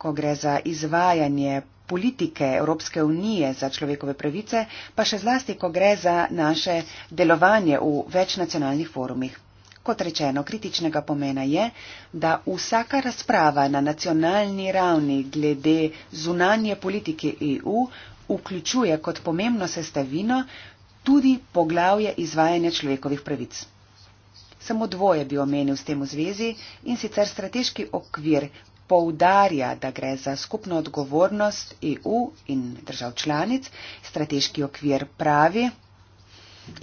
Ko gre za izvajanje politike Evropske unije za človekove pravice, pa še zlasti, ko gre za naše delovanje v večnacionalnih forumih kot rečeno, kritičnega pomena je, da vsaka razprava na nacionalni ravni glede zunanje politike EU vključuje kot pomembno sestavino tudi poglavje izvajanja človekovih pravic. Samo dvoje bi omenil s tem v zvezi in sicer strateški okvir poudarja, da gre za skupno odgovornost EU in držav članic, strateški okvir pravi,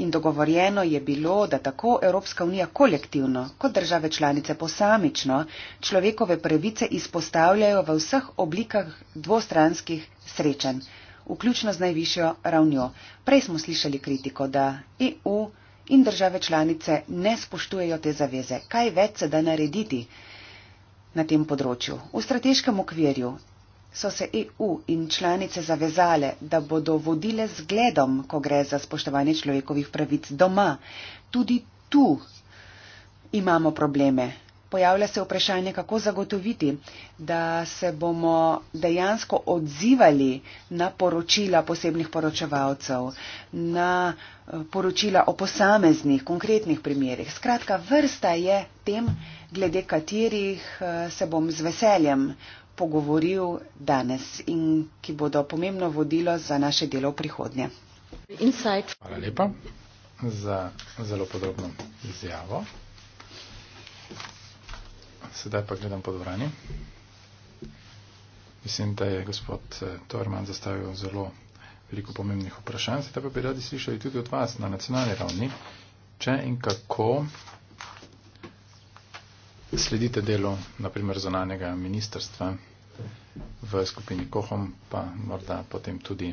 In dogovorjeno je bilo, da tako Evropska unija kolektivno kot države članice posamično človekove pravice izpostavljajo v vseh oblikah dvostranskih srečanj, vključno z najvišjo ravnjo. Prej smo slišali kritiko, da EU in države članice ne spoštujejo te zaveze. Kaj več se da narediti na tem področju? V strateškem okvirju so se EU in članice zavezale, da bodo vodile zgledom, ko gre za spoštovanje človekovih pravic doma. Tudi tu imamo probleme. Pojavlja se vprašanje, kako zagotoviti, da se bomo dejansko odzivali na poročila posebnih poročevalcev, na eh, poročila o posameznih, konkretnih primerjih. Skratka, vrsta je tem, glede katerih eh, se bom z veseljem pogovoril danes in ki bodo pomembno vodilo za naše delo v prihodnje. Inside. Hvala lepa za zelo podrobno izjavo. Sedaj pa gledam po dvorani. Mislim, da je gospod eh, Torman zastavil zelo veliko pomembnih vprašanj, zato pa bi radi slišali tudi od vas na nacionalni ravni, če in kako sledite delu, naprimer, zonanega ministrstva v skupini Kohom, pa morda potem tudi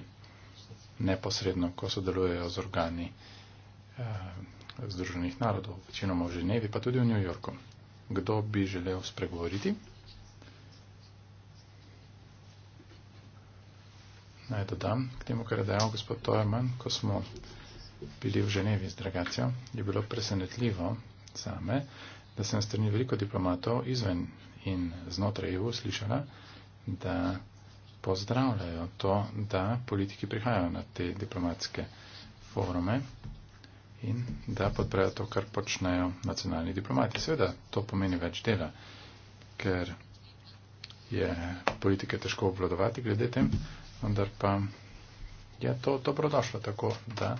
neposredno, ko sodelujejo z organi eh, Združenih narodov, večinoma v Ženevi, pa tudi v New Yorku. Kdo bi želel spregovoriti? Naj dodam k temu, kar je dejal gospod Toerman, ko smo bili v Ženevi z dragacijo, je bilo presenetljivo zame, da sem strani veliko diplomatov izven in znotraj EU slišala, da pozdravljajo to, da politiki prihajajo na te diplomatske forume in da podprejo to, kar počnejo nacionalni diplomati. Seveda, to pomeni več dela, ker je politike težko obvladovati glede tem, vendar pa je to dobrodošlo tako, da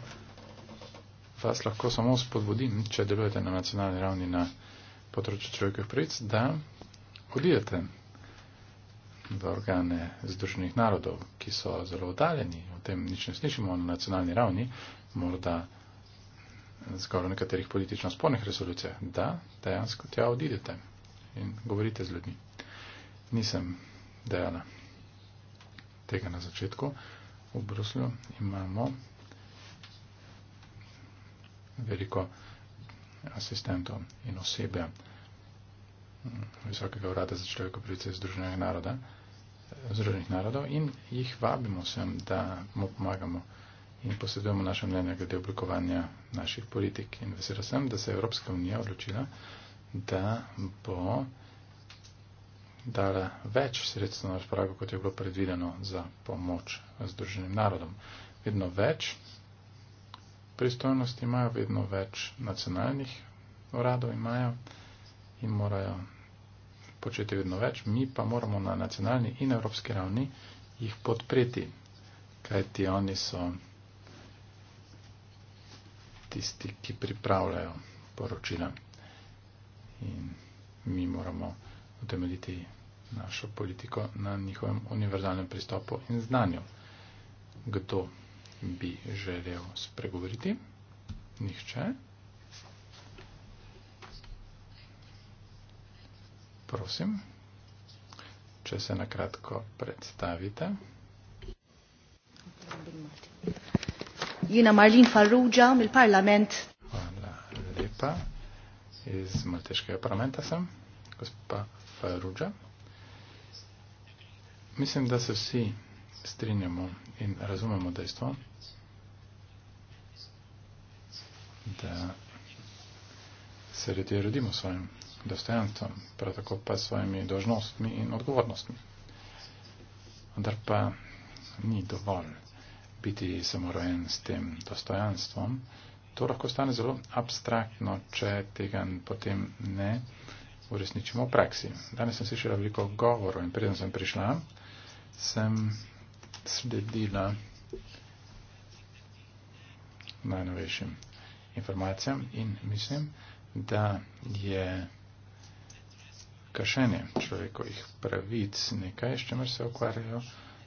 vas lahko samo spodbudim, če delujete na nacionalni ravni na področju človekov pravic, da odidete v organe Združenih narodov, ki so zelo oddaljeni, o tem nič ne slišimo na nacionalni ravni, morda zgolj v nekaterih politično spornih resolucijah, da dejansko tja odidete in govorite z ljudmi. Nisem dejala tega na začetku. V Bruslju imamo veliko asistentov in osebe mm, Visokega urada za človeka pravice Združenih naroda, Združenih narodov in jih vabimo sem, da mu pomagamo in posedujemo naše mnenje glede oblikovanja naših politik. In vesela sem, da se Evropska unija odločila, da bo dala več sredstev na razpolago, kot je bilo predvideno za pomoč Združenim narodom. Vedno več pristojnosti imajo vedno več nacionalnih uradov imajo in morajo početi vedno več, mi pa moramo na nacionalni in evropski ravni jih podpreti, kajti oni so tisti, ki pripravljajo poročila in mi moramo utemeljiti našo politiko na njihovem univerzalnem pristopu in znanju. Kdo? bi želel spregovoriti? Nihče. Prosim, če se nakratko predstavite. Jina Marlin Farrugia, il parlament. Hvala lepa. Iz Malteškega parlamenta sem, gospa Farrugia. Mislim, da se vsi strinjamo in razumemo dejstvo, da se ljudje rodimo svojim dostojanstvom, prav tako pa svojimi dožnostmi in odgovornostmi. Vendar pa ni dovolj biti samorojen s tem dostojanstvom. To lahko stane zelo abstraktno, če tega potem ne uresničimo v praksi. Danes sem slišala veliko govorov in preden sem prišla, sem sredina najnovejšim informacijam in mislim, da je kašenje človekovih pravic nekaj, s čemer se ukvarjajo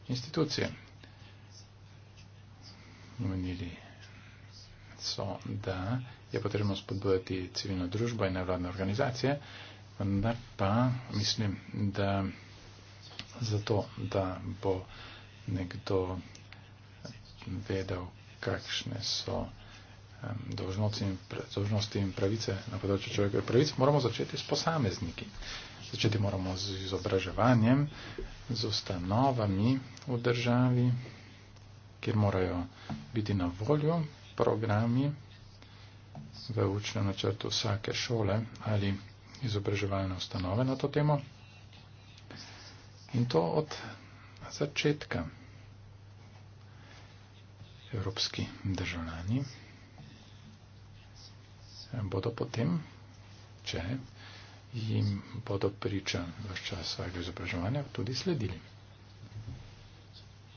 institucije. Omenili so, da je potrebno spodbujati civilno družbo in nevladne organizacije, vendar pa mislim, da zato, da bo nekdo vedel, kakšne so dožnosti in pravice na področju človekove pravice, moramo začeti s posamezniki. Začeti moramo z izobraževanjem, z ustanovami v državi, kjer morajo biti na voljo programi v učnem načrtu vsake šole ali izobraževalne ustanove na to temo. In to od začetka. Evropski državljani bodo potem, če jim bodo priča v čas svojega izobraževanja, tudi sledili.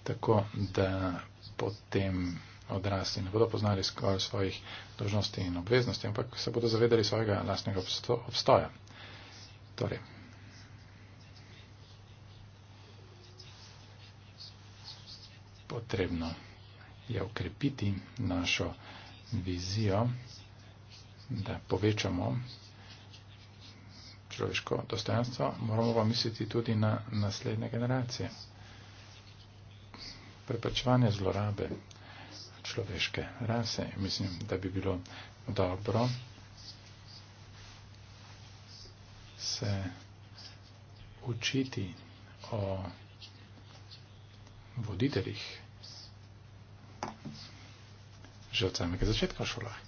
Tako da potem odrasli ne bodo poznali skoraj svojih dožnosti in obveznosti, ampak se bodo zavedali svojega lastnega obstoja. Torej, potrebno je ukrepiti našo vizijo, da povečamo človeško dostojanstvo, moramo pa misliti tudi na naslednje generacije. Preprečevanje zlorabe človeške rase, mislim, da bi bilo dobro se učiti o voditeljih, že od samega začetka v šolah.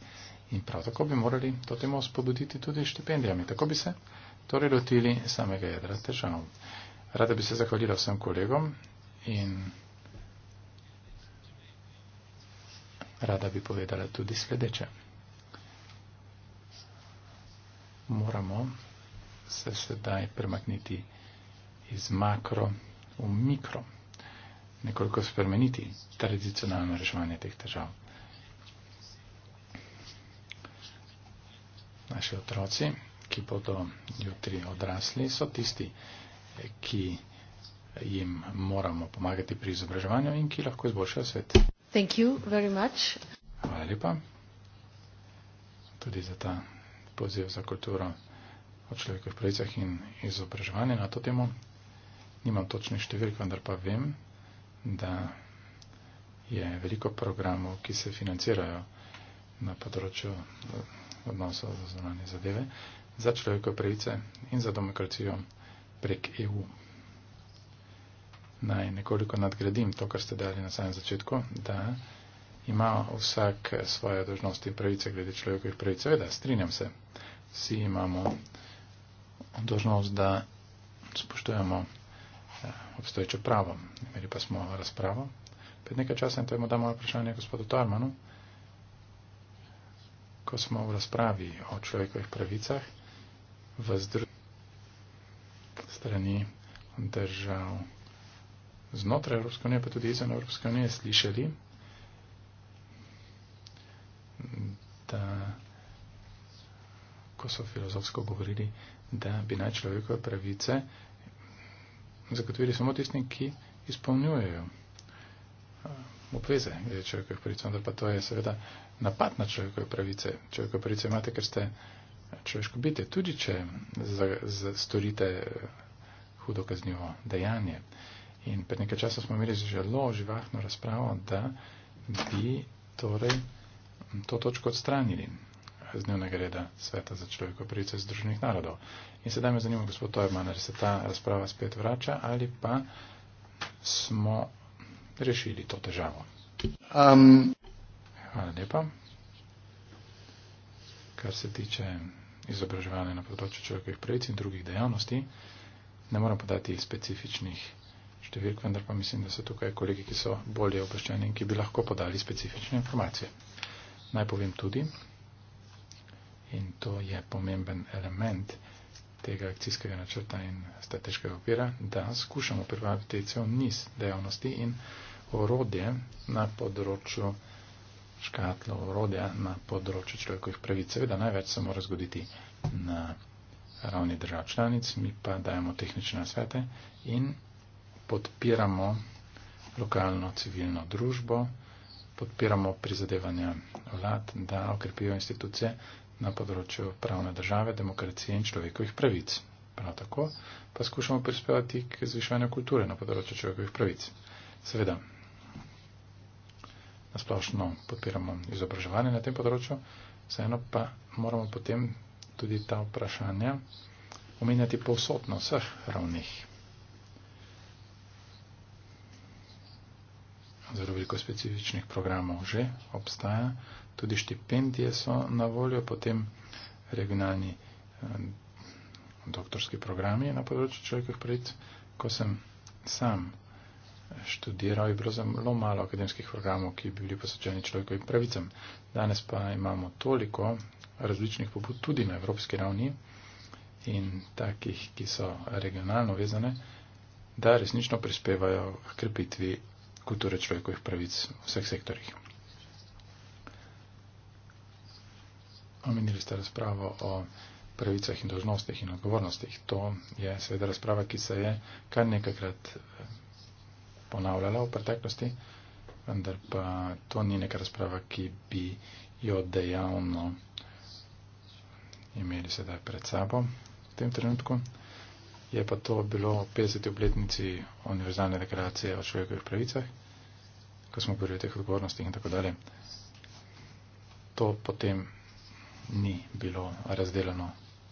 In prav tako bi morali to temo spodbuditi tudi štipendijami. Tako bi se torej lotili samega jedra težav. Rada bi se zahvalila vsem kolegom in rada bi povedala tudi sledeče. Moramo se sedaj premakniti iz makro v mikro nekoliko spremeniti tradicionalno reševanje teh težav. Naši otroci, ki bodo jutri odrasli, so tisti, ki jim moramo pomagati pri izobraževanju in ki lahko izboljšajo svet. Thank you very much. Hvala lepa tudi za ta poziv za kulturo o človekovih pravicah in izobraževanju na to temo. Nimam točne številke, vendar pa vem, da je veliko programov, ki se financirajo na področju eh, odnosov za zvonanje zadeve, za človekove pravice in za demokracijo prek EU. Naj nekoliko nadgradim to, kar ste dali na samem začetku, da ima vsak eh, svoje dožnosti in pravice glede človekovih pravic. Seveda, strinjam se, vsi imamo dožnost, da spoštujemo obstoječo pravo. Imeli pa smo razpravo. Pred nekaj časa in to imamo damo vprašanje gospodu Tormanu. Ko smo v razpravi o človekovih pravicah v združenju strani držav znotraj Evropske unije, pa tudi izven Evropske unije, slišali, da ko so filozofsko govorili, da bi naj človekove pravice zagotovili samo tisti, ki izpolnjujejo obveze glede človekovih pravic, vendar pa to je seveda napad na človekove pravice. Človekove pravice imate, ker ste človeško bitje, tudi če za, za storite eh, hudo kaznivo dejanje. In pred nekaj časa smo imeli zelo živahno razpravo, da bi torej to točko odstranili z dnevnega reda sveta za človeko pravice združenih narodov. In sedaj me zanima, gospod Tojman, ali se ta razprava spet vrača ali pa smo rešili to težavo. Um, Hvala lepa. Kar se tiče izobraževanja na področju človekovih pravic in drugih dejavnosti, ne moram podati specifičnih številk, vendar pa mislim, da so tukaj kolegi, ki so bolje obveščeni in ki bi lahko podali specifične informacije. Naj povem tudi, in to je pomemben element tega akcijskega načrta in strateškega opira, da skušamo privabiti cel niz dejavnosti in orodje na področju škatlo orodja na področju človekovih pravic. Seveda največ se mora zgoditi na ravni držav članic, mi pa dajemo tehnične svete in podpiramo lokalno civilno družbo, podpiramo prizadevanja vlad, da okrepijo institucije, na področju pravne države, demokracije in človekovih pravic. Prav tako pa skušamo prispevati k zvišovanju kulture na področju človekovih pravic. Seveda, nasplošno podpiramo izobraževanje na tem področju, vseeno pa moramo potem tudi ta vprašanja omenjati povsod na vseh ravnih. Zelo veliko specifičnih programov že obstaja, tudi štipendije so na voljo, potem regionalni eh, doktorski programi na področju človekovih pravic. Ko sem sam študiral, je bilo zelo malo akademskih programov, ki bi bili posvečeni človekovim pravicam. Danes pa imamo toliko različnih pobud tudi na evropski ravni in takih, ki so regionalno vezane, da resnično prispevajo k krepitvi kulture človekovih pravic v vseh sektorjih. omenili ste razpravo o pravicah in dožnostih in odgovornostih. To je seveda razprava, ki se je kar nekakrat eh, ponavljala v preteklosti, vendar pa to ni neka razprava, ki bi jo dejavno imeli sedaj pred sabo v tem trenutku. Je pa to bilo v 50. obletnici Univerzalne deklaracije o človekovih pravicah, ko smo govorili o teh odgovornostih in tako dalje. To potem ni bilo razdeljeno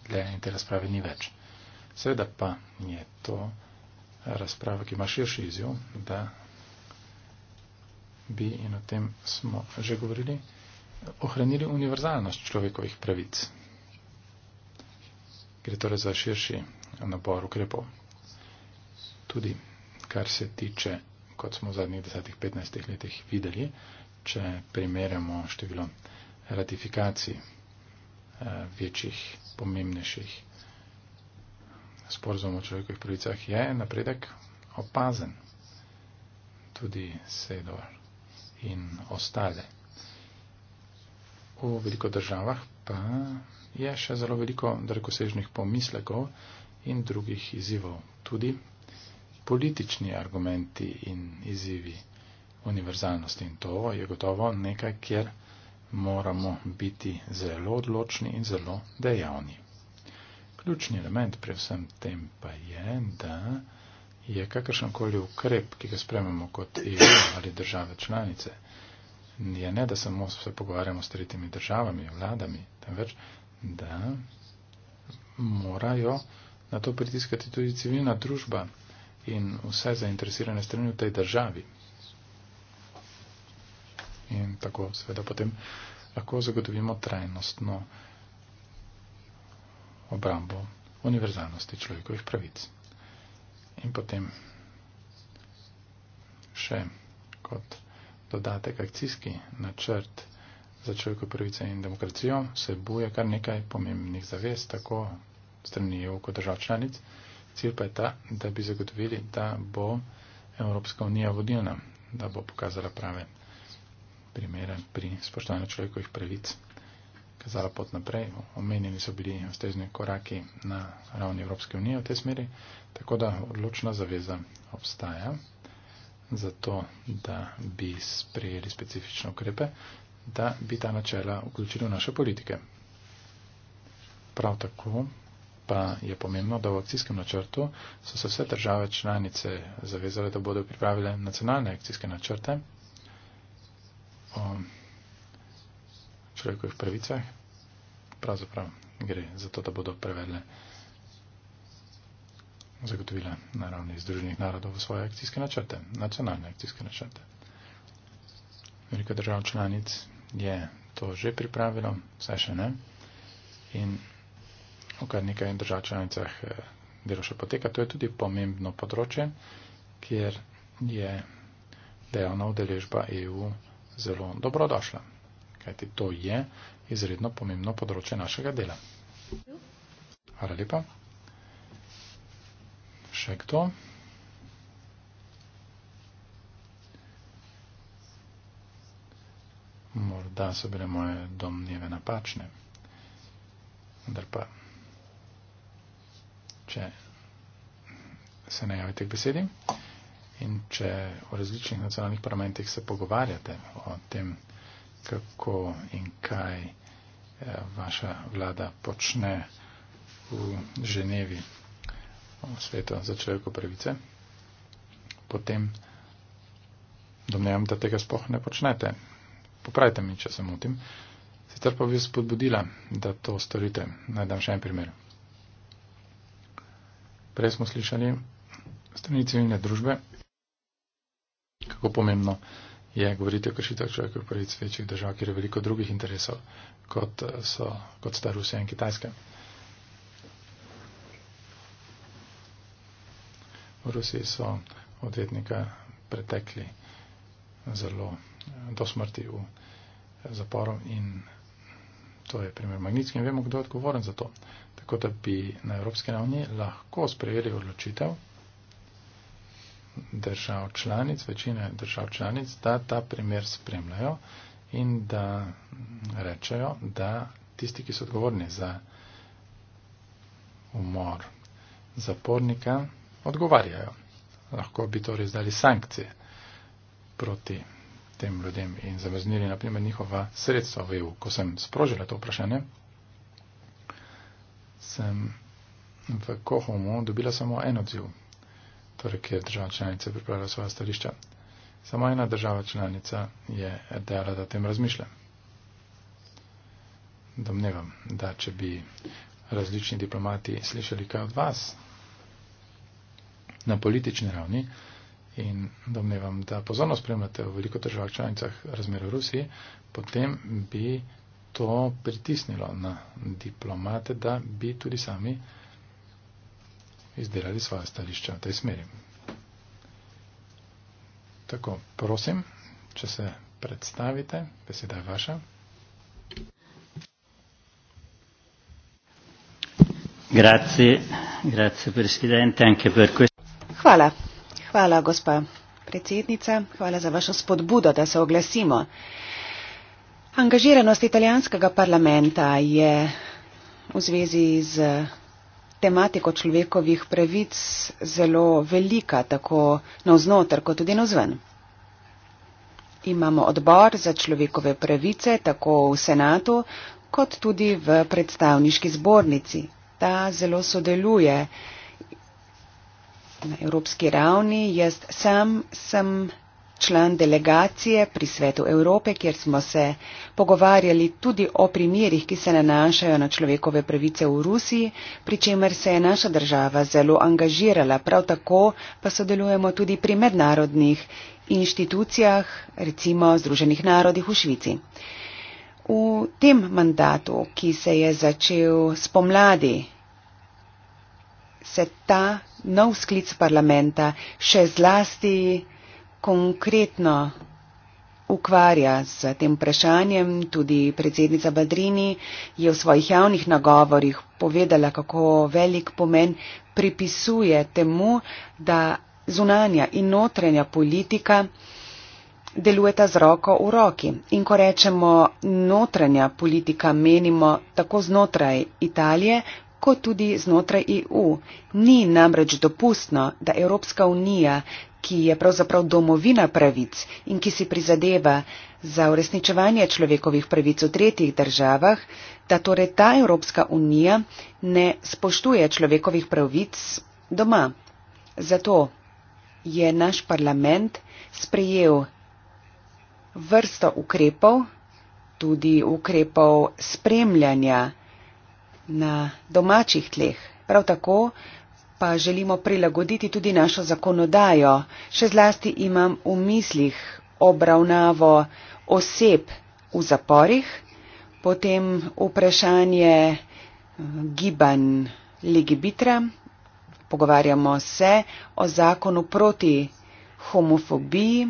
dlje in te razprave ni več. Seveda pa je to razprava, ki ima širši izjiv, da bi, in o tem smo že govorili, ohranili univerzalnost človekovih pravic. Gre torej za širši nabor ukrepov. Tudi, kar se tiče, kot smo v zadnjih 10-15 letih videli, če primerjamo število ratifikacij Eh, večjih, pomembnejših sporozumov o človekovih pravicah je napredek opazen. Tudi Sedor in ostale. V veliko državah pa je še zelo veliko drekosežnih pomislekov in drugih izzivov. Tudi politični argumenti in izzivi univerzalnosti. In to je gotovo nekaj, kjer moramo biti zelo odločni in zelo dejavni. Ključni element pri vsem tem pa je, da je kakršenkoli ukrep, ki ga sprememo kot EU ali države članice, je ne, da samo se pogovarjamo s tretjimi državami, vladami, temveč, da morajo na to pritiskati tudi civilna družba in vse zainteresirane strani v tej državi in tako seveda potem lahko zagotovimo trajnostno obrambo univerzalnosti človekovih pravic. In potem še kot dodatek akcijski načrt za človekove pravice in demokracijo se buje kar nekaj pomembnih zavez, tako strani EU kot držav članic. Cilj pa je ta, da bi zagotovili, da bo Evropska unija vodilna, da bo pokazala prave primere pri spoštovanju človekovih pravic kazala pot naprej. Omenjeni so bili ustrezni koraki na ravni Evropske unije v tej smeri, tako da odločna zaveza obstaja za to, da bi sprejeli specifične ukrepe, da bi ta načela vključili v naše politike. Prav tako pa je pomembno, da v akcijskem načrtu so se vse države članice zavezale, da bodo pripravile nacionalne akcijske načrte, o um, človekovih pravicah. Pravzaprav gre za to, da bodo prevedle zagotovila na ravni Združenih narodov v svoje akcijske načrte, nacionalne akcijske načrte. Velika država članic je to že pripravilo, vse še ne. In o kar nekaj držav članicah eh, delo še poteka, to je tudi pomembno področje, kjer je dejavna udeležba EU zelo dobrodošla, kajti to je izredno pomembno področje našega dela. Hvala lepa. Še kdo? Morda so bile moje domnjeve napačne, vendar pa, če se ne javite k besedi in če v različnih nacionalnih parlamentih se pogovarjate o tem, kako in kaj eh, vaša vlada počne v Ženevi, v svetu za človeko pravice, potem domnevam, da tega spoh ne počnete. Popravite mi, če se motim. Sicer pa bi spodbudila, da to storite. Naj dam še en primer. Prej smo slišali strani civilne družbe, kako pomembno je govoriti o kršitev človekovih pravic večjih držav, kjer je veliko drugih interesov, kot, so, kot sta Rusija in Kitajska. V Rusiji so odvetnika pretekli zelo do smrti v zaporu in to je primer Magnitski in vemo, kdo je odgovoren za to. Tako da bi na evropski ravni lahko sprejeli odločitev, držav članic, večine držav članic, da ta primer spremljajo in da rečejo, da tisti, ki so odgovorni za umor zapornika, odgovarjajo. Lahko bi torej izdali sankcije proti tem ljudem in zavrznili naprimer njihova sredstva v EU. Ko sem sprožila to vprašanje, sem v Kohomu dobila samo en odziv, torej kjer država članica pripravlja svoja stališča. Samo ena država članica je dejala, da o tem razmišlja. Domnevam, da če bi različni diplomati slišali kaj od vas na politični ravni in domnevam, da pozorno spremljate v veliko državah članicah razmere v Rusiji, potem bi to pritisnilo na diplomate, da bi tudi sami izdelali svoje stališče v tej smeri. Tako, prosim, če se predstavite, beseda je vaša. Grazie, grazie presidente, anche per questo. Hvala, hvala gospa predsednica, hvala za vašo spodbudo, da se oglasimo. Angažiranost italijanskega parlamenta je v zvezi z tematiko človekovih pravic zelo velika, tako na vznoter, kot tudi na zven. Imamo odbor za človekove pravice tako v senatu, kot tudi v predstavniški zbornici. Ta zelo sodeluje na evropski ravni. Jaz sam sem član delegacije pri svetu Evrope, kjer smo se pogovarjali tudi o primerjih, ki se nanašajo na človekove pravice v Rusiji, pri čemer se je naša država zelo angažirala. Prav tako pa sodelujemo tudi pri mednarodnih inštitucijah, recimo Združenih narodih v Švici. V tem mandatu, ki se je začel spomladi, se ta nov sklic parlamenta še zlasti konkretno ukvarja z tem vprašanjem. Tudi predsednica Badrini je v svojih javnih nagovorih povedala, kako velik pomen pripisuje temu, da zunanja in notranja politika delujeta z roko v roki. In ko rečemo notranja politika, menimo tako znotraj Italije, kot tudi znotraj EU. Ni namreč dopustno, da Evropska unija ki je pravzaprav domovina pravic in ki si prizadeva za uresničevanje človekovih pravic v tretjih državah, da torej ta Evropska unija ne spoštuje človekovih pravic doma. Zato je naš parlament sprejel vrsto ukrepov, tudi ukrepov spremljanja na domačih tleh. Prav tako pa želimo prilagoditi tudi našo zakonodajo. Še zlasti imam v mislih obravnavo oseb v zaporih, potem vprašanje eh, giban Ligibitra. Pogovarjamo se o zakonu proti homofobiji,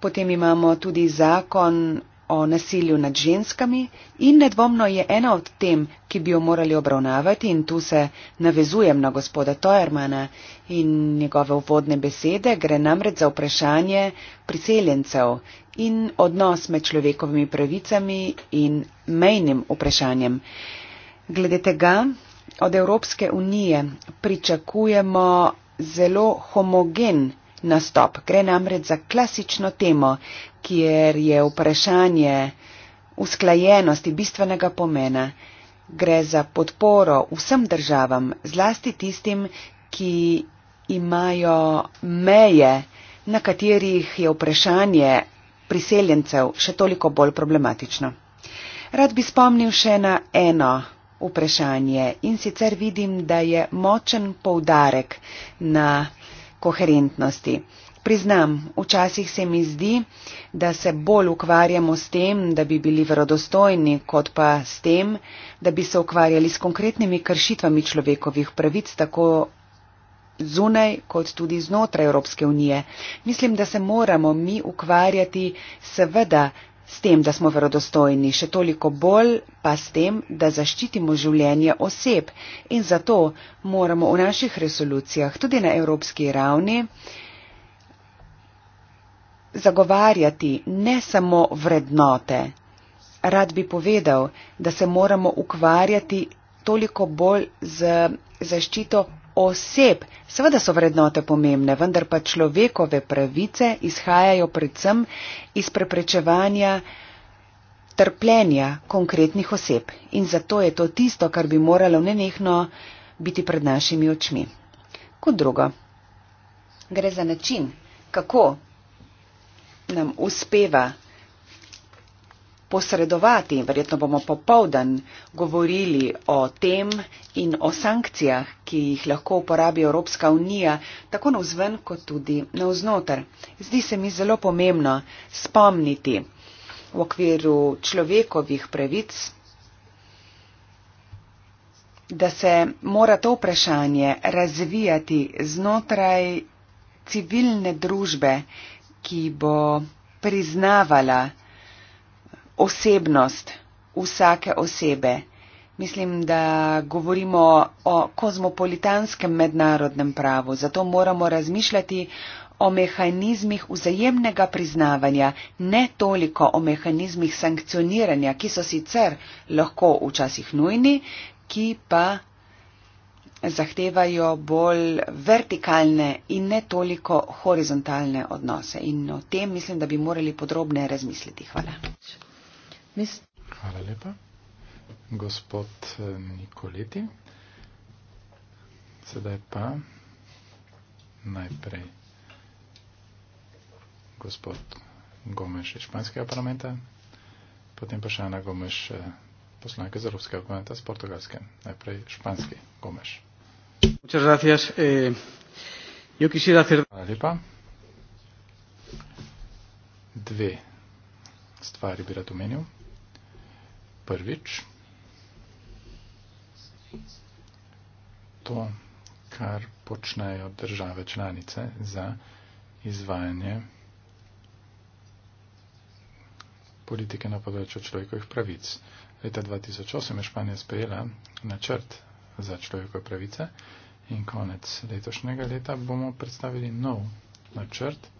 potem imamo tudi zakon o nasilju nad ženskami in nedvomno je ena od tem, ki bi jo morali obravnavati in tu se navezujem na gospoda Toermana in njegove uvodne besede gre namreč za vprašanje priseljencev in odnos med človekovimi pravicami in mejnim vprašanjem. Glede tega od Evropske unije pričakujemo zelo homogen nastop. Gre namreč za klasično temo, kjer je vprašanje usklajenosti bistvenega pomena. Gre za podporo vsem državam, zlasti tistim, ki imajo meje, na katerih je vprašanje priseljencev še toliko bolj problematično. Rad bi spomnil še na eno vprašanje in sicer vidim, da je močen poudarek na koherentnosti. Priznam, včasih se mi zdi, da se bolj ukvarjamo s tem, da bi bili verodostojni, kot pa s tem, da bi se ukvarjali s konkretnimi kršitvami človekovih pravic, tako zunaj kot tudi znotraj Evropske unije. Mislim, da se moramo mi ukvarjati seveda s tem, da smo verodostojni, še toliko bolj pa s tem, da zaščitimo življenje oseb. In zato moramo v naših resolucijah, tudi na evropski ravni, zagovarjati ne samo vrednote. Rad bi povedal, da se moramo ukvarjati toliko bolj z zaščito oseb. Seveda so vrednote pomembne, vendar pa človekove pravice izhajajo predvsem iz preprečevanja trpljenja konkretnih oseb. In zato je to tisto, kar bi moralo nenehno biti pred našimi očmi. Kot drugo, gre za način, kako nam uspeva posredovati in verjetno bomo popovdan govorili o tem in o sankcijah, ki jih lahko uporabi Evropska unija tako navzven kot tudi navznoter. Zdi se mi zelo pomembno spomniti v okviru človekovih pravic, da se mora to vprašanje razvijati znotraj civilne družbe, ki bo priznavala osebnost vsake osebe. Mislim, da govorimo o kozmopolitanskem mednarodnem pravu, zato moramo razmišljati o mehanizmih vzajemnega priznavanja, ne toliko o mehanizmih sankcioniranja, ki so sicer lahko včasih nujni, ki pa zahtevajo bolj vertikalne in ne toliko horizontalne odnose. In o tem mislim, da bi morali podrobne razmisliti. Hvala. Mislim. Hvala lepa. Gospod eh, Nikoleti. Sedaj pa najprej gospod Gomeš iz Španskega parlamenta, potem pa še Ana Gomeš eh, poslanka iz Evropskega parlamenta z Portugalske. Najprej Španski Gomeš. Muchas gracias. Eh, yo quisiera hacer... Hvala lepa. Dve stvari bi rad omenil prvič to, kar počnejo države članice za izvajanje politike na področju človekovih pravic. Leta 2008 je Španija sprejela načrt za človekove pravice in konec letošnjega leta bomo predstavili nov načrt,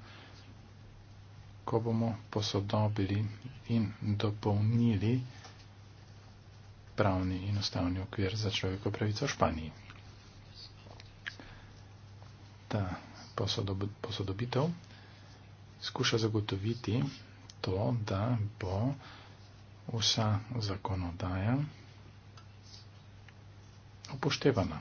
ko bomo posodobili in dopolnili pravni in ustavni okvir za človeko pravico v Španiji. Ta posodobitev skuša zagotoviti to, da bo vsa zakonodaja upoštevana.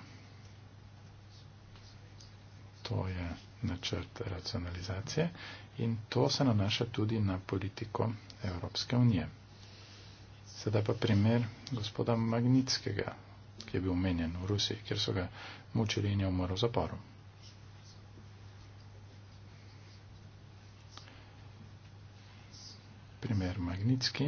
To je načrt racionalizacije in to se nanaša tudi na politiko Evropske unije. Sedaj pa primer gospoda Magnitskega, ki je bil omenjen v Rusiji, kjer so ga mučili in je umrl v zaporu. Primer Magnitski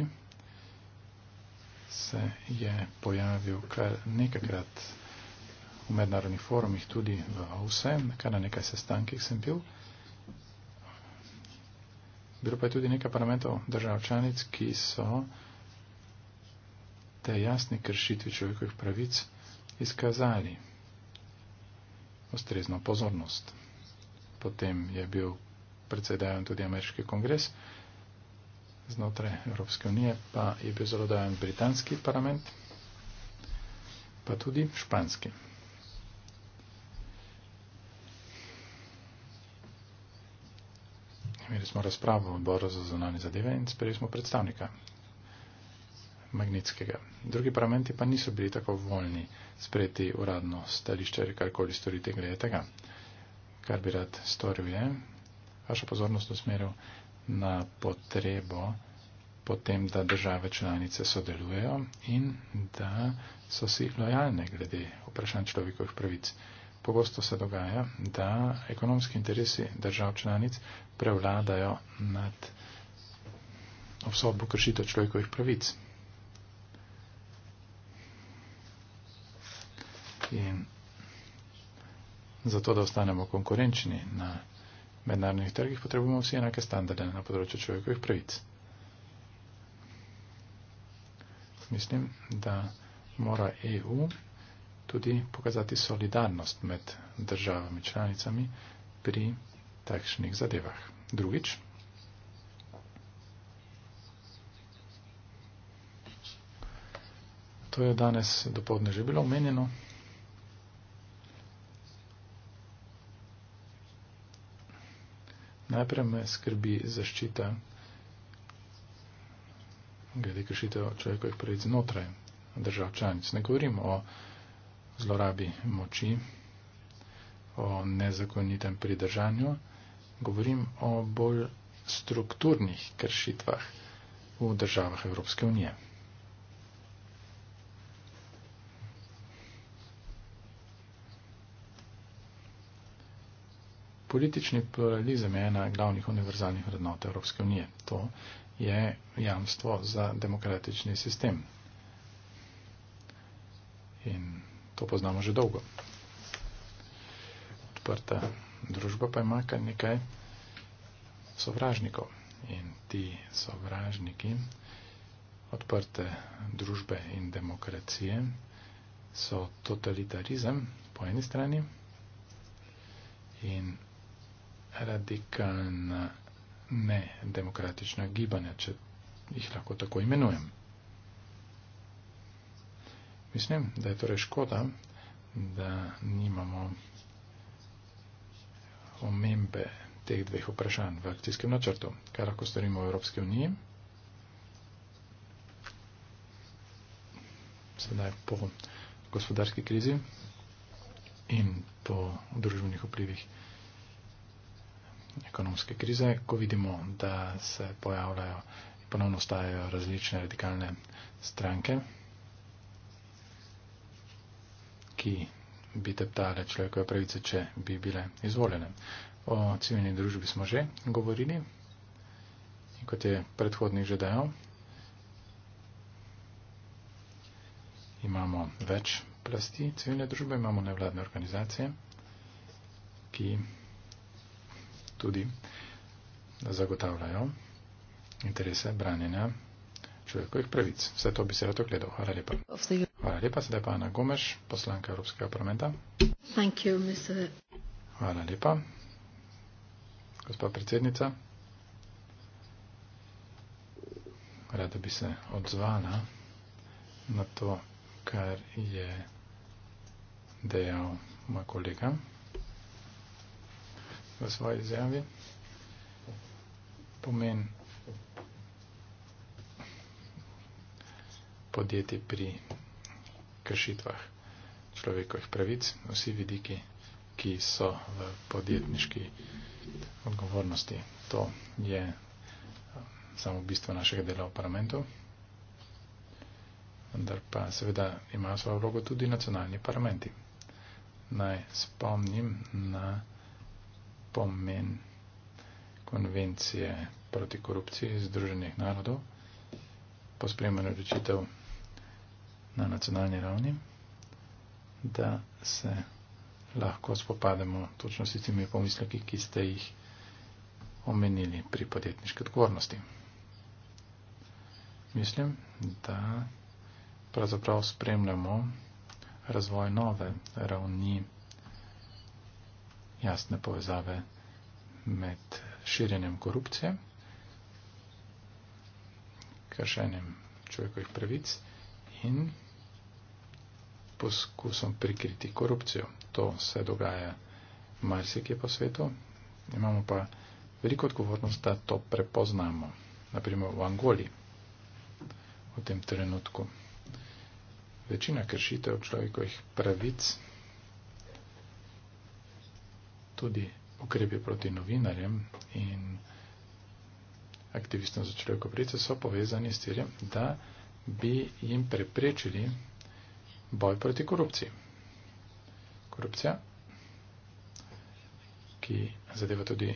se je pojavil kar nekakrat v mednarodnih forumih, tudi v OVSE, kar na nekaj sestankih sem bil. Bilo pa je tudi nekaj parlamentov držav članic, ki so te jasni kršitvi človekovih pravic izkazali ustrezno pozornost. Potem je bil predsej dajen tudi ameriški kongres, znotraj Evropske unije pa je bil zelo dajen britanski parlament, pa tudi španski. Imeli smo razpravo v odboru za zunanje zadeve in sprejeli smo predstavnika magnetskega. Drugi parlamenti pa niso bili tako voljni sprejeti uradno stališče ali karkoli storiti glede tega. Kar bi rad storil je, vašo pozornost usmeril na potrebo potem, da države članice sodelujejo in da so si lojalne glede vprašanj človekovih pravic. Pogosto se dogaja, da ekonomski interesi držav članic prevladajo nad obsodbo kršitev človekovih pravic. in zato, da ostanemo konkurenčni na mednarodnih trgih, potrebujemo vsi enake standarde na področju človekovih pravic. Mislim, da mora EU tudi pokazati solidarnost med državami članicami pri takšnih zadevah. Drugič, to je danes dopoledne že bilo omenjeno. Najprej me skrbi zaščita glede kršitev človekovih pravic znotraj držav članic. Ne govorim o zlorabi moči, o nezakonitem pridržanju, govorim o bolj strukturnih kršitvah v državah Evropske unije. Politični pluralizem je ena glavnih univerzalnih vrednot Evropske unije. To je jamstvo za demokratični sistem. In to poznamo že dolgo. Odprta družba pa ima kar nekaj sovražnikov. In ti sovražniki odprte družbe in demokracije so totalitarizem po eni strani in radikalna nedemokratična gibanja, če jih lahko tako imenujem. Mislim, da je torej škoda, da nimamo omembe teh dveh vprašanj v akcijskem načrtu. Kaj lahko storimo v Evropski uniji? Sedaj po gospodarski krizi in po družbenih vplivih ekonomske krize, ko vidimo, da se pojavljajo in ponovno stajajo različne radikalne stranke, ki bi teptale človekove pravice, če bi bile izvoljene. O civilni družbi smo že govorili, in kot je predhodnik že dejal, imamo več plasti civilne družbe, imamo nevladne organizacije, ki tudi zagotavljajo interese branjenja človekovih pravic. Vse to bi se rad ogledal. Hvala lepa. Hvala lepa. Sedaj pa Ana Gomeš, poslanka Evropskega parlamenta. Hvala lepa. Gospa predsednica, rada bi se odzvala na to, kar je dejal moj kolega v svoji zemlji, pomeni podjeti pri kršitvah človekovih pravic, vsi vidiki, ki so v podjetniški odgovornosti. To je um, samo bistvo našega dela v parlamentu. Vendar pa seveda imajo svojo vlogo tudi nacionalni parlamenti. Naj spomnim na pomen konvencije proti korupciji Združenih narodov po sprejemanju odločitev na nacionalni ravni, da se lahko spopademo točno s tistimi pomisleki, ki ste jih omenili pri podjetniški odgovornosti. Mislim, da pravzaprav spremljamo razvoj nove ravni jasne povezave med širjenjem korupcije, kršenjem človekovih pravic in poskusom prikriti korupcijo. To se dogaja marsikje po svetu. Imamo pa veliko odgovornost, da to prepoznamo. Naprimer v Angoli v tem trenutku. Večina kršitev človekovih pravic tudi ukrepi proti novinarjem in aktivistom za človeko pravice so povezani s ciljem, da bi jim preprečili boj proti korupciji. Korupcija, ki zadeva tudi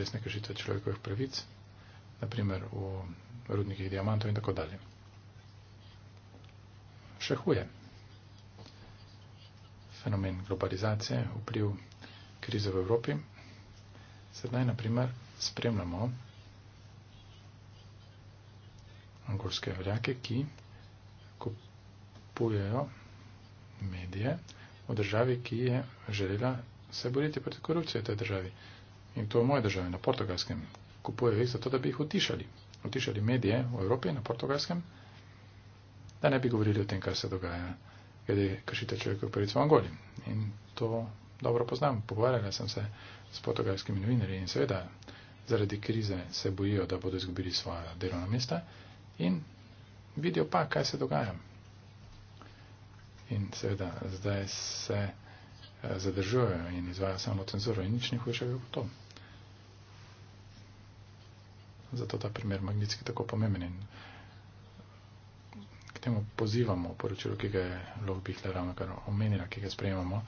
resne kršitve človekovih pravic, naprimer v rudnikih diamantov in tako dalje. Še huje. Fenomen globalizacije, vpliv krize v Evropi. Sedaj, na primer, spremljamo angolske veljake, ki kupujejo medije v državi, ki je želela se boriti proti korupciji v tej državi. In to v moje državi, na portugalskem. Kupujejo jih zato, da bi jih utišali. Utišali medije v Evropi, na portugalskem, da ne bi govorili o tem, kar se dogaja, glede kršite človekov pravic v Angoli. In to dobro poznam, pogovarjala sem se s portugalskimi novinarji in seveda zaradi krize se bojijo, da bodo izgubili svoja delovna mesta in vidijo pa, kaj se dogaja. In seveda zdaj se eh, zadržujejo in izvajajo samo cenzuro in nič ni hujšega kot to. Zato ta primer magnitski tako pomemben in k temu pozivamo poročilo, ki ga je Lov Bihler ravno kar omenila, ki ga sprejemamo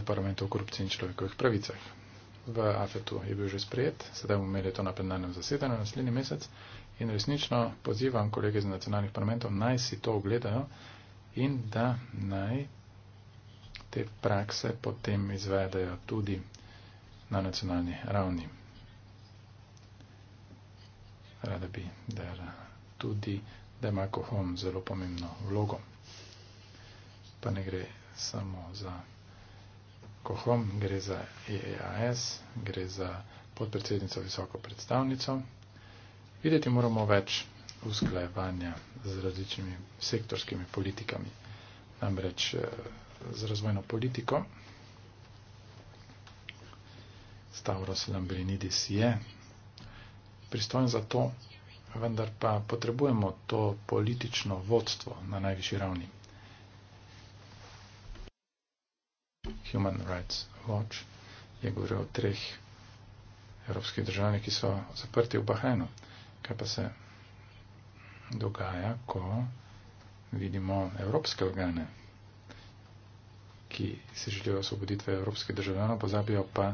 v parlamentu o korupciji in človekovih pravicah. V AFET-u je bil že sprejet, sedaj bomo imeli to na plenarnem zasedanju naslednji mesec in resnično pozivam kolege iz nacionalnih parlamentov naj si to ogledajo in da naj te prakse potem izvedajo tudi na nacionalni ravni. Rada bi, da tudi Demako Home zelo pomembno vlogo, pa ne gre samo za. Kohom, gre za EAS, gre za podpredsednico visoko predstavnico. Videti moramo več usklajevanja z različnimi sektorskimi politikami, namreč eh, z razvojno politiko. Stavros Lambrinidis je pristojen za to, vendar pa potrebujemo to politično vodstvo na najvišji ravni. Human Rights Watch je govoril o treh evropskih državah, ki so zaprti v Bahrajnu. Kaj pa se dogaja, ko vidimo evropske organe, ki se želijo osvoboditi evropskih državljanov, pozabijo pa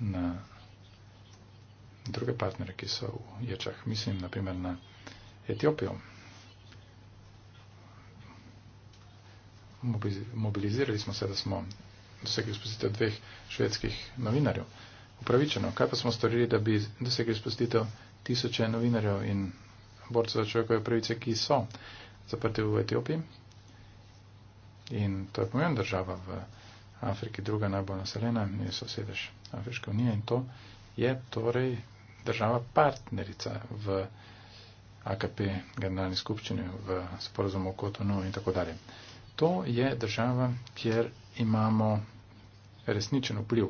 na druge partnere, ki so v ječah. Mislim, naprimer, na Etiopijo. mobilizirali smo se, da smo dosegli spustitev dveh švedskih novinarjev. Upravičeno, kaj pa smo storili, da bi dosegli spustitev tisoče novinarjev in borcev za človekove pravice, ki so zaprti v Etiopiji. In to je pomembna država v Afriki, druga najbolj naseljena, ni sosedež Afriške unije in to je torej država partnerica v AKP, generalni skupščini, v sporozumu o Kotonu in tako dalje. To je država, kjer imamo resničen vpliv.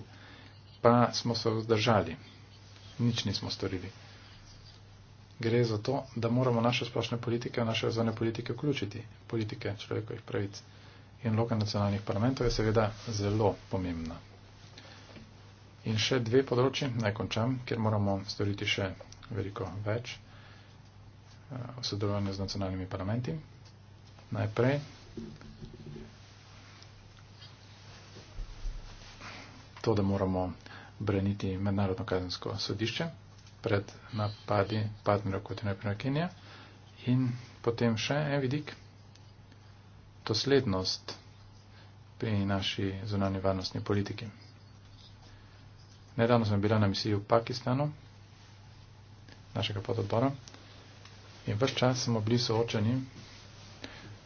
Pa smo se vzdržali. Nič nismo storili. Gre za to, da moramo naše splošne politike v naše zone politike vključiti. Politike človekovih pravic in loka nacionalnih parlamentov je seveda zelo pomembna. In še dve področji, naj končam, ker moramo storiti še veliko več eh, v sodelovanju z nacionalnimi parlamenti. Najprej to, da moramo braniti mednarodno kazensko sodišče pred napadi partnerja kot je najprej Kenija in potem še en vidik, doslednost pri naši zunanji varnostni politiki. Nedavno sem bila na misiji v Pakistanu, našega pododbora, in vse čas smo bili soočeni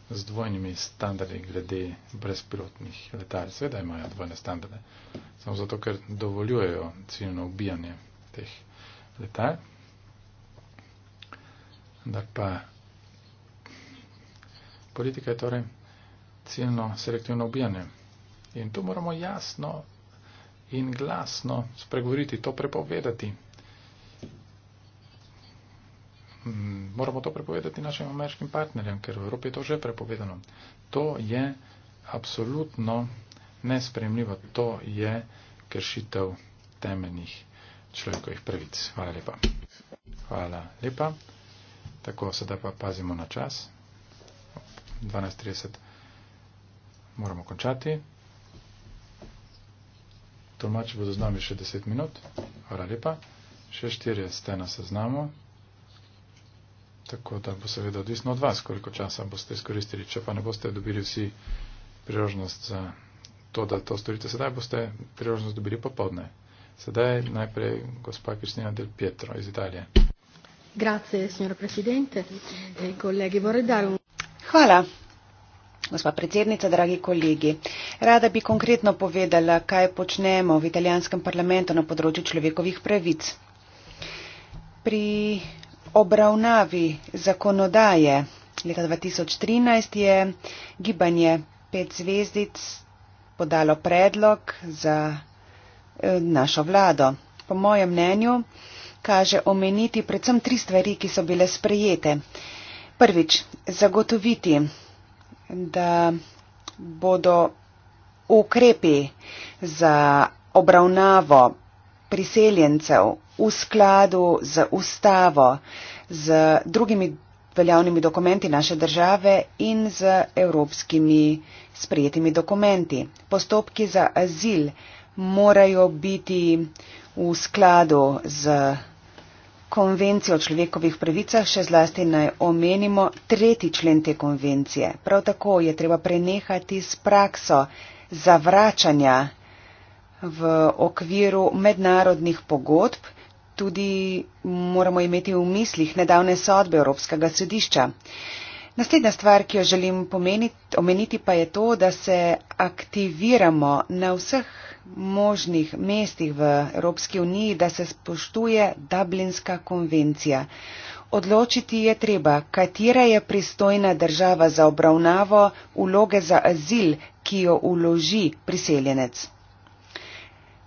z dvojnimi standardi glede brezpilotnih letal. Sveda imajo dvojne standarde, samo zato, ker dovoljujejo ciljno ubijanje teh letal. Da pa politika je torej ciljno selektivno ubijanje. In tu moramo jasno in glasno spregovoriti, to prepovedati. Mm, moramo to prepovedati našim ameriškim partnerjem, ker v Evropi je to že prepovedano. To je absolutno nespremljivo, to je kršitev temeljnih človekovih pravic. Hvala lepa. Hvala lepa. Tako, sedaj pa pazimo na čas. 12.30 moramo končati. Tolmači bodo z nami še 10 minut. Hvala lepa. Še štirje ste na seznamu. Tako da bo seveda odvisno od vas, koliko časa boste izkoristili. Če pa ne boste dobili vsi priložnost za to, da to storite, sedaj boste priložnost dobili popodne. Sedaj najprej gospa Kristina del Pietro iz Italije. Grazie, signor Presidente. Kolegi, eh, vorrei dare un... Hvala. Gospa predsednica, dragi kolegi, rada bi konkretno povedala, kaj počnemo v italijanskem parlamentu na področju človekovih pravic. Pri obravnavi zakonodaje leta 2013 je gibanje pet zvezdic podalo predlog za eh, našo vlado. Po mojem mnenju kaže omeniti predvsem tri stvari, ki so bile sprejete. Prvič, zagotoviti, da bodo ukrepi za obravnavo priseljencev v skladu z ustavo, z drugimi veljavnimi dokumenti naše države in z evropskimi sprejetimi dokumenti. Postopki za azil morajo biti v skladu z konvencijo o človekovih pravicah, še zlasti naj omenimo tretji člen te konvencije. Prav tako je treba prenehati s prakso zavračanja v okviru mednarodnih pogodb tudi moramo imeti v mislih nedavne sodbe Evropskega sodišča. Naslednja stvar, ki jo želim pomeniti, omeniti, pa je to, da se aktiviramo na vseh možnih mestih v Evropski uniji, da se spoštuje Dublinska konvencija. Odločiti je treba, katera je pristojna država za obravnavo vloge za azil, ki jo uloži priseljenec.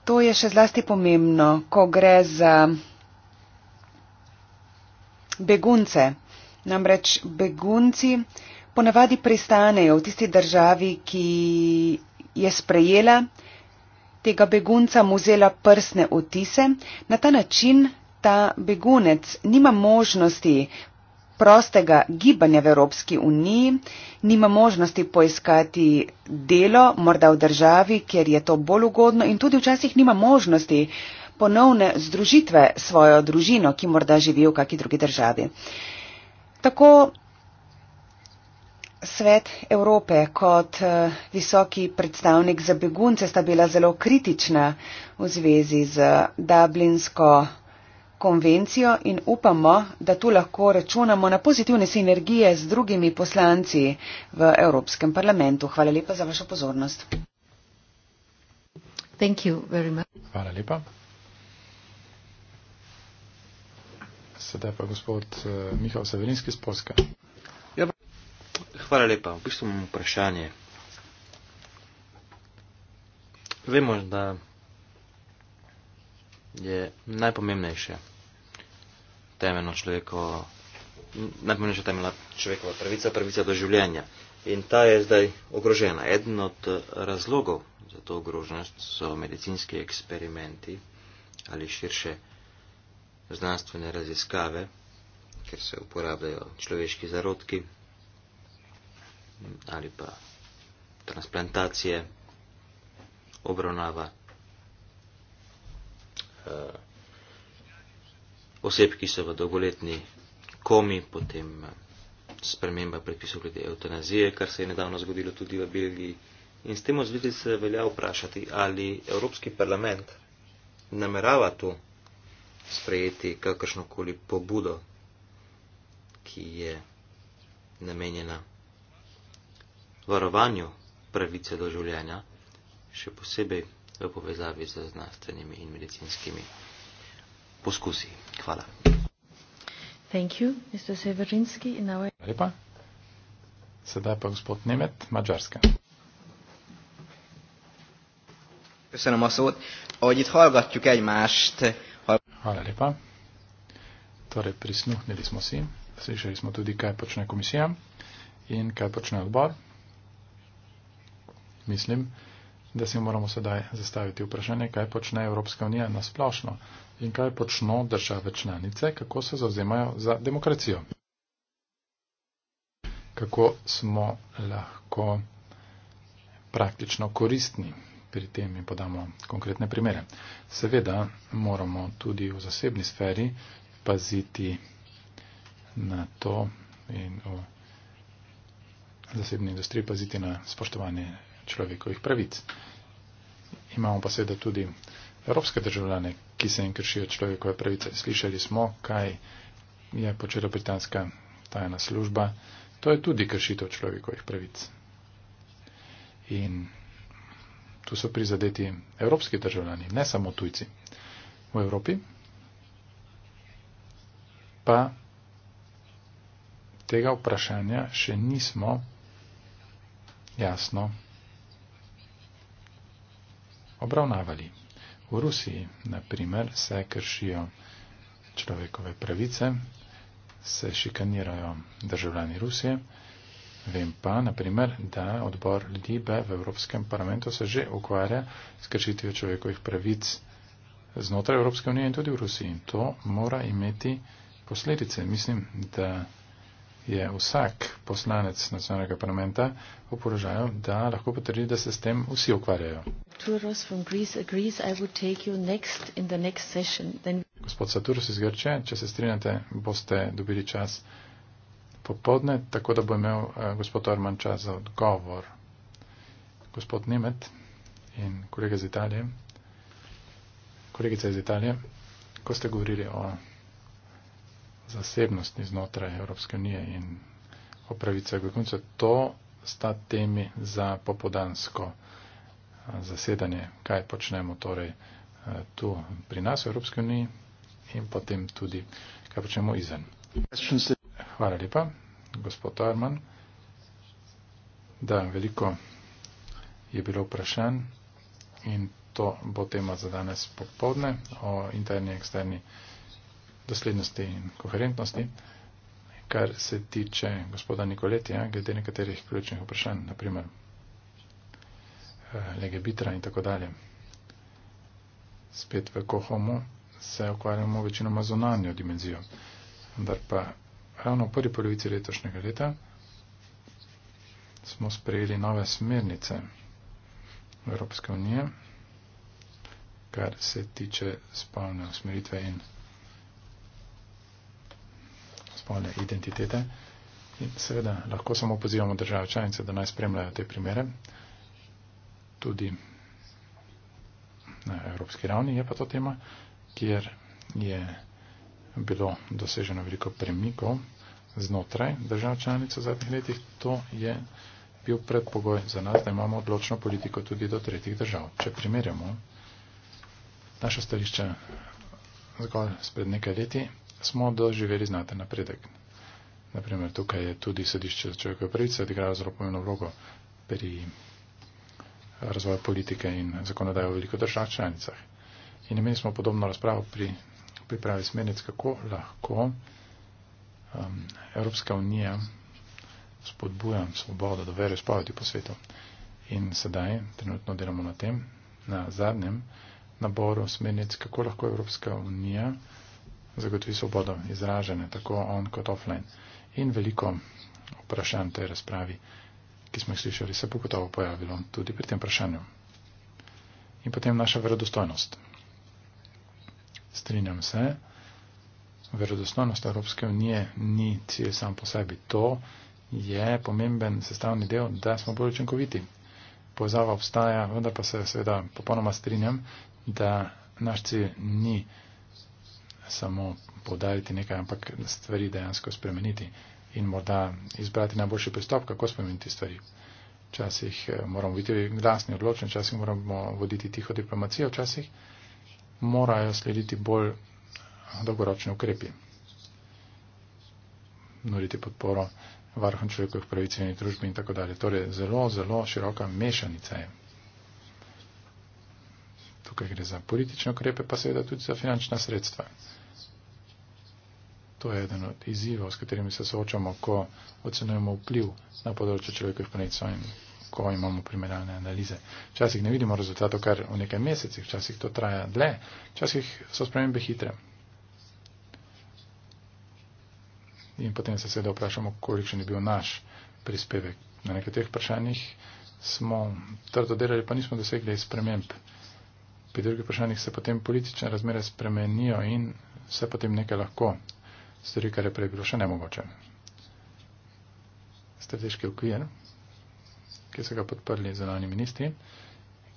To je še zlasti pomembno, ko gre za begunce. Namreč begunci ponavadi pristanejo v tisti državi, ki je sprejela tega begunca, mu vzela prsne otise. Na ta način ta begunec nima možnosti prostega gibanja v Evropski uniji, nima možnosti poiskati delo, morda v državi, kjer je to bolj ugodno in tudi včasih nima možnosti ponovne združitve s svojo družino, ki morda živi v kaki drugi državi. Tako svet Evrope kot eh, visoki predstavnik za begunce sta bila zelo kritična v zvezi z Dublinsko konvencijo in upamo, da tu lahko računamo na pozitivne sinergije z drugimi poslanci v Evropskem parlamentu. Hvala lepa za vašo pozornost. Hvala lepa. Sedaj pa gospod eh, Mihael Severinski iz Polske. Ja, hvala lepa. V bistvu imam vprašanje. Vemo, da je najpomembnejše temeljno človekovo, najpomembnejša temeljna človekova pravica, pravica do življenja. In ta je zdaj ogrožena. Eden od eh, razlogov za to ogroženost so medicinski eksperimenti ali širše znanstvene raziskave, ker se uporabljajo človeški zarodki ali pa transplantacije, obravnava Eh, oseb, ki so v dolgoletni komi, potem eh, sprememba predpisov glede eutanazije, kar se je nedavno zgodilo tudi v Belgiji. In s tem v zvezi se velja vprašati, ali Evropski parlament namerava tu sprejeti kakršnokoli pobudo, ki je namenjena varovanju pravice do življenja, še posebej v povezavi z znanstvenimi in medicinskimi poskusi. Hvala. Thank you, Mr. Severinski. Now I... Lepa. Sedaj pa gospod Nemet, Mačarska. Köszönöm a szót. Ahogy itt hallgatjuk egymást... Hvala lepa. Torej, prisnuhnili smo si, slišali smo tudi, kaj počne komisija in kaj počne odbor. Mislim, da si moramo sedaj zastaviti vprašanje, kaj počne Evropska unija nasplošno in kaj počno države članice, kako se zauzemajo za demokracijo. Kako smo lahko praktično koristni pri tem in podamo konkretne primere. Seveda moramo tudi v zasebni sferi paziti na to in v zasebni industriji paziti na spoštovanje človekovih pravic. Imamo pa seveda tudi evropske državljane, ki se jim kršijo človekove pravice. Slišali smo, kaj je počela britanska tajna služba. To je tudi kršitev človekovih pravic. In tu so prizadeti evropski državljani, ne samo tujci. V Evropi pa tega vprašanja še nismo jasno obravnavali. V Rusiji, na primer, se kršijo človekove pravice, se šikanirajo državljani Rusije. Vem pa, na primer, da odbor Libe v Evropskem parlamentu se že ukvarja s kršitvijo človekovih pravic znotraj Evropske unije in tudi v Rusiji. In to mora imeti posledice. Mislim, da je vsak poslanec nacionalnega parlamenta v položaju, da lahko potrdi, da se s tem vsi ukvarjajo. Gospod Saturus iz Grče, če se strinjate, boste dobili čas popodne, tako da bo imel eh, gospod Orman čas za odgovor. Gospod Nemet in kolega iz Italije, kolegica iz Italije, ko ste govorili o zasebnosti znotraj Evropske unije in o pravicah begunca. To sta temi za popodansko zasedanje, kaj počnemo torej tu pri nas v Evropske uniji in potem tudi, kaj počnemo izven. Hvala lepa, gospod Arman. Da, veliko je bilo vprašanj in to bo tema za danes popovdne o interni in eksterni doslednosti in koherentnosti, kar se tiče gospoda Nikoletija, glede nekaterih ključnih vprašanj, naprimer eh, lege bitra in tako dalje. Spet v Kohomu se ukvarjamo večinoma zonanjo dimenzijo, vendar pa ravno v prvi polovici letošnjega leta smo sprejeli nove smernice Evropske unije, kar se tiče spolne usmeritve in spolne identitete. In seveda lahko samo pozivamo države članice, da naj spremljajo te primere, tudi na evropski ravni je pa to tema, kjer je bilo doseženo veliko premikov znotraj držav članic v zadnjih letih. To je bil predpogoj za nas, da imamo odločno politiko tudi do tretjih držav. Če primerjamo naša stališča zgolj spred nekaj leti, smo doživeli znaten napredek. Naprimer, tukaj je tudi sodišče za človekove pravice odigralo zelo pomembno vlogo pri razvoju politike in zakonodaje v veliko držav članicah. In imeli smo podobno razpravo pri pripravi smernic, kako lahko um, Evropska unija spodbuja svobodo do vere spavati po svetu. In sedaj trenutno delamo na tem, na zadnjem naboru smernic, kako lahko Evropska unija zagotovi svobodo izražene, tako on kot offline. In veliko vprašanj tej razpravi, ki smo jih slišali, se bo gotovo pojavilo tudi pri tem vprašanju. In potem naša verodostojnost. Strinjam se, verodostojnost Evropske unije ni cilj sam po sebi. To je pomemben sestavni del, da smo bolj učinkoviti. Povezava obstaja, vendar pa se seveda popolnoma strinjam, da naš cilj ni samo podariti nekaj, ampak stvari dejansko spremeniti in morda izbrati najboljši pristop, kako spremeniti stvari. Včasih eh, moramo biti glasni, odločni, včasih moramo voditi tiho diplomacijo, včasih morajo slediti bolj dolgoročni ukrepi. Nuriti podporo varhom človekovih pravic in družbi in tako dalje. Torej, zelo, zelo široka mešanica je. Tukaj gre za politične ukrepe, pa seveda tudi za finančna sredstva. To je eden od izzivov, s katerimi se soočamo, ko ocenujemo vpliv na področje človekovih pravic in ko imamo primerjalne analize. Včasih ne vidimo rezultatov kar v nekaj mesecih, včasih to traja dlje, včasih so spremembe hitre. In potem se seveda vprašamo, kolikšen je bil naš prispevek. Na nekaterih vprašanjih smo trdo delali, pa nismo dosegli sprememb. Pri drugih vprašanjih se potem politične razmere spremenijo in se potem nekaj lahko stvari, kar je prej bilo še nemogoče. Strateški okvir, ki so ga podprli zelani ministri,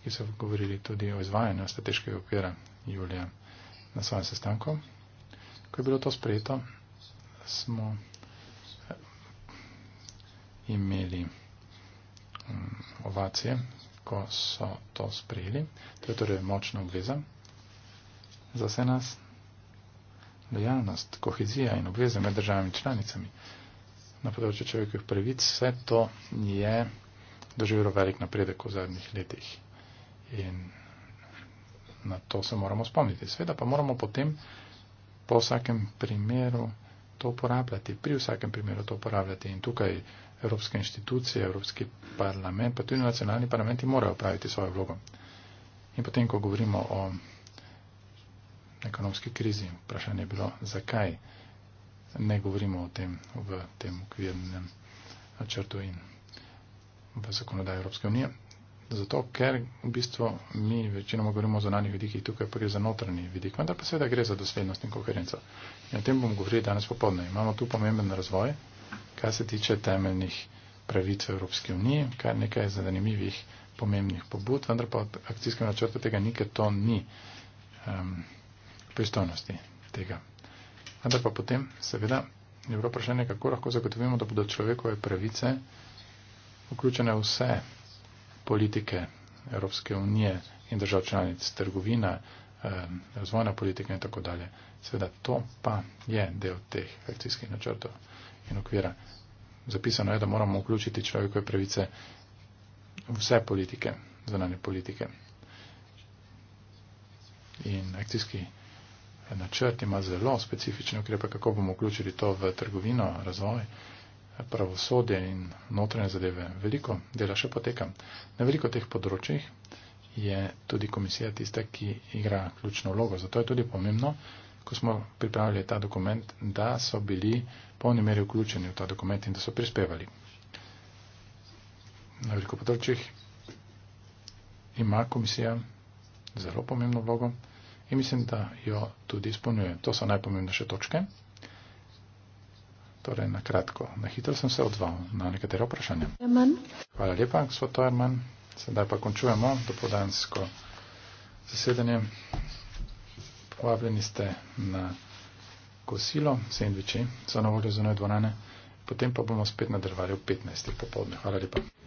ki so govorili tudi o izvajanju strateškega okvira Julija na svojem sestanku. Ko je bilo to sprejeto, smo eh, imeli mm, ovacije, ko so to sprejeli. To je torej močna obveza za vse nas dejavnost, kohezija in obveze med državami članicami na področju človekovih pravic, vse to je doživelo velik napredek v zadnjih letih. In na to se moramo spomniti. Sveda pa moramo potem po vsakem primeru to uporabljati, pri vsakem primeru to uporabljati. In tukaj evropske inštitucije, evropski parlament, pa tudi nacionalni parlamenti morajo praviti svojo vlogo. In potem, ko govorimo o ekonomski krizi. Vprašanje je bilo, zakaj ne govorimo o tem v tem okvirnem načrtu in v zakonodaji Evropske unije. Zato, ker v bistvu mi večinoma govorimo o zonanih vidikih, tukaj pa gre za notranji vidik, vendar pa seveda gre za doslednost in koherenco. In o tem bom govoril danes popoldne. Imamo tu pomemben razvoj, kar se tiče temeljnih pravic v Evropski uniji, kar nekaj zanimivih pomembnih pobud, vendar pa akcijskem načrtu tega nikaj to ni. Um, pristojnosti tega. Ampak pa potem, seveda, je bilo vprašanje, kako lahko zagotovimo, da bodo človekove pravice vključene vse politike Evropske unije in držav članic, trgovina, razvojna politika in tako dalje. Seveda, to pa je del teh akcijskih načrtov in okvira. Zapisano je, da moramo vključiti človekove pravice vse politike, zunanje politike. In akcijski načrtov načrt ima zelo specifične ukrepe, kako bomo vključili to v trgovino, razvoj, pravosodje in notranje zadeve. Veliko dela še poteka. Na veliko teh področjih je tudi komisija tista, ki igra ključno vlogo. Zato je tudi pomembno, ko smo pripravili ta dokument, da so bili v polni meri vključeni v ta dokument in da so prispevali. Na veliko področjih ima komisija zelo pomembno vlogo in mislim, da jo tudi izpolnjuje. To so najpomembnejše točke. Torej, na kratko, na hitro sem se odzval na nekatere vprašanja. Hvala lepa, gospod Toerman. Sedaj pa končujemo dopodansko zasedanje. Povabljeni ste na kosilo, sendviči, za novo lezone dvorane. Potem pa bomo spet nadaljevali v 15. popovdne. Hvala lepa.